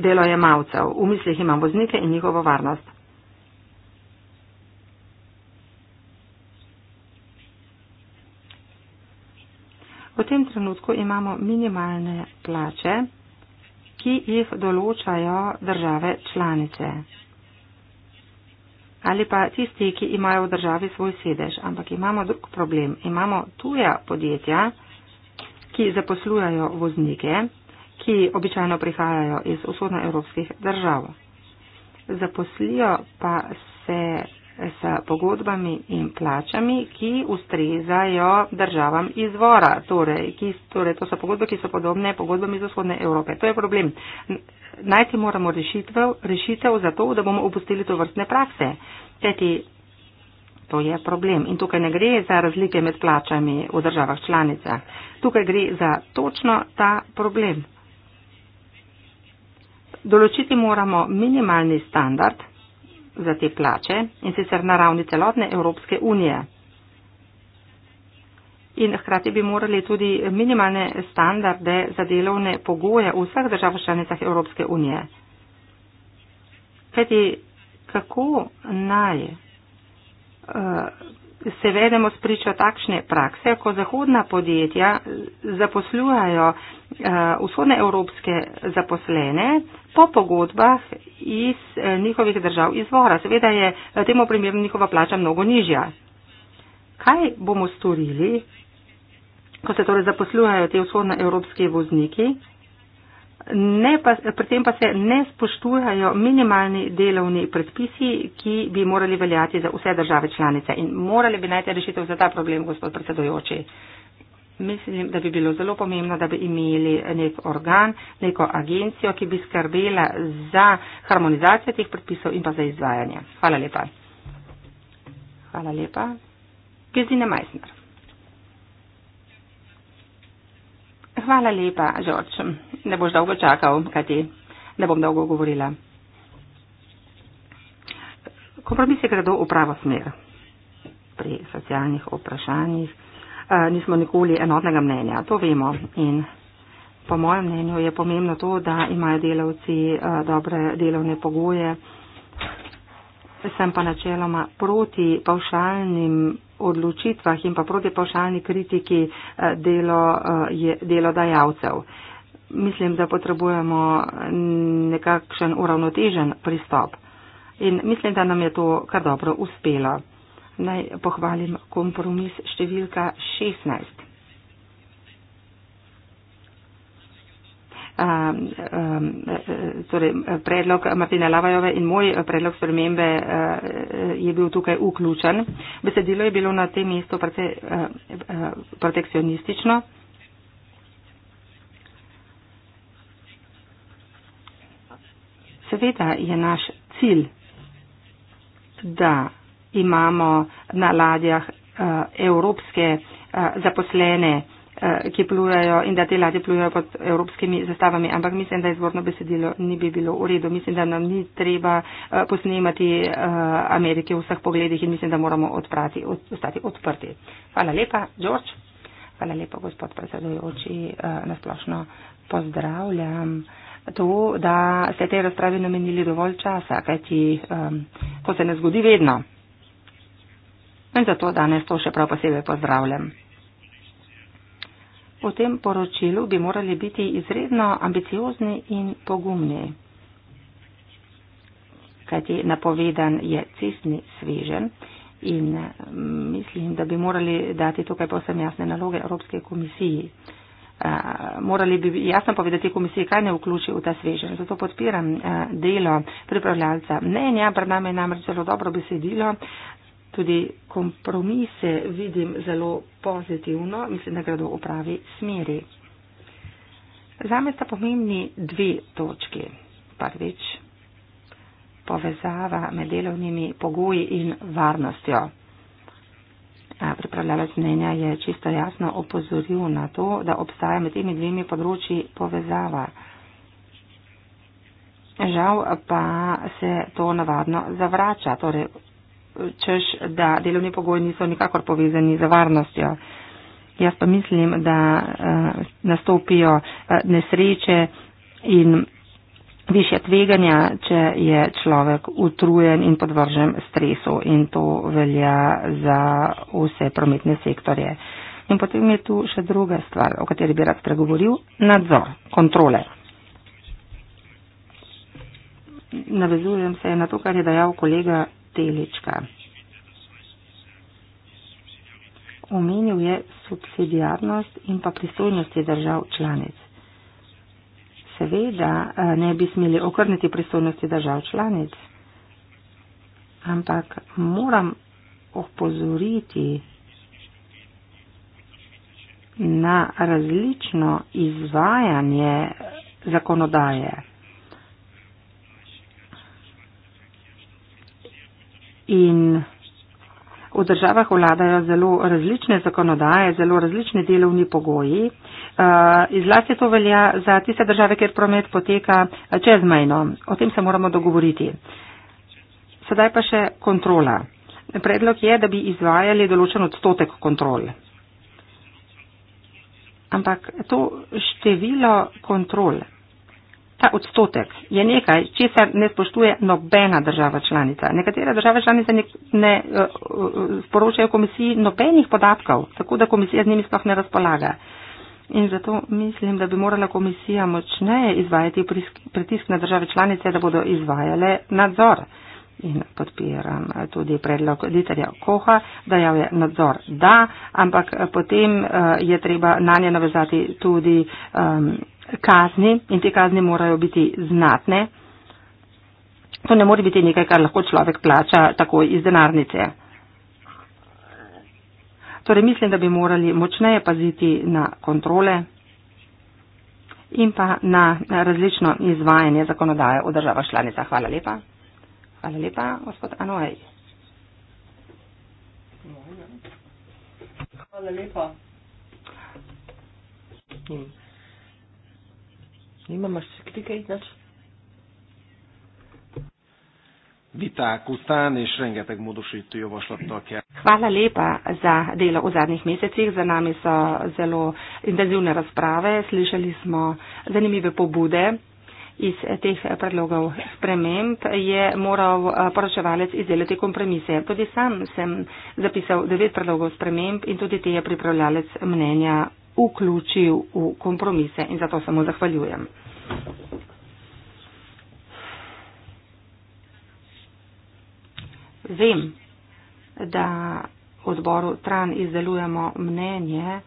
delojemalcev. V mislih imam voznike in njihovo varnost. V tem trenutku imamo minimalne plače, ki jih določajo države članice. Ali pa tisti, ki imajo v državi svoj sedež. Ampak imamo drug problem. Imamo tuja podjetja, ki zaposlujajo voznike, ki običajno prihajajo iz vzhodnoevropskih držav. Zaposlijo pa se s pogodbami in plačami, ki ustrezajo državam izvora. Torej, ki, torej, to so pogodbe, ki so podobne pogodbam iz vzhodne Evrope. To je problem. Najti moramo rešitve, rešitev za to, da bomo opustili to vrstne prakse. Teti, to je problem. In tukaj ne gre za razlike med plačami v državah članicah. Tukaj gre za točno ta problem. Določiti moramo minimalni standard, za te plače in sicer na ravni celotne Evropske unije. In hkrati bi morali tudi minimalne standarde za delovne pogoje v vseh državah članicah Evropske unije. Kajti kako naj eh, se vedemo spričo takšne prakse, ko zahodna podjetja zaposlujajo eh, vzhodne evropske zaposlene po pogodbah iz eh, njihovih držav izvora. Seveda je eh, temu primerno njihova plača mnogo nižja. Kaj bomo storili, ko se torej zaposlujajo te vzhodne evropske vozniki? ne pa, pri tem pa se ne spoštujajo minimalni delovni predpisi, ki bi morali veljati za vse države članice in morali bi najti rešitev za ta problem, gospod predsedujoči. Mislim, da bi bilo zelo pomembno, da bi imeli nek organ, neko agencijo, ki bi skrbela za harmonizacijo teh predpisov in pa za izvajanje. Hvala lepa. Hvala lepa. Gesine Meissner. Hvala lepa, Žorč. Ne boš dolgo čakal, kajti ne bom dolgo govorila. Kompromise gredo v pravo smer pri socialnih vprašanjih. E, nismo nikoli enotnega mnenja, to vemo. In po mojem mnenju je pomembno to, da imajo delavci e, dobre delovne pogoje. Sem pa načeloma proti pavšalnim odločitvah in pa proti pošalni kritiki eh, delo, eh, delodajalcev. Mislim, da potrebujemo nekakšen uravnotežen pristop in mislim, da nam je to kar dobro uspelo. Naj pohvalim kompromis številka 16. Um, um, torej predlog Martine Lavajove in moj predlog spremembe uh, je bil tukaj vključen. Besedilo je bilo na tem mestu uh, uh, protekcionistično. Seveda je naš cilj, da imamo na ladjah evropske zaposlene Eh, ki plujejo in da te ladje plujejo pod evropskimi zastavami, ampak mislim, da izvorno besedilo ni bi bilo v redu. Mislim, da nam ni treba eh, posnemati eh, Amerike v vseh pogledih in mislim, da moramo odprati, ostati odprti. Hvala lepa, George. Hvala lepa, gospod predsedujoči. Nasplošno pozdravljam to, da ste tej razpravi namenili dovolj časa, kajti to se ne zgodi vedno. In zato danes to še prav posebej pozdravljam po tem poročilu bi morali biti izredno ambiciozni in pogumni. Kajti napovedan je cestni svežen in mm, mislim, da bi morali dati tukaj posebne jasne naloge Evropske komisiji. Morali bi jasno povedati komisiji, kaj ne vključi v ta svežen. Zato podpiram delo pripravljalca mnenja. Pred nami je namreč zelo dobro besedilo tudi kompromise vidim zelo pozitivno, mislim, da gredo v pravi smeri. Zame sta pomembni dve točki. Prvič, povezava med delovnimi pogoji in varnostjo. Pripravljalec mnenja je čisto jasno opozoril na to, da obstaja med temi dvemi področji povezava. Žal pa se to navadno zavrača, torej češ, da delovni pogoji niso nikakor povezani z varnostjo. Jaz pa mislim, da eh, nastopijo eh, nesreče in više tveganja, če je človek utrujen in podvržen stresu in to velja za vse prometne sektorje. In potem je tu še druga stvar, o kateri bi rad spregovoril, nadzor, kontrole. Navezujem se na to, kar je dejal kolega delička. Omenil je subsidiarnost in pa pristojnosti držav članic. Seveda eh, ne bi smeli okrniti pristojnosti držav članic, ampak moram opozoriti na različno izvajanje zakonodaje. in v državah vladajo zelo različne zakonodaje, zelo različni delovni pogoji. Eh, izlasti to velja za tiste države, kjer promet poteka eh, čezmejno. O tem se moramo dogovoriti. Sedaj pa še kontrola. Predlog je, da bi izvajali določen odstotek kontrol. Ampak to število kontrol Ta odstotek je nekaj, česar ne spoštuje nobena država članica. Nekatere države članice ne, ne eh, eh, sporočajo komisiji nobenih podatkov, tako da komisija z njimi sploh ne razpolaga. In zato mislim, da bi morala komisija močneje izvajati pritisk na države članice, da bodo izvajale nadzor. In podpiram eh, tudi predlog Diterja Koha, da je nadzor da, ampak potem je treba na nje navezati tudi. Um, kazni in te kazni morajo biti znatne. To ne more biti nekaj, kar lahko človek plača takoj iz denarnice. Torej mislim, da bi morali močneje paziti na kontrole in pa na različno izvajanje zakonodaje v državah članica. Hvala lepa. Hvala lepa, gospod Anoej. Hvala lepa. Hmm. Nimam še kritike, nič. Vita, kustaniš rengeteg modušitu, jo boš lahko tokje. Hvala lepa za delo v zadnjih mesecih. Za nami so zelo intenzivne razprave. Slišali smo zanimive pobude. Iz teh predlogov sprememb je moral eh, poročevalec izdelati kompromise. Tudi sam sem zapisal devet predlogov sprememb in tudi te je pripravljalec mnenja vključil v kompromise in zato se mu zahvaljujem. Vem, da v odboru Tran izdelujemo mnenje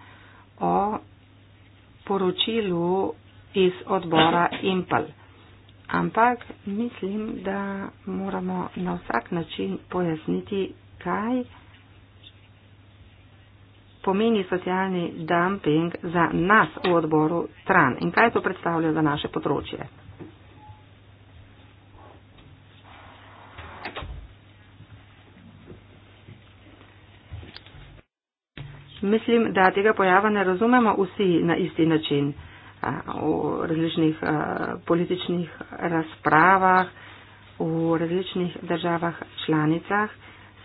o poročilu iz odbora Impel. Ampak mislim, da moramo na vsak način pojasniti, kaj pomeni socialni dumping za nas v odboru stran in kaj to predstavlja za naše področje. Mislim, da tega pojava ne razumemo vsi na isti način v različnih političnih razpravah, v različnih državah članicah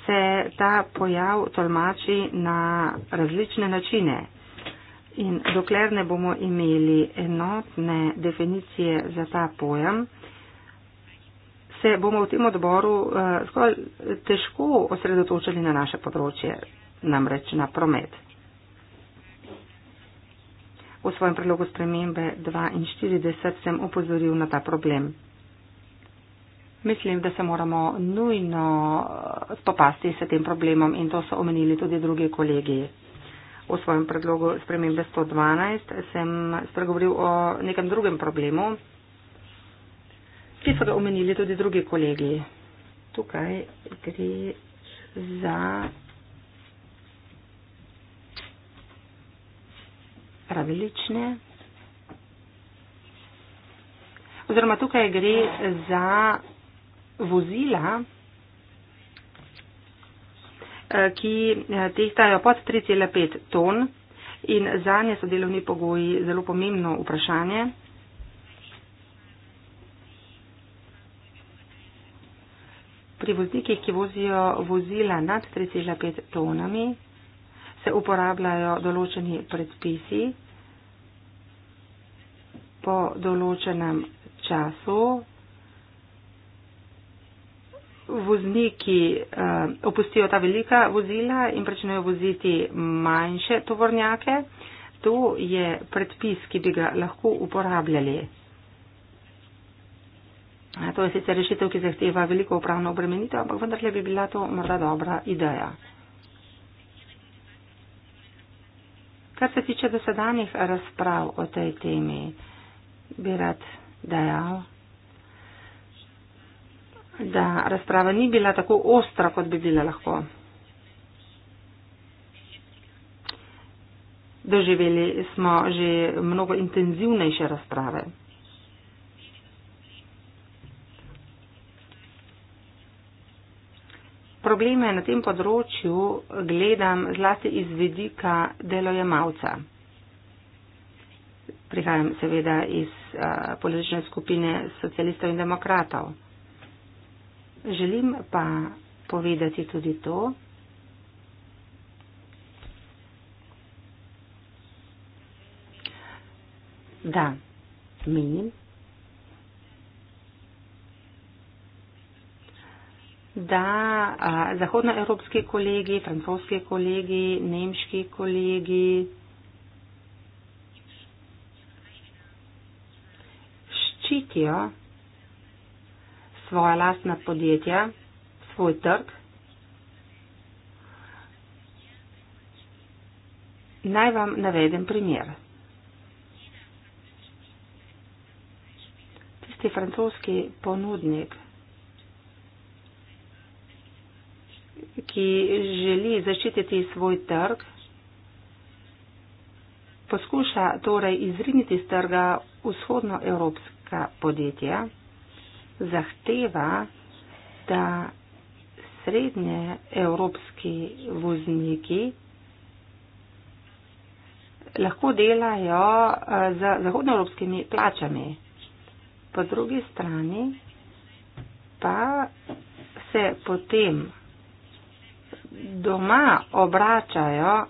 se ta pojav tolmači na različne načine. In dokler ne bomo imeli enotne definicije za ta pojem, se bomo v tem odboru skoraj eh, težko osredotočili na naše področje, namreč na promet. V svojem predlogu spremembe 42 sem upozoril na ta problem. Mislim, da se moramo nujno spopasti s tem problemom in to so omenili tudi drugi kolegi. V svojem predlogu spremembe 112 sem spregovoril o nekem drugem problemu, ki so ga omenili tudi drugi kolegi. Tukaj gre za pravilične. Oziroma tukaj gre za vozila, eh, ki eh, tehtajo pod 3,5 ton in za nje so delovni pogoji zelo pomembno vprašanje. Pri voznikih, ki vozijo vozila nad 3,5 tonami, se uporabljajo določeni predpisi po določenem času vozniki uh, opustijo ta velika vozila in pričnejo voziti manjše tovornjake. To je predpis, ki bi ga lahko uporabljali. To je sicer rešitev, ki zahteva veliko upravno obremenitev, ampak vendarle bi bila to morda dobra ideja. Kar se tiče dosedanjih razprav o tej temi, bi rad dejal da razprava ni bila tako ostra, kot bi bila lahko. Doživeli smo že mnogo intenzivnejše razprave. Probleme na tem področju gledam zlasti iz vidika delojemalca. Prihajam seveda iz uh, politične skupine socialistov in demokratov. Želim pa povedati tudi to, da menim, da zahodnoevropski kolegi, francoski kolegi, nemški kolegi, ščitijo svoje lastne podjetje, svoj trg. Naj vam navedem primer. Tisti francoski ponudnik, ki želi zaščititi svoj trg, poskuša torej izriniti z trga vzhodnoevropska podjetja zahteva, da srednje evropski vozniki lahko delajo eh, z zahodnoevropskimi plačami. Po drugi strani pa se potem doma obračajo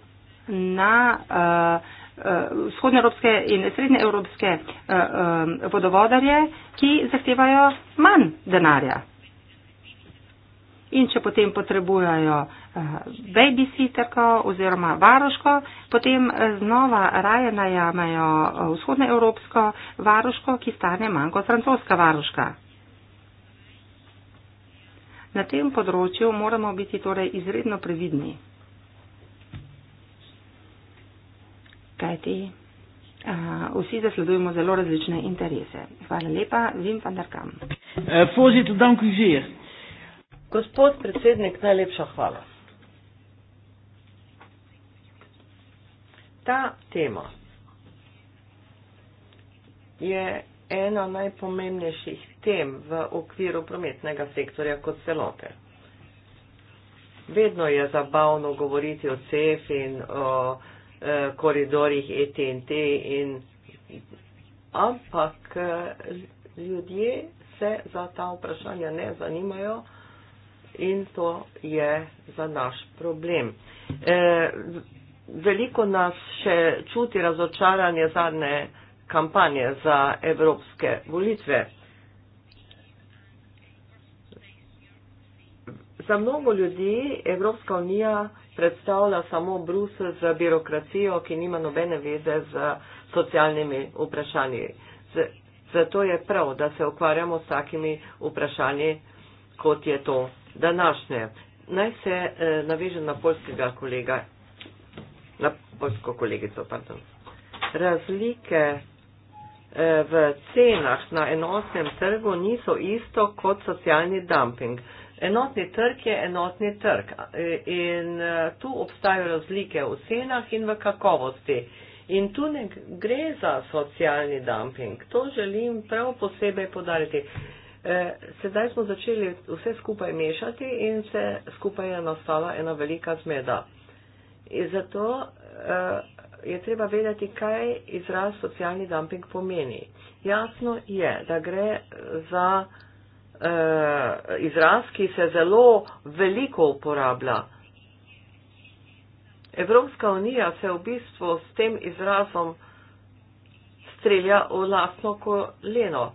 na uh, Eh, vzhodnoevropske in srednjeevropske eh, eh, vodovodarje, ki zahtevajo manj denarja. In če potem potrebujajo babysitterko oziroma varoško, potem znova raje najamejo vzhodnoevropsko varoško, ki stane manj kot francoska varoška. Na tem področju moramo biti torej izredno previdni. kajti uh, vsi zasledujemo zelo različne interese. Hvala lepa, Vim van der Kam. Eh, Gospod predsednik, najlepša hvala. Ta tema je ena najpomembnejših tem v okviru prometnega sektorja kot celote. Vedno je zabavno govoriti o CEF in o Eh, koridorjih ETNT in ampak eh, ljudje se za ta vprašanja ne zanimajo in to je za naš problem. Eh, veliko nas še čuti razočaranje zadnje kampanje za evropske volitve. Za mnogo ljudi Evropska unija predstavlja samo Brusel z birokracijo, ki nima nobene veze z socialnimi vprašanji. Zato je prav, da se ukvarjamo s takimi vprašanji, kot je to današnje. Naj se eh, navežem na polskega kolega, na polsko kolegico, pardon. Razlike eh, v cenah na enostnem trgu niso isto kot socialni dumping. Eh, Enotni trg je enotni trg in eh, tu obstajajo razlike v cenah in v kakovosti. In tu ne gre za socialni dumping. To želim prav posebej podariti. Eh, sedaj smo začeli vse skupaj mešati in se skupaj je nastala ena velika zmeda. In zato eh, je treba vedeti, kaj izraz socialni dumping pomeni. Jasno je, da gre za eh, izraz, ki se zelo veliko uporablja. Evropska unija se v bistvu s tem izrazom strelja v lastno koleno.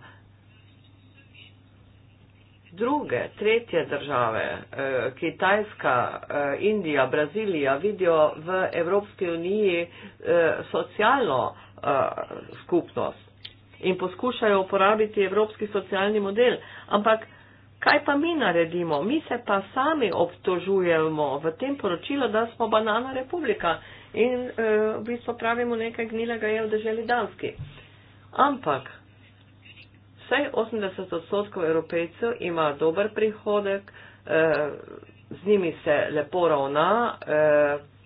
Druge, tretje države, eh, Kitajska, eh, Indija, Brazilija, vidijo v Evropski uniji eh, socialno eh, skupnost in poskušajo uporabiti evropski socialni model. Ampak kaj pa mi naredimo? Mi se pa sami obtožujemo v tem poročilu, da smo banana republika in uh, v bistvu pravimo nekaj gnilega je v državi Danski. Ampak vsaj 80 odstotkov evropejcev ima dober prihodek, uh, z njimi se lepo ravna. Uh,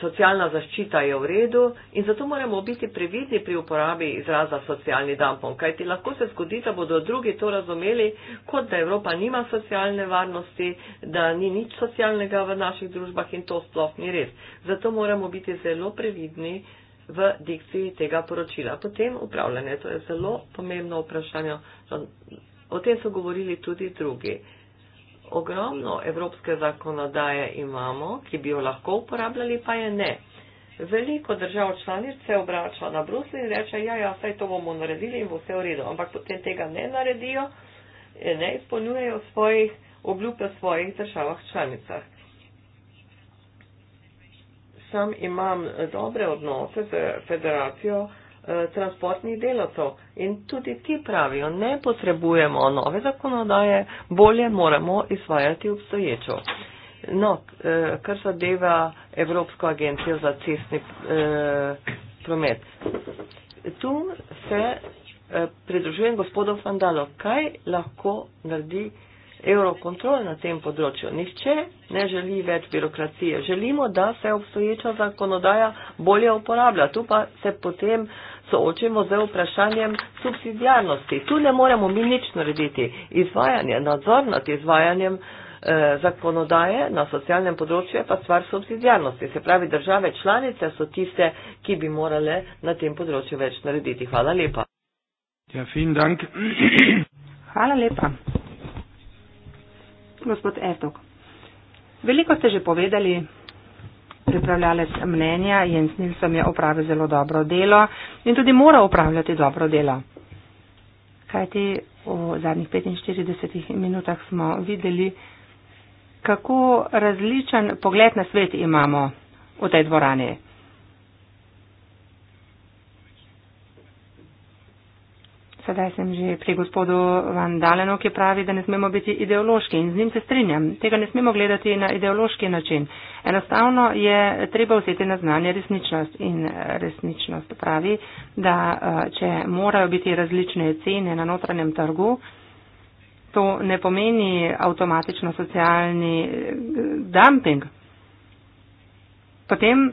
socialna zaščita je v redu in zato moramo biti previdni pri uporabi izraza socialni dampon, kajti lahko se zgodi, da bodo drugi to razumeli, kot da Evropa nima socialne varnosti, da ni nič socialnega v naših družbah in to sploh ni res. Zato moramo biti zelo previdni v dikciji tega poročila. Potem upravljanje, to je zelo pomembno vprašanje. O tem so govorili tudi drugi ogromno evropske zakonodaje imamo, ki bi jo lahko uporabljali, pa je ne. Veliko držav članic se obrača na Brusel in reče, ja, ja, saj to bomo naredili in bo vse v redu, ampak potem tega ne naredijo, eh, ne izpolnjujejo svojih obljub v svojih državah članicah. Sam imam dobre odnose z federacijo, Eh, transportnih delavcev. In tudi ti pravijo, ne potrebujemo nove zakonodaje, bolje moramo izvajati obstoječo. No, eh, kar zadeva Evropsko agencijo za cestni eh, promet. Tu se pridružujem gospodu Fandalo. Kaj lahko naredi Eurokontrol na tem področju? Nihče ne želi več birokracije. Želimo, da se obstoječa zakonodaja bolje uporablja. Tu pa se potem soočimo z vprašanjem subsidijarnosti. Tu ne moremo mi nič narediti. Izvajanje, nadzor nad izvajanjem eh, zakonodaje na socialnem področju je pa stvar subsidijarnosti. Se pravi, države članice so tiste, ki bi morale na tem področju več narediti. Hvala lepa. Ja, fin dank. Hvala lepa. Gospod Ertok, veliko ste že povedali pripravljalec mnenja Jens Nilsson je opravil zelo dobro delo in tudi mora upravljati dobro delo. Kajti v zadnjih 45 minutah smo videli, kako različen pogled na svet imamo v tej dvorani. Sedaj sem že pri gospodu Van Daleno, ki pravi, da ne smemo biti ideološki in z njim se strinjam. Tega ne smemo gledati na ideološki način. Enostavno je treba vzeti na znanje resničnost in eh, resničnost pravi, da eh, če morajo biti različne cene na notranjem trgu, to ne pomeni avtomatično socialni eh, dumping. Potem.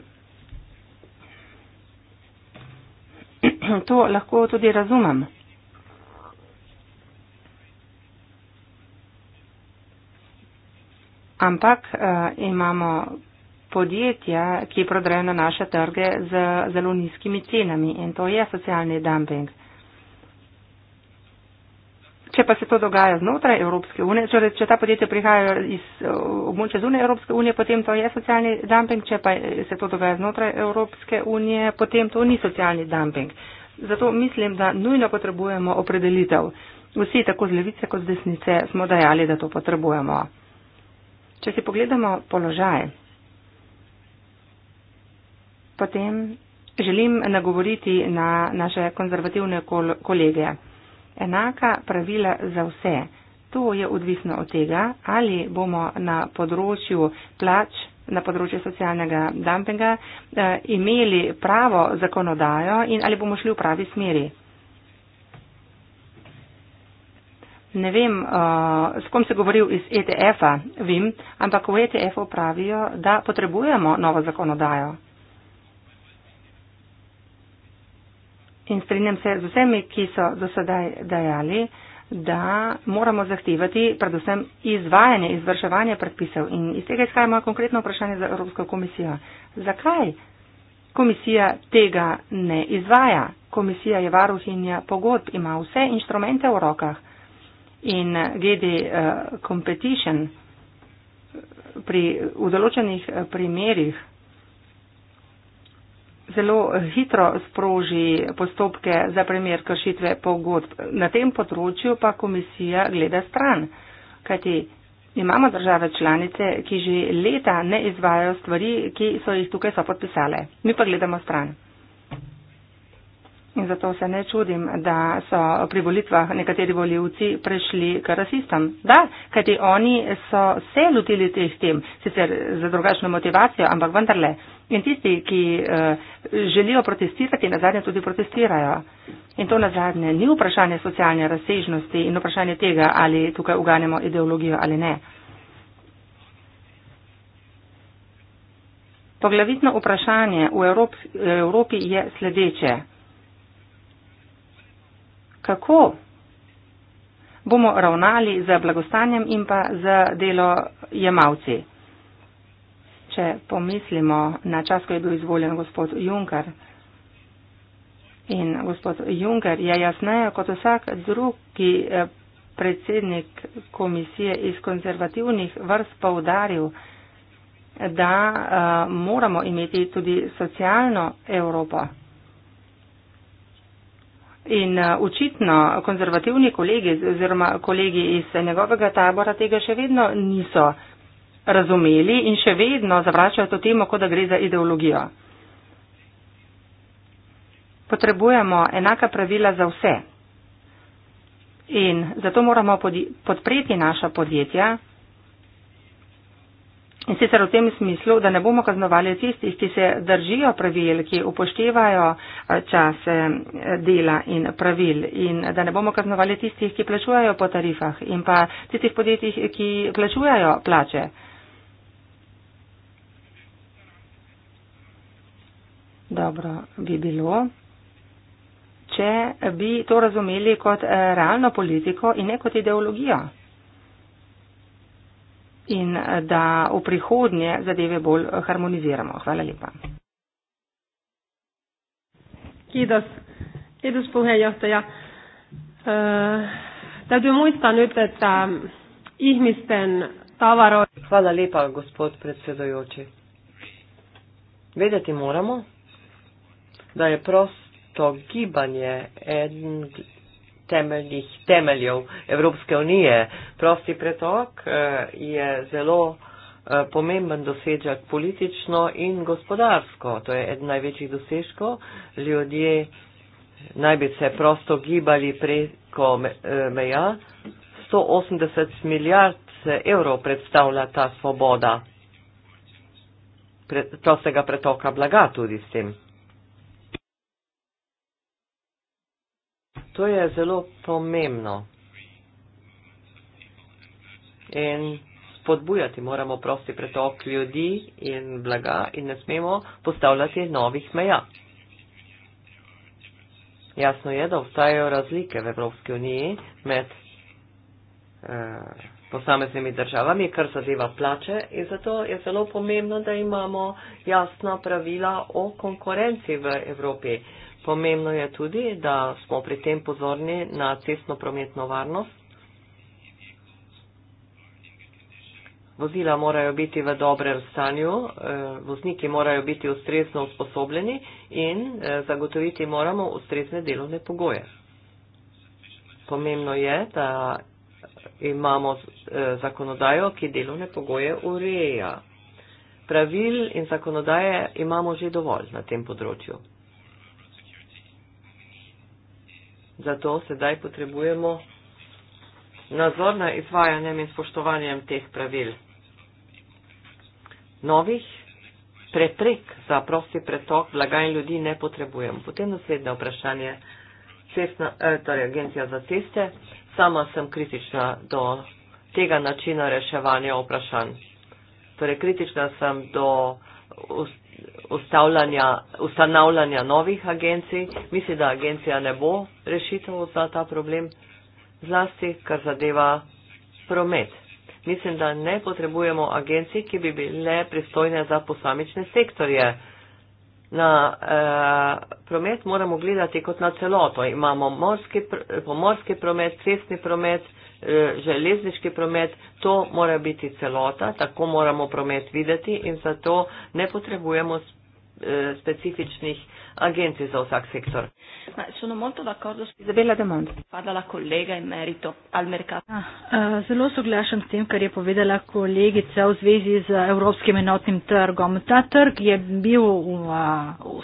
To lahko tudi razumem. ampak uh, imamo podjetja, ki prodrejo na naše trge z zelo nizkimi cenami in to je socialni dumping. Če pa se to dogaja znotraj Evropske unije, če, torej, če ta podjetja prihajajo iz eh, območja zunaj Evropske unije, potem to je socialni dumping, če pa se to dogaja znotraj Evropske unije, potem to ni socialni dumping. Zato mislim, da nujno potrebujemo opredelitev. Vsi, tako z levice kot z desnice, smo dajali, da to potrebujemo. Če si pogledamo položaj, potem želim nagovoriti na naše konzervativne kol kolege. Enaka pravila za vse. To je odvisno od tega, ali bomo na področju plač, na področju socialnega dumpinga eh, imeli pravo zakonodajo in ali bomo šli v pravi smeri. ne vem, uh, s kom se govoril iz ETF-a, vem, ampak v ETF-u pravijo, da potrebujemo novo zakonodajo. In strinjam se z vsemi, ki so do sedaj dajali, da moramo zahtevati predvsem izvajanje, izvrševanje predpisev. In iz tega izhaja moje konkretno vprašanje za Evropsko komisijo. Zakaj komisija tega ne izvaja? Komisija je varuhinja pogodb, ima vse inštrumente v rokah in eh, glede eh, competition pri, v določenih eh, primerjih zelo hitro sproži postopke za primer kršitve pogodb. Na tem področju pa komisija gleda stran, kajti imamo države članice, ki že leta ne izvajo stvari, ki so jih tukaj so podpisale. Mi pa gledamo stran. In zato se ne čudim, da so pri volitvah nekateri voljivci prešli k rasistom. Da, kajti oni so se lotili teh tem, sicer za drugačno motivacijo, ampak vendarle. In tisti, ki uh, želijo protestirati, na zadnje tudi protestirajo. In to na zadnje ni vprašanje socialne razsežnosti in vprašanje tega, ali tukaj uganemo ideologijo ali ne. Poglavitno vprašanje v Evropi, Evropi je sledeče kako bomo ravnali z blagostanjem in pa z delo jemavci. Če pomislimo na čas, ko je bil izvoljen gospod Juncker in gospod Juncker je jasneje kot vsak drugi eh, predsednik komisije iz konzervativnih vrst povdaril, da uh, moramo imeti tudi socialno Evropo. In uh, očitno konzervativni kolegi oziroma kolegi iz njegovega tabora tega še vedno niso razumeli in še vedno zavračajo to temo, kot da gre za ideologijo. Potrebujemo enaka pravila za vse. In zato moramo podpreti naša podjetja, In sicer v tem smislu, da ne bomo kaznovali tistih, ki se držijo pravil, ki upoštevajo eh, čase eh, dela in pravil. In da ne bomo kaznovali tistih, ki plačujejo po tarifah in pa tistih podjetij, ki plačujejo plače. Dobro bi bilo, če bi to razumeli kot eh, realno politiko in ne kot ideologijo in eh, da v prihodnje zadeve bolj eh, harmoniziramo. Hvala lepa. Kiitos. Kiitos puheenjohtaja. Uh, täytyy muistaa nyt, että ihmisten tavaroita... Hvala lepa, gospod predsedojoči. Vedeti moramo, da je prosto gibanje en temeljih temeljev Evropske unije. Prosti pretok eh, je zelo eh, pomemben dosežek politično in gospodarsko. To je eden največjih dosežkov. Ljudje naj bi se prosto gibali preko eh, meja. 180 milijard evrov predstavlja ta svoboda prostega pretoka blaga tudi s tem. To je zelo pomembno. In spodbujati moramo prosti pretok ljudi in blaga in ne smemo postavljati novih meja. Jasno je, da obstajajo razlike v Evropski uniji med eh, posameznimi državami, kar zadeva plače in zato je zelo pomembno, da imamo jasna pravila o konkurenci v Evropi. Eh, Pomembno je tudi, da smo pri tem pozorni na cestno prometno varnost. Vozila morajo biti v dobrem stanju, eh, vozniki morajo biti ustrezno usposobljeni in eh, zagotoviti moramo ustrezne delovne pogoje. Pomembno je, da imamo eh, zakonodajo, ki delovne pogoje ureja. Pravil in zakonodaje imamo že dovolj na tem področju. Zato sedaj potrebujemo nadzor na izvajanjem in spoštovanjem teh pravil. Novih preprek za prosti pretok blaga in ljudi ne potrebujemo. Potem naslednje vprašanje. Cestna, eh, torej, agencija za ceste. Sama sem kritična do tega načina reševanja vprašanj. Torej, kritična sem do ustavljanja, ustanavljanja novih agencij. Mislim, da agencija ne bo rešitev za ta problem, zlasti kar zadeva promet. Mislim, da ne potrebujemo agencij, ki bi bile pristojne za posamične sektorje. Na eh, promet moramo gledati kot na celoto. Imamo morski, pomorski promet, cestni promet. Eh, železniški promet, to mora biti celota, tako moramo promet videti in zato ne potrebujemo eh, specifičnih agenzie za vsak sektor. Ma, sono molto d'accordo su Isabella De Monte. Parla la collega in merito al mercato. Ah, uh, zelo soglašam s tem, kar je povedala kolegica v zvezi z evropskim enotnim trgom. Ta trg je bil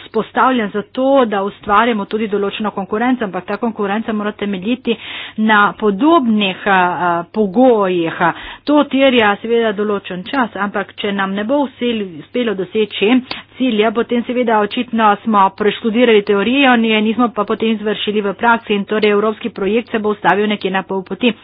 vzpostavljen uh, zato, da ustvarjamo tudi določeno konkurenco, ampak ta konkurenca mora temeljiti na podobnih uh, pogojih. To terja seveda določen čas, ampak če nam ne bo uspelo doseči cilje, potem seveda očitno smo preškudirali teorijo, nje nismo pa potem izvršili v praksi in torej evropski projekt se bo ustavil nekje na pol poti.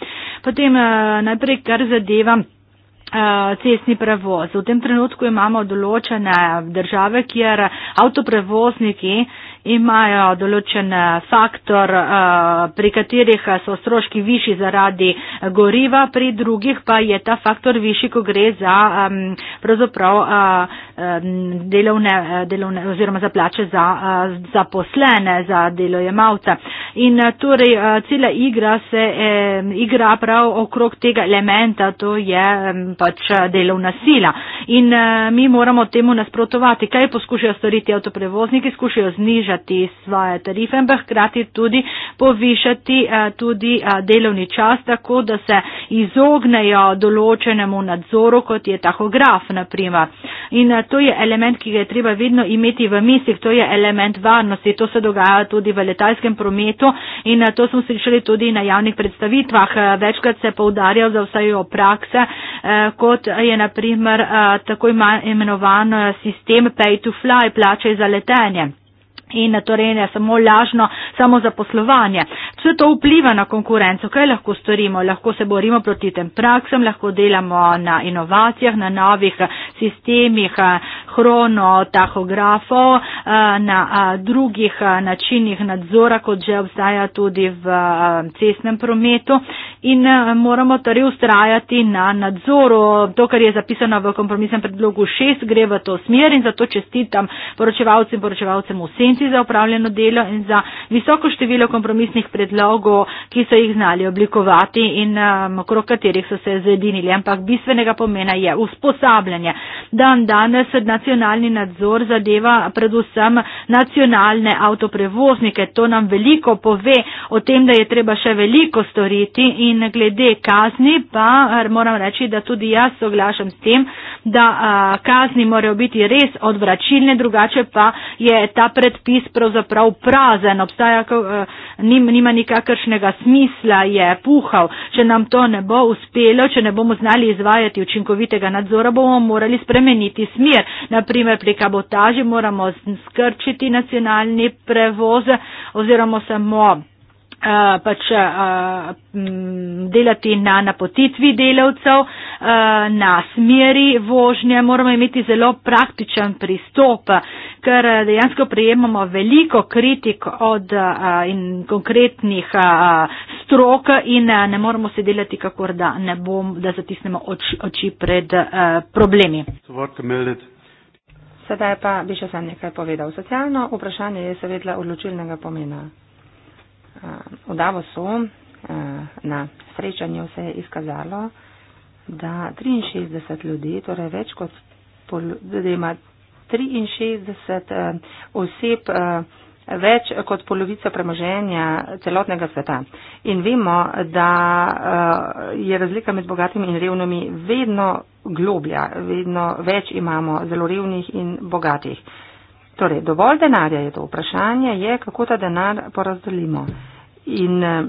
Potem eh, najprej kar zadeva eh, cestni prevoz. V tem trenutku imamo določene države, kjer avtoprevozniki uh, imajo določen eh, faktor, eh, pri katerih eh, so stroški višji zaradi goriva, pri drugih pa je ta faktor višji, ko gre za pravzaprav delovne, delovne oziroma za plače za zaposlene, za delojemalce. In torej cela igra se igra prav okrog tega elementa, to je pač delovna sila. In mi moramo temu nasprotovati. Kaj poskušajo storiti avtoprevozniki? Skušajo znižati povišati svoje tarife, ampak hkrati tudi povišati eh, tudi eh, delovni čas, tako da se izognejo določenemu nadzoru, kot je tahograf, naprimer. In eh, to je element, ki ga je treba vedno imeti v mislih, to je element varnosti, to se dogaja tudi v letalskem prometu in to smo slišali tudi na javnih predstavitvah. Večkrat se poudarja za vsajo prakse, kot je naprimer tako imenovan sistem pay to fly, plačaj za letenje in torej ne samo lažno samo zaposlovanje. Vse to vpliva na konkurenco. Kaj lahko storimo? Lahko se borimo proti tem praksam, lahko delamo na inovacijah, na novih eh, sistemih kronotahografov, eh, eh, na drugih načinih nadzora, kot že obstaja tudi v cestnem prometu in eh, moramo torej ustrajati na nadzoru. To, kar je zapisano v kompromisnem predlogu 6, gre v to smer in zato čestitam poročevalcem in poročevalcem v senci za upravljeno delo in za visoko število kompromisnih predlogov, ki so jih znali oblikovati in eh, okrog katerih so se zedinili. Ampak bistvenega pomena je usposabljanje. Dan danes nacionalni nadzor zadeva predvsem nacionalne avtoprevoznike. To nam veliko pove o tem, da je treba še veliko storiti. In In glede kazni pa eh, moram reči, da tudi jaz soglašam s tem, da a, eh, kazni morajo biti res odvračilne, drugače pa je ta predpis pravzaprav prazen, obstaja, a, eh, nima, nima nikakršnega smisla, je puhal. Če nam to ne bo uspelo, če ne bomo znali izvajati učinkovitega nadzora, bomo morali spremeniti smer. Naprimer, pri kabotaži moramo skrčiti nacionalni prevoz oziroma samo. Eh, pač uh, delati na napotitvi delavcev, uh, na smeri vožnje, moramo imeti zelo praktičen pristop, ker dejansko prejemamo veliko kritik od uh, in konkretnih uh, strok in uh, ne moramo se delati, kako da ne bom, da zatisnemo oč, oči pred uh, problemi. Sedaj pa bi še sam nekaj povedal. Socialno vprašanje je seveda odločilnega pomena. Eh, v Davosu eh, na srečanju se je izkazalo, da 63 ljudi, torej več kot pol, da ima 63 eh, oseb več kot polovica premoženja celotnega sveta. In vemo, da je razlika med bogatimi in revnimi vedno globlja, vedno več imamo zelo revnih in bogatih. Torej, dovolj denarja je to. Vprašanje je, kako ta denar porazdelimo in eh,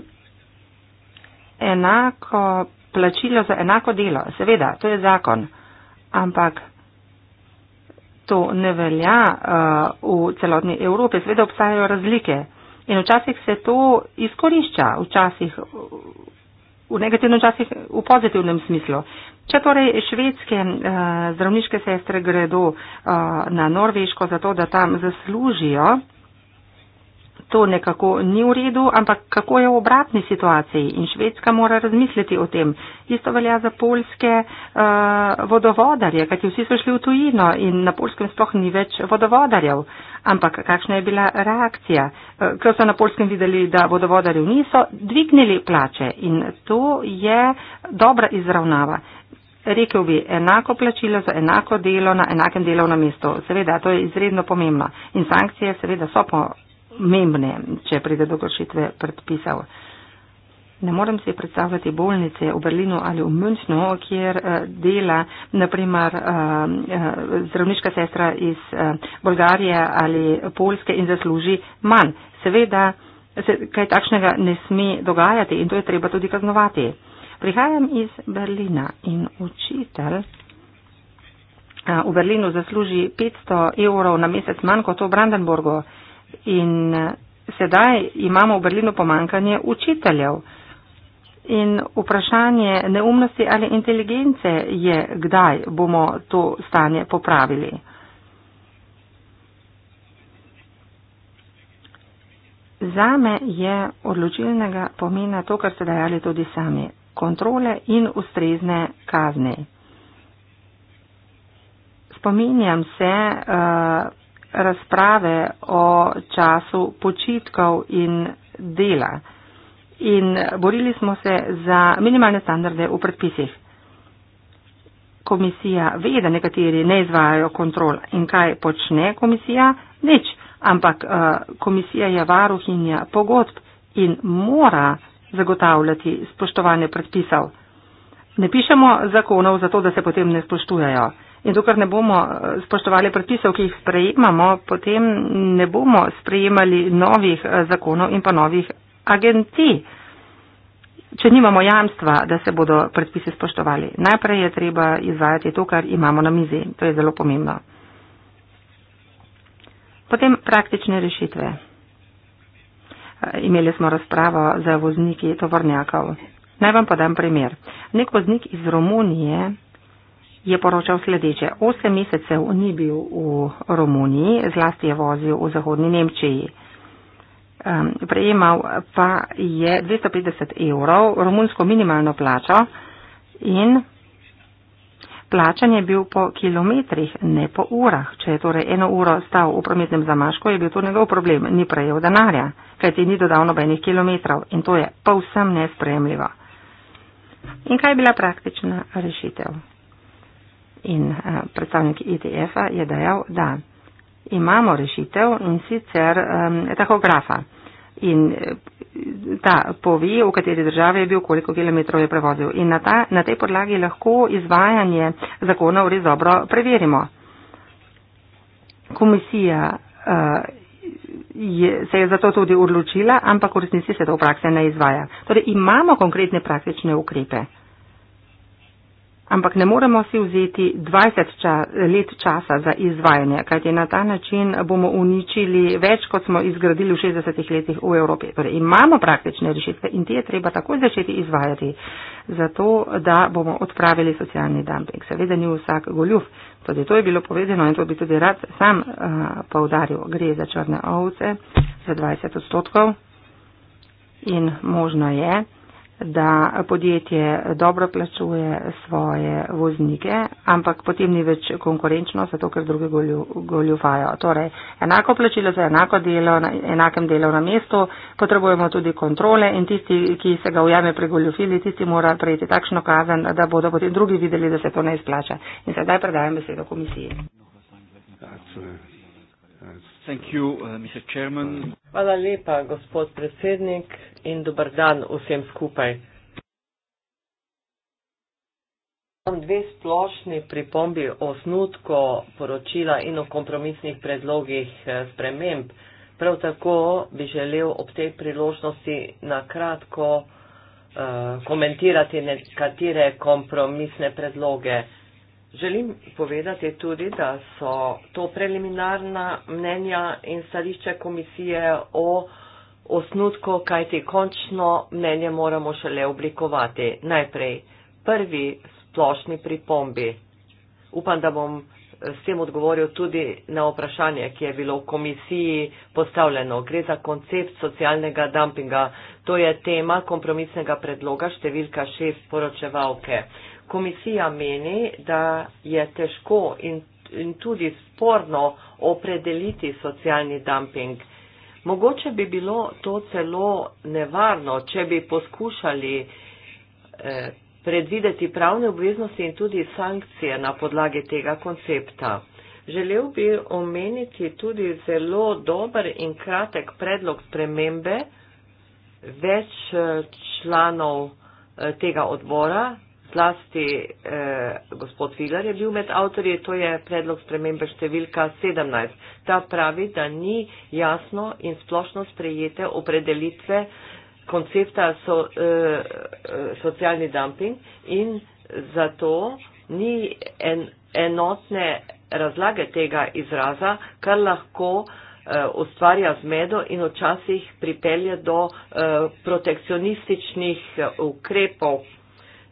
enako plačilo za enako delo. Seveda, to je zakon, ampak to ne velja uh, v celotni Evropi. Seveda obstajajo razlike in včasih se to izkorišča, včasih v negativnem, včasih v pozitivnem smislu. Če torej švedske uh, zdravniške sestre gredo uh, na Norveško zato, da tam zaslužijo, to nekako ni v redu, ampak kako je v obratni situaciji in Švedska mora razmisliti o tem. Isto velja za polske uh, eh, vodovodarje, kajti vsi so šli v tujino in na polskem sploh ni več vodovodarjev. Ampak kakšna je bila reakcija? Uh, ko so na polskem videli, da vodovodarjev niso, dvignili plače in to je dobra izravnava. Rekel bi, enako plačilo za enako delo na enakem delovnem mestu. Seveda, to je izredno pomembno. In sankcije seveda so po, pomembne, če pride do kršitve predpisov. Ne morem si predstavljati bolnice v Berlinu ali v Münchnu, kjer eh, dela, naprimer, eh, eh, zdravniška sestra iz Bolgarije ali Polske in zasluži manj. Seveda se kaj takšnega ne sme dogajati in to je treba tudi kaznovati. Prihajam iz Berlina in učitelj v Berlinu zasluži 500 evrov na mesec manj kot v Brandenburgu. In eh, sedaj imamo v Berlinu pomankanje učiteljev. In vprašanje neumnosti ali inteligence je, kdaj bomo to stanje popravili. Zame je odločilnega pomena to, kar ste dajali tudi sami. Kontrole in ustrezne kazni. Spominjam se uh, razprave o času počitkov in dela in borili smo se za minimalne standarde v predpisih. Komisija ve, da nekateri ne izvajajo kontrol in kaj počne komisija? Nič, ampak eh, komisija je varuhinja pogodb in mora zagotavljati spoštovanje predpisov. Ne pišemo zakonov zato, da se potem ne spoštujajo. In dokler ne bomo eh, spoštovali predpisov, ki jih sprejemamo, potem ne bomo sprejemali novih eh, zakonov in pa novih agencij, če nimamo jamstva, da se bodo predpisi spoštovali. Najprej je treba izvajati to, kar imamo na mizi. To je zelo pomembno. Potem praktične rešitve. Eh, imeli smo razpravo za vozniki tovornjakov. Naj vam podam primer. Nek voznik iz Romunije je poročal sledeče. Osem mesecev ni bil v Romuniji, zlasti je vozil v zahodni Nemčiji. Um, prejemal pa je 250 evrov romunsko minimalno plačo in plačan je bil po kilometrih, ne po urah. Če je torej eno uro stal v prometnem zamašku, je bil to njegov problem, ni prejel denarja, kajti ni dodal nobenih kilometrov in to je povsem nespremljivo. In kaj je bila praktična rešitev? in eh, predstavnik ETF-a je dejal, da imamo rešitev in sicer um, tahografa. In eh, ta povi, v kateri državi je bil, koliko kilometrov je prevozil. In na, ta, na tej podlagi lahko izvajanje zakonov res dobro preverimo. Komisija uh, je, se je zato tudi odločila, ampak v resnici se to v praksi ne izvaja. Torej imamo konkretne praktične ukrepe ampak ne moremo si vzeti 20 ča, let časa za izvajanje, kajti na ta način bomo uničili več, kot smo izgradili v 60 letih v Evropi. Torej imamo praktične rešitve in te je treba takoj začeti izvajati, zato da bomo odpravili socialni dumping. Seveda ni vsak goljuf, tudi to je bilo povedano in to bi tudi rad sam uh, eh, povdaril. Gre za črne ovce, za 20 odstotkov in možno je da podjetje dobro plačuje svoje voznike, ampak potem ni več konkurenčno, zato ker druge goljufajo. Torej, enako plačilo za enako delo na enakem delovnem mestu, potrebujemo tudi kontrole in tisti, ki se ga ujame pri goljufili, tisti mora prejeti takšno kazen, da bodo potem drugi videli, da se to ne izplača. In sedaj predajam besedo komisiji. Uh, Hvala lepa, gospod predsednik in dober dan vsem skupaj. Imam dve splošni pripombi o snutko poročila in o kompromisnih predlogih eh, sprememb. Prav tako bi želel ob tej priložnosti na kratko uh, komentirati nekatere kompromisne predloge. Želim povedati tudi, da so to preliminarna mnenja in stališče komisije o uh, osnutku, kaj ti končno mnenje moramo šele oblikovati. Najprej prvi splošni pripombi. Upam, da bom eh, s tem odgovoril tudi na vprašanje, ki je bilo v komisiji postavljeno. Gre za koncept socialnega dumpinga. To je tema kompromisnega predloga številka šest poročevalke. Komisija meni, da je težko in, in tudi sporno opredeliti socialni dumping. Mogoče bi bilo to celo nevarno, če bi poskušali eh, predvideti pravne obveznosti in tudi sankcije na podlagi tega koncepta. Želel bi omeniti tudi zelo dober in kratek predlog spremembe več eh, članov eh, tega odbora, Zlasti eh, gospod Filar je bil med avtorji, to je predlog spremembe številka 17. Ta pravi, da ni jasno in splošno sprejete opredelitve koncepta so, eh, socialni dumping in zato ni en, enotne razlage tega izraza, kar lahko eh, ustvarja zmedo in včasih pripelje do eh, protekcionističnih eh, ukrepov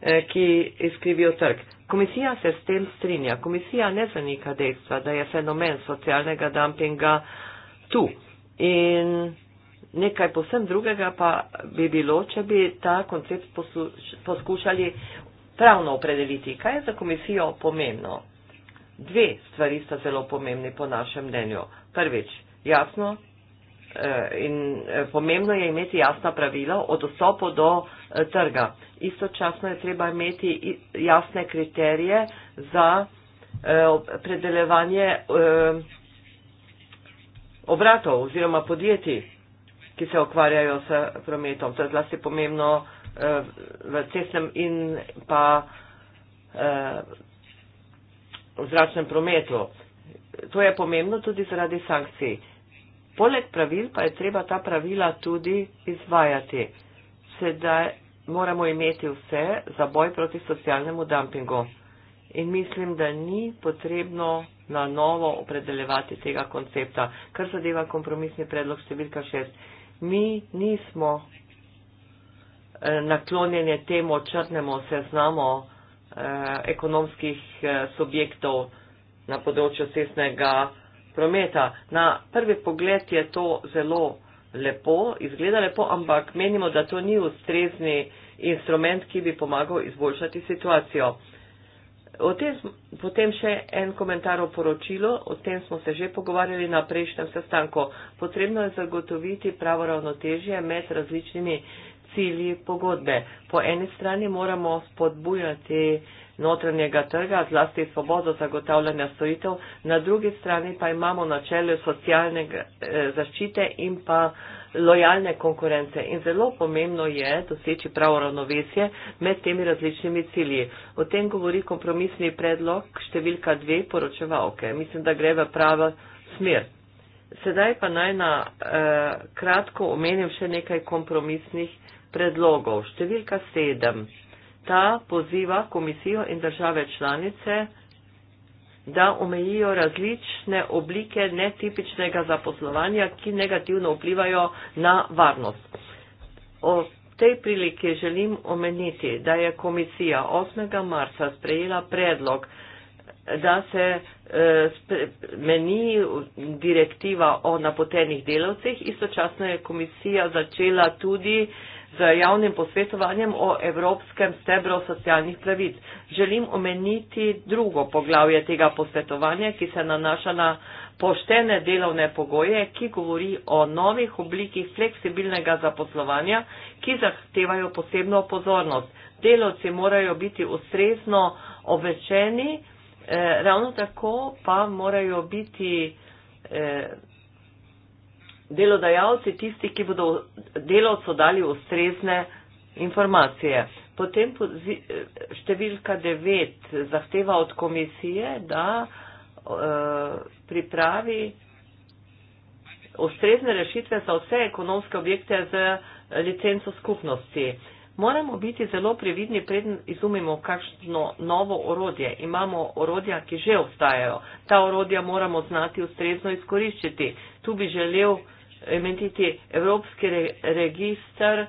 Eh, ki izkrivijo trg. Komisija se s tem strinja. Komisija ne zanika dejstva, da je fenomen socialnega dumpinga tu. In nekaj posem drugega pa bi bilo, če bi ta koncept poskušali pravno opredeliti. Kaj je za komisijo pomembno? Dve stvari sta zelo pomembni po našem mnenju. Prvič, jasno eh, in eh, pomembno je imeti jasna pravila od dostopa do trga istočasno je treba imeti jasne kriterije za e, predelevanje e, obratov oziroma podjetij, ki se okvarjajo s prometom. To je zlasti pomembno e, v cestnem in pa v zračnem prometu. To je pomembno tudi zaradi sankcij. Poleg pravil pa je treba ta pravila tudi izvajati. Sedaj moramo imeti vse za boj proti socialnemu dumpingu. In mislim, da ni potrebno na novo opredeljevati tega koncepta, kar zadeva kompromisni predlog številka šest. Mi nismo eh, naklonjeni temu črnemu seznamu eh, ekonomskih eh, subjektov na področju cestnega prometa. Na prvi pogled je to zelo lepo, izgleda lepo, ampak menimo, da to ni ustrezni instrument, ki bi pomagal izboljšati situacijo. Tem, potem še en komentar o poročilu, o tem smo se že pogovarjali na prejšnjem sestanku. Potrebno je zagotoviti pravo ravnotežje med različnimi cilji pogodbe. Po eni strani moramo spodbujati notranjega trga, zlasti svobodo zagotavljanja storitev, na drugi strani pa imamo načele socialne eh, zaščite in pa lojalne konkurence. In zelo pomembno je doseči pravo ravnovesje med temi različnimi cilji. O tem govori kompromisni predlog številka dve poročevalke. Mislim, da gre v pravo smer. Sedaj pa naj na eh, kratko omenim še nekaj kompromisnih eh, predlogov. Številka sedem. Ta poziva komisijo in države članice, da omejijo različne oblike netipičnega zaposlovanja, ki negativno vplivajo na varnost. O tej priliki želim omeniti, da je komisija 8. marca sprejela predlog, da se e, meni direktiva o napotenih delavcih, istočasno je komisija začela tudi eh, z javnim posvetovanjem o Evropskem stebru socialnih pravic. Želim omeniti drugo poglavje tega posvetovanja, ki se nanaša na poštene delovne pogoje, ki govori o novih oblikih fleksibilnega zaposlovanja, ki zahtevajo posebno pozornost. Delovci morajo biti ustrezno obvečeni, eh, ravno tako pa morajo biti. Eh, delodajalci tisti, ki bodo delovcu dali ustrezne informacije. Potem številka 9 zahteva od komisije, da eh, pripravi ustrezne rešitve za vse ekonomske objekte z licenco skupnosti. Moramo biti zelo previdni, preden izumimo kakšno novo orodje. Imamo orodja, ki že obstajajo. Ta orodja moramo znati ustrezno izkoriščiti. Tu bi želel imeti evropski re, registr eh,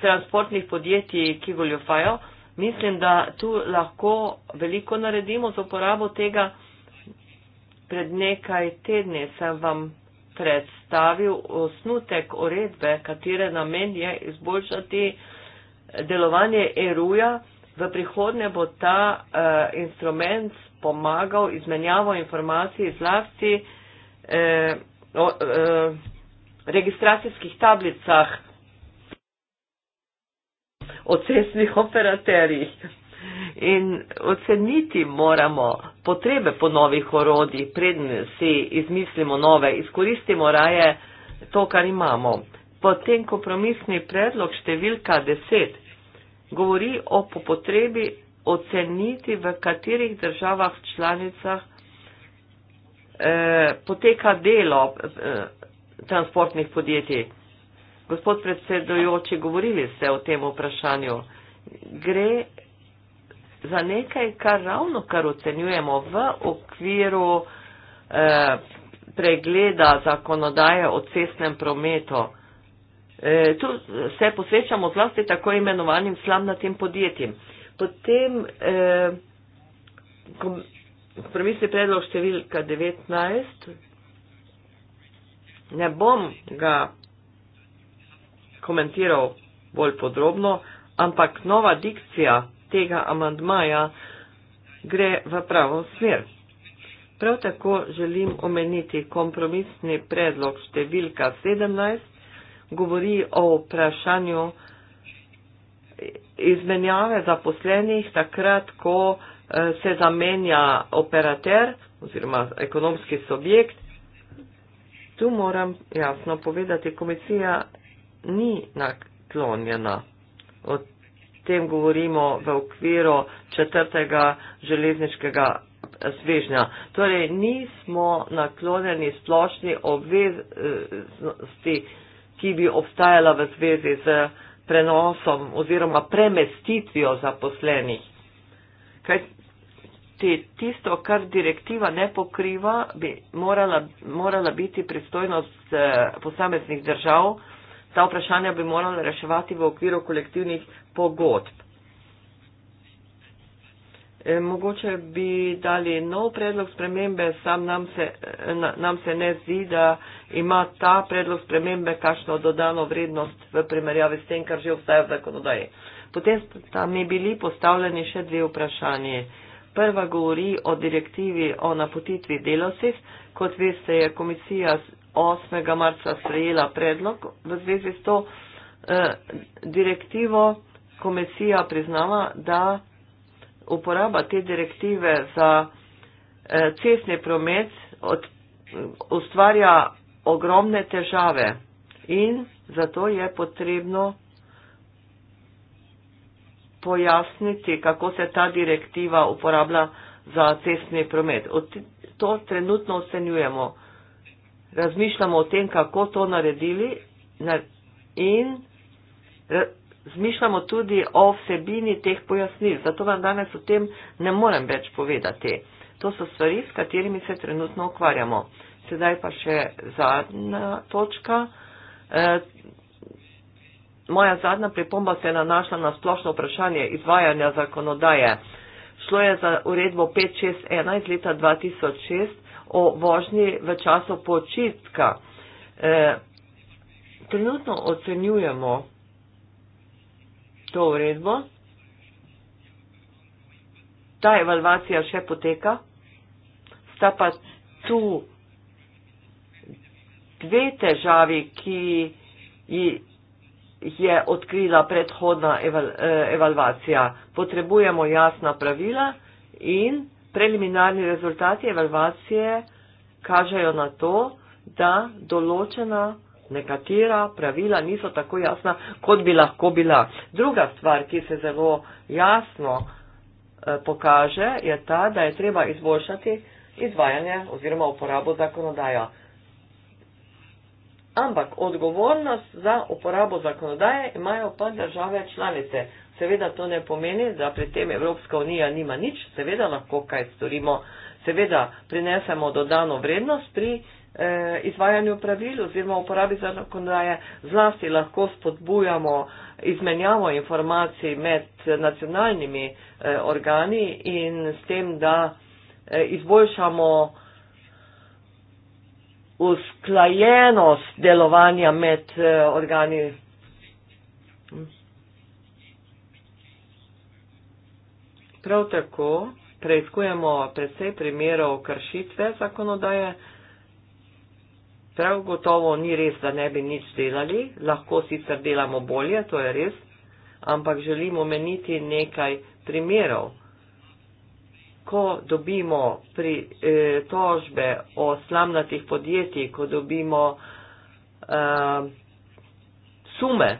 transportnih podjetij, ki goljofajo. Mislim, da tu lahko veliko naredimo z uporabo tega. Pred nekaj tedni sem vam predstavil osnutek uredbe, katere namen je izboljšati delovanje eruja. V prihodnje bo ta eh, instrument pomagal izmenjavo informacij zlasti. Eh, o, e, registracijskih tablicah, o cestnih operaterjih. In oceniti moramo potrebe po novih orodij, predn si izmislimo nove, izkoristimo raje to, kar imamo. Potem kompromisni predlog številka 10 govori o potrebi oceniti, v katerih državah članicah Eh, poteka delo eh, transportnih podjetij. Gospod predsedujoči, govorili ste o tem vprašanju. Gre za nekaj, kar ravno kar ocenjujemo v okviru eh, pregleda zakonodaje o cestnem prometu. Tu se posvečamo zlasti tako imenovanim slamnatim podjetjem. Potem, Premisl je predlog številka 19. Ne bom ga komentiral bolj podrobno, ampak nova dikcija tega amandmaja gre v pravo smer. Prav tako želim omeniti kompromisni predlog številka 17, govori o vprašanju izmenjave zaposlenih takrat, ko Eh, se zamenja operater oziroma ekonomski subjekt. Tu moram jasno povedati, komisija ni naklonjena. O tem govorimo v okviru četrtega železniškega eh, svežnja. Torej, nismo naklonjeni splošni obveznosti, ki bi obstajala v zvezi z prenosom oziroma premestitvijo zaposlenih. Kaj te, tisto, kar direktiva ne pokriva, bi morala, morala biti pristojnost eh, posameznih držav. Ta vprašanja bi morala reševati v okviru kolektivnih pogodb. E, mogoče bi dali nov predlog spremembe, sam nam se, eh, na, nam se ne zdi, da ima ta predlog spremembe kakšno dodano vrednost v primerjavi s tem, kar že obstaja v zakonodaji. Potem tam je bili postavljeni še dve vprašanje. Prva govori o direktivi o napotitvi delavcev. Kot veste, je komisija 8. marca sprejela predlog v zvezi s to eh, direktivo. Komisija priznava, da uporaba te direktive za eh, cestni promet od, ustvarja ogromne težave in zato je potrebno pojasniti, kako se ta direktiva uporablja za cestni promet. To trenutno ocenjujemo. Razmišljamo o tem, kako to naredili in razmišljamo tudi o vsebini teh pojasnil. Zato vam danes o tem ne morem več povedati. To so stvari, s katerimi se trenutno ukvarjamo. Sedaj pa še zadnja točka. Eh, Moja zadnja pripomba se je nanašla na splošno vprašanje izvajanja zakonodaje. Šlo je za uredbo 561 iz leta 2006 o vožnji v času počitka. E, trenutno ocenjujemo to uredbo. Ta evalvacija še poteka. Sta pa tu dve težavi, ki jih jih je odkrila predhodna eval, eh, evalvacija. Potrebujemo jasna pravila in preliminarni rezultati evalvacije kažejo na to, da določena nekatera pravila niso tako jasna, kot bi lahko bila. Druga stvar, ki se zelo jasno eh, pokaže, je ta, da je treba izboljšati izvajanje oziroma uporabo zakonodaja ampak odgovornost za uporabo zakonodaje imajo pa države članice. Seveda to ne pomeni, da pri tem Evropska unija nima nič, seveda lahko kaj storimo, seveda prinesemo dodano vrednost pri eh, izvajanju pravil oziroma uporabi zakonodaje, zlasti lahko spodbujamo izmenjavo informacij med nacionalnimi eh, organi in s tem, da eh, izboljšamo eh, usklajenost delovanja med uh, organi. Prav tako preizkujemo predvsej primerov kršitve zakonodaje. Prav gotovo ni res, da ne bi nič delali, lahko sicer delamo bolje, to je res, ampak želimo meniti nekaj primerov ko dobimo pri, e, tožbe o slamnatih podjetij, ko dobimo e, sume,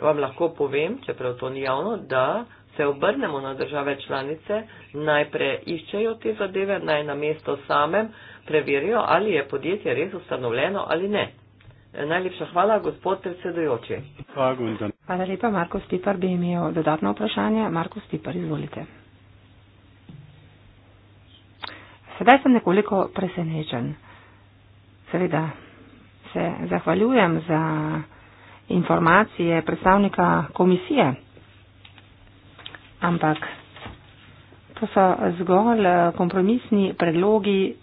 vam lahko povem, čeprav to ni javno, da se obrnemo na države članice, najprej iščejo te zadeve, naj na mesto samem preverijo, ali je podjetje res ustanovljeno ali ne. Najlepša hvala, gospod predsedujoči. Hvala lepa, Marko Stipar bi imel dodatno vprašanje. Marko Stipar, izvolite. Sedaj sem nekoliko presenečen. Seveda se zahvaljujem za informacije predstavnika komisije, ampak to so zgolj eh, kompromisni predlogi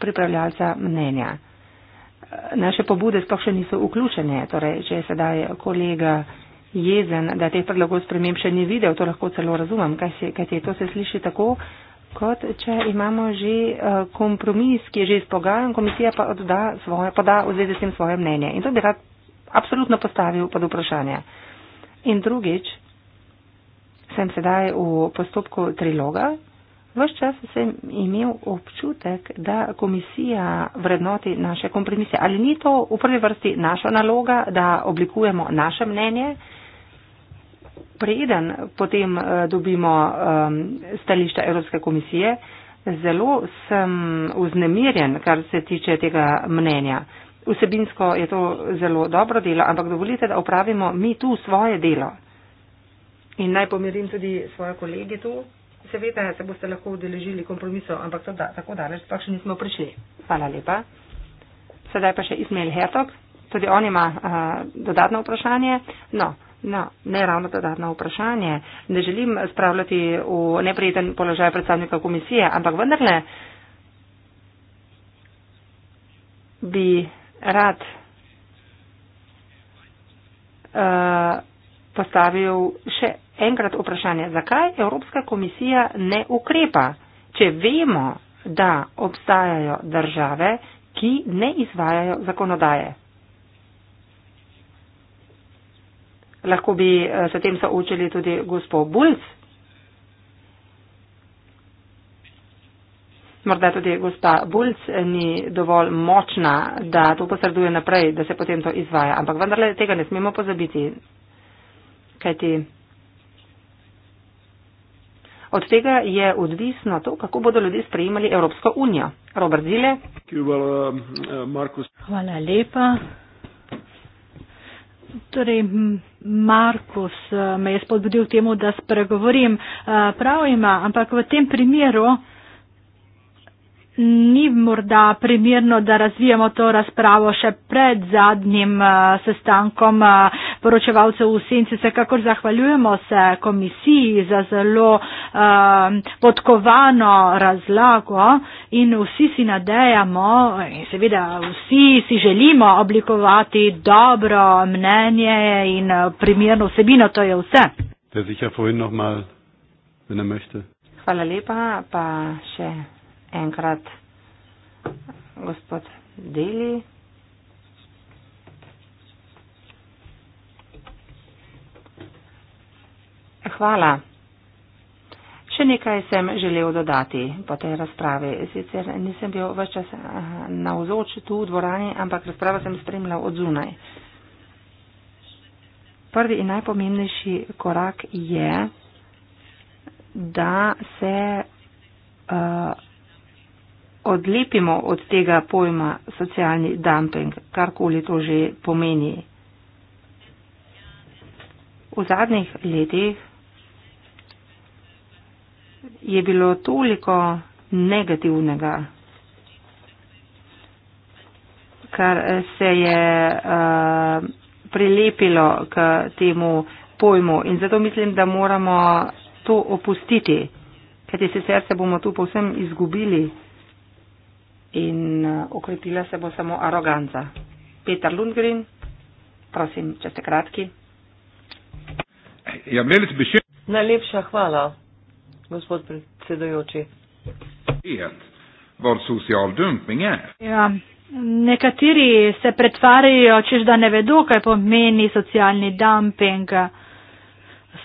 pripravljalca mnenja. Eh, naše pobude sploh še niso vključene, torej, če je sedaj kolega jezen, da teh predlogov sprememb še ni videl, to lahko celo razumem, kaj, se, kaj te to se sliši tako, kot če imamo že eh, kompromis, ki je že izpogajan, komisija pa odda svoje, poda v zvezi s tem svoje mnenje. In to bi rad absolutno postavil pod vprašanje. In drugič, sem sedaj v postopku triloga, vse čas sem imel občutek, da komisija vrednoti naše kompromise. Ali ni to v prvi vrsti naša naloga, da oblikujemo naše mnenje? preden potem eh, dobimo stališča Evropske komisije, zelo sem uznemirjen, kar se tiče tega mnenja. Vsebinsko je to zelo dobro delo, ampak dovolite, da opravimo mi tu svoje delo. In naj pomirim tudi svoje kolege tu. Seveda se boste lahko udeležili kompromiso, ampak da, tako daleč pa še nismo prišli. Hvala lepa. Sedaj pa še Ismail Hertog. Tudi on ima uh, dodatno vprašanje. No. No, ne ravno dodatno vprašanje. Ne želim spravljati v neprijeten položaj predstavnika komisije, ampak vendarle bi rad uh, postavil še enkrat vprašanje, zakaj Evropska komisija ne ukrepa, če vemo, da obstajajo države, ki ne izvajajo zakonodaje. lahko bi eh, se tem soočili tudi gospo Bulc. Morda tudi gospa Bulc eh, ni dovolj močna, da to posreduje naprej, da se potem to izvaja, ampak vendarle tega ne smemo pozabiti, kajti od tega je odvisno to, kako bodo ljudje sprejemali Evropsko unijo. Robert Zile. Hvala eh, lepa. Torej, Markus eh, me je spodbudil temu, da spregovorim. Eh, prav ima, ampak v tem primeru ni morda primerno, da razvijemo to razpravo še pred zadnjim eh, sestankom poročevalcev v senci. Vsekakor zahvaljujemo se komisiji za zelo um, podkovano razlago in vsi si nadejamo in seveda vsi si želimo oblikovati dobro mnenje in primerno vsebino. To je vse. Ja er Hvala lepa, pa še enkrat gospod Deli. Hvala. Še nekaj sem želel dodati po tej razpravi. Sicer nisem bil več čas na vzoči tu v dvorani, ampak razpravo sem spremljal od zunaj. Prvi in najpomembnejši korak je, da se uh, odlepimo od tega pojma socialni dumping, karkoli to že pomeni. V zadnjih letih je bilo toliko negativnega, kar se je uh, prilepilo k temu pojmu. In zato mislim, da moramo to opustiti, kajti sicer se bomo tu povsem izgubili in eh, okrepila se bo samo aroganca. Peter Lundgren, prosim, če ste kratki. Ja, Najlepša hvala gospod predsedujoči. Er? Ja, nekateri se pretvarjajo, čež da ne vedo, kaj pomeni socialni dumping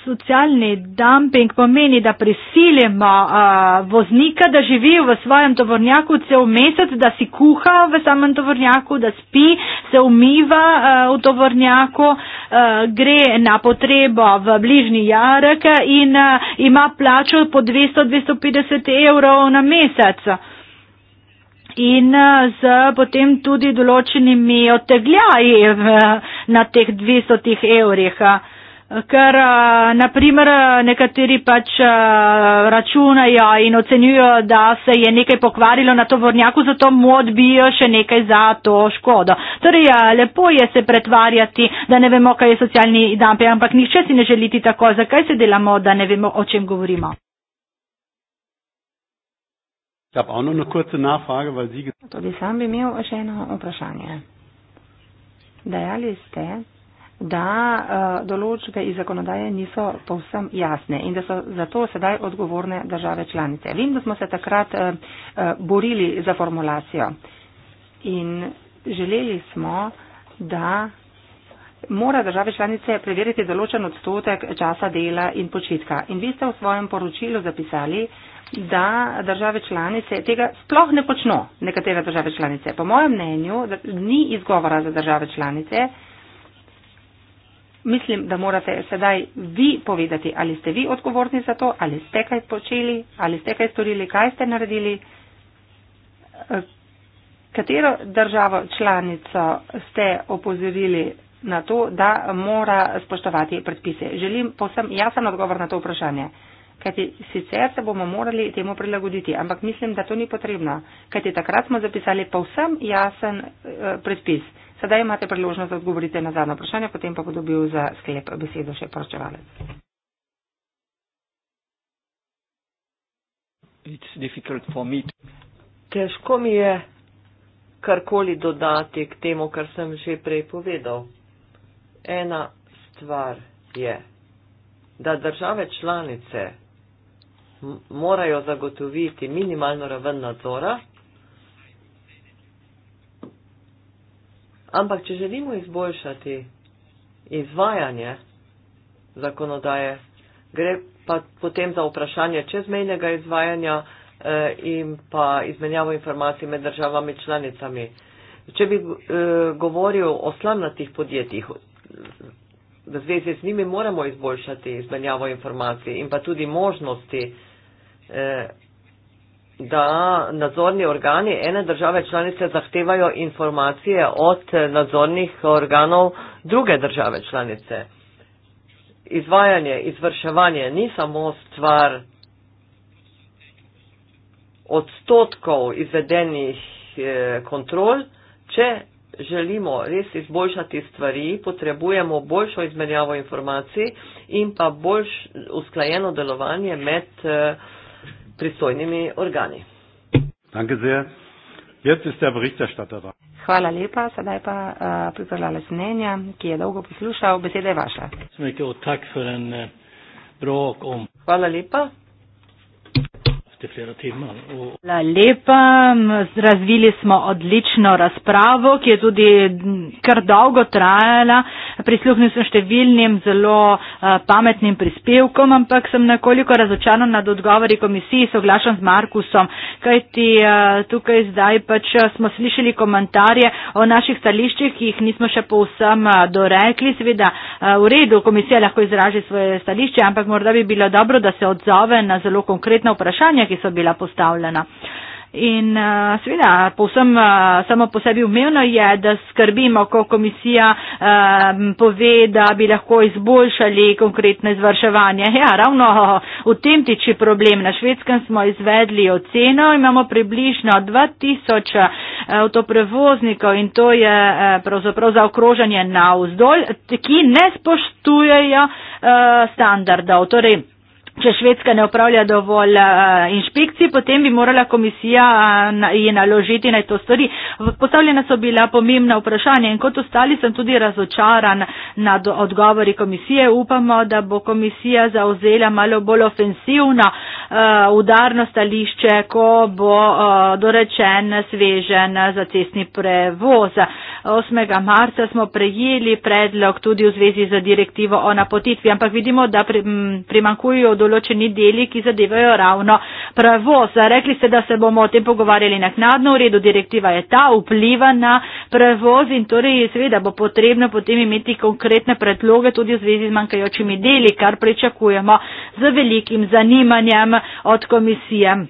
socialni dumping pomeni, da prisilimo uh, voznika, da živi v svojem tovornjaku cel mesec, da si kuha v samem tovornjaku, da spi, se umiva uh, v tovornjaku, uh, gre na potrebo v bližnji jarek in uh, ima plačo po 200-250 evrov na mesec. In z uh, potem tudi določenimi otegljaji na teh 200 evrih ker eh, naprimer eh, nekateri pač eh, računajo in ocenjujo, da se je nekaj pokvarilo na to vrnjaku, zato mu odbijo še nekaj za to škodo. Torej, lepo je se pretvarjati, da ne vemo, kaj je socialni dampe, ampak nihče si ne želiti tako, zakaj se delamo, da ne vemo, o čem govorimo. Tudi sam bi imel še eno vprašanje. Dajali ste da uh, določbe iz zakonodaje niso povsem jasne in da so zato sedaj odgovorne države članice. Vem, da smo se takrat uh, uh, borili za formulacijo in želeli smo, da mora države članice preveriti določen odstotek časa dela in počitka. In vi ste v svojem poročilu zapisali, da države članice tega sploh ne počno, nekatere države članice. Po mojem mnenju, ni izgovora za države članice, uh, mislim, da morate sedaj vi povedati, ali ste vi odgovorni za to, ali ste kaj počeli, ali ste kaj storili, kaj ste naredili, eh, katero državo članico ste opozorili na to, da mora spoštovati predpise. Želim posem jasen odgovor na to vprašanje. Kajti sicer se bomo morali temu prilagoditi, ampak mislim, da to ni potrebno. Kajti takrat smo zapisali povsem jasen eh, predpis. Sedaj imate priložnost, da odgovorite na zadnje vprašanje, potem pa bo dobil za sklep besedo še poročevalec. Težko mi je karkoli dodati k temu, kar sem že prej povedal. Ena stvar je, da države članice morajo zagotoviti minimalno raven nadzora Ampak, če želimo izboljšati izvajanje zakonodaje, gre pa potem za vprašanje čezmejnega izvajanja eh, in pa izmenjavo informacij med državami članicami. Če bi eh, govoril o slamnatih podjetjih, v zvezi z njimi moramo izboljšati izmenjavo informacij in pa tudi možnosti. Eh, da nadzorni organi ene države članice zahtevajo informacije od nadzornih organov druge države članice. Izvajanje, izvrševanje ni samo stvar odstotkov izvedenih eh, kontrol. Če želimo res izboljšati stvari, potrebujemo boljšo izmenjavo informacij in pa boljš usklajeno delovanje med eh, pristojnimi organi. Hvala lepa, sedaj pa uh, pripravljalec mnenja, ki je dolgo poslušal, beseda je vaša. Eh, um. Hvala lepa ste flera tema. Hvala lepa, razvili smo odlično razpravo, ki je tudi kar dolgo trajala. Prisluhnil sem številnim zelo pametnim prispevkom, ampak sem nekoliko razočaran nad odgovori komisiji, soglašam z Markusom, kajti tukaj zdaj pač smo slišali komentarje o naših stališčih, ki jih nismo še povsem dorekli. Seveda v redu komisija lahko izraži svoje stališče, ampak morda bi bilo dobro, da se odzove na zelo konkretna vprašanja, ki ki so bila postavljena. In uh, seveda, povsem uh, samo po sebi umevno je, da skrbimo, ko komisija uh, pove, da bi lahko izboljšali konkretno izvrševanje. Ja, ravno v tem tiči problem. Na švedskem smo izvedli oceno, imamo približno 2000 avtoprevoznikov in to je uh, pravzaprav zaokroženje na vzdolj, ki ne spoštujejo uh, standardov. Torej, Če Švedska ne upravlja dovolj eh, inšpekcij, potem bi morala komisija eh, ji naložiti naj to stori. Postavljena so bila pomembna vprašanja in kot ostali sem tudi razočaran nad odgovori komisije. Upamo, da bo komisija zauzela malo bolj ofensivno eh, udarno stališče, ko bo dorečen svežen za cestni prevoz. 8. marca smo prejeli predlog tudi v zvezi z direktivo o napotitvi, ampak vidimo, da primankujejo določeni deli, ki zadevajo ravno prevoz. Rekli ste, da se bomo o tem pogovarjali naknadno, v redu direktiva je ta, vpliva na prevoz in torej seveda bo potrebno potem imeti konkretne predloge tudi v zvezi z manjkajočimi deli, kar pričakujemo z velikim zanimanjem od komisije.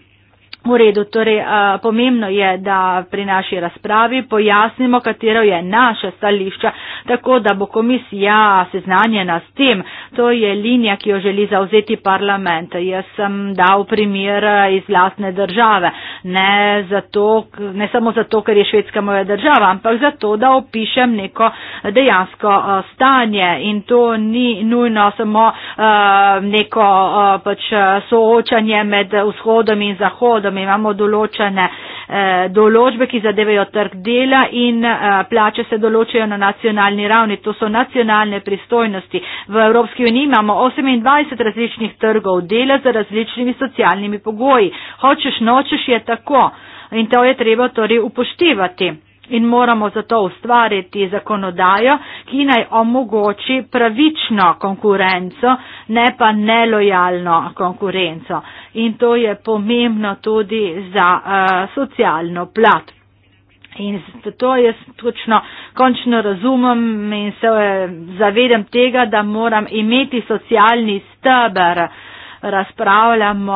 V redu, torej pomembno je, da pri naši razpravi pojasnimo, katero je naša stališča, tako da bo komisija seznanjena s tem. To je linija, ki jo želi zauzeti parlament. Jaz sem dal primer iz vlastne države. Ne, zato, ne samo zato, ker je Švedska moja država, ampak zato, da opišem neko dejansko stanje. In to ni nujno samo neko pač, soočanje med vzhodom in zahodom plačami. Imamo določene eh, določbe, ki zadevajo trg dela in eh, plače se določajo na nacionalni ravni. To so nacionalne pristojnosti. V Evropski uniji imamo 28 različnih trgov dela z različnimi socialnimi pogoji. Hočeš, nočeš, je tako. In to je treba torej upoštevati in moramo zato ustvariti zakonodajo, ki naj omogoči pravično konkurenco, ne pa nelojalno konkurenco. In to je pomembno tudi za uh, socialno plat. In zato jaz točno končno razumem in se eh, zavedam tega, da moram imeti socialni stebr. Uh, razpravljamo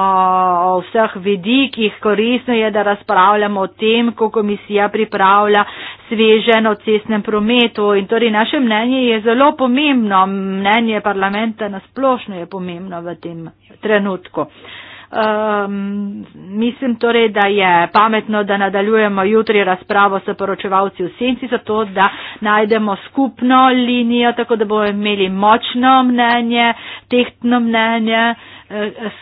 o vseh vidikih. Korisno je, da razpravljamo o tem, ko komisija pripravlja svežen o cestnem prometu. In torej naše mnenje je zelo pomembno, mnenje parlamenta nasplošno je pomembno v tem trenutku. Um, mislim torej, da je pametno, da nadaljujemo jutri razpravo s poročevalci v senci, zato da najdemo skupno linijo, tako da bomo imeli močno mnenje, tehtno mnenje. Uh,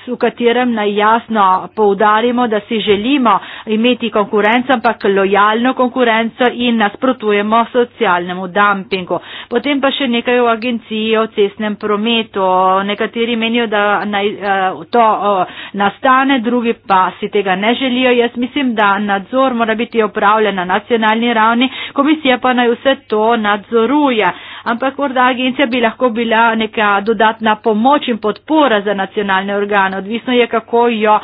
v katerem najjasno poudarimo, da si želimo imeti konkurenco, ampak lojalno konkurenco in nasprotujemo socialnemu dumpingu. Potem pa še nekaj o agenciji o cestnem prometu. Nekateri menijo, da naj, eh, to eh, nastane, drugi pa si tega ne želijo. Jaz mislim, da nadzor mora biti opravljen na nacionalni ravni, komisija pa naj vse to nadzoruje ampak morda agencija bi lahko bila neka dodatna pomoč in podpora za nacionalne organe. Odvisno je, kako jo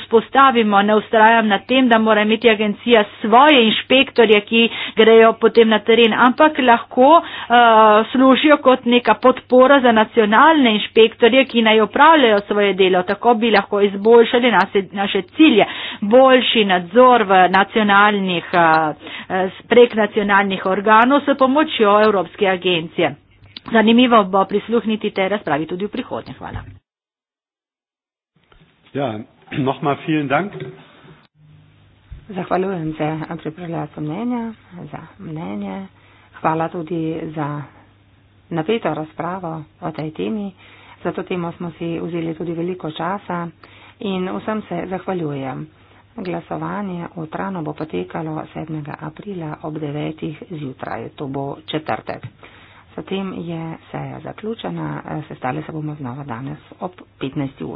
vzpostavimo. Ne ustrajam na tem, da mora imeti agencija svoje inšpektorje, ki grejo potem na teren, ampak lahko uh, služijo kot neka podpora za nacionalne inšpektorje, ki naj opravljajo svoje delo. Tako bi lahko izboljšali nase, naše cilje. Boljši nadzor v nacionalnih, uh, prek nacionalnih organov s pomočjo Evropske agencije agencije. Zanimivo bo prisluhniti te razpravi tudi v prihodnje. Hvala. Ja, nochmal vielen Dank. Zahvaljujem se pripravljalcu mnenja za mnenje. Hvala tudi za napeto razpravo o tej temi. Za to temo smo si vzeli tudi veliko časa in vsem se zahvaljujem. Glasovanje v Trano bo potekalo 7. aprila ob 9. zjutraj. To bo četrtek. S tem je seja zaključena, sestali se bomo znova danes ob 15. uri.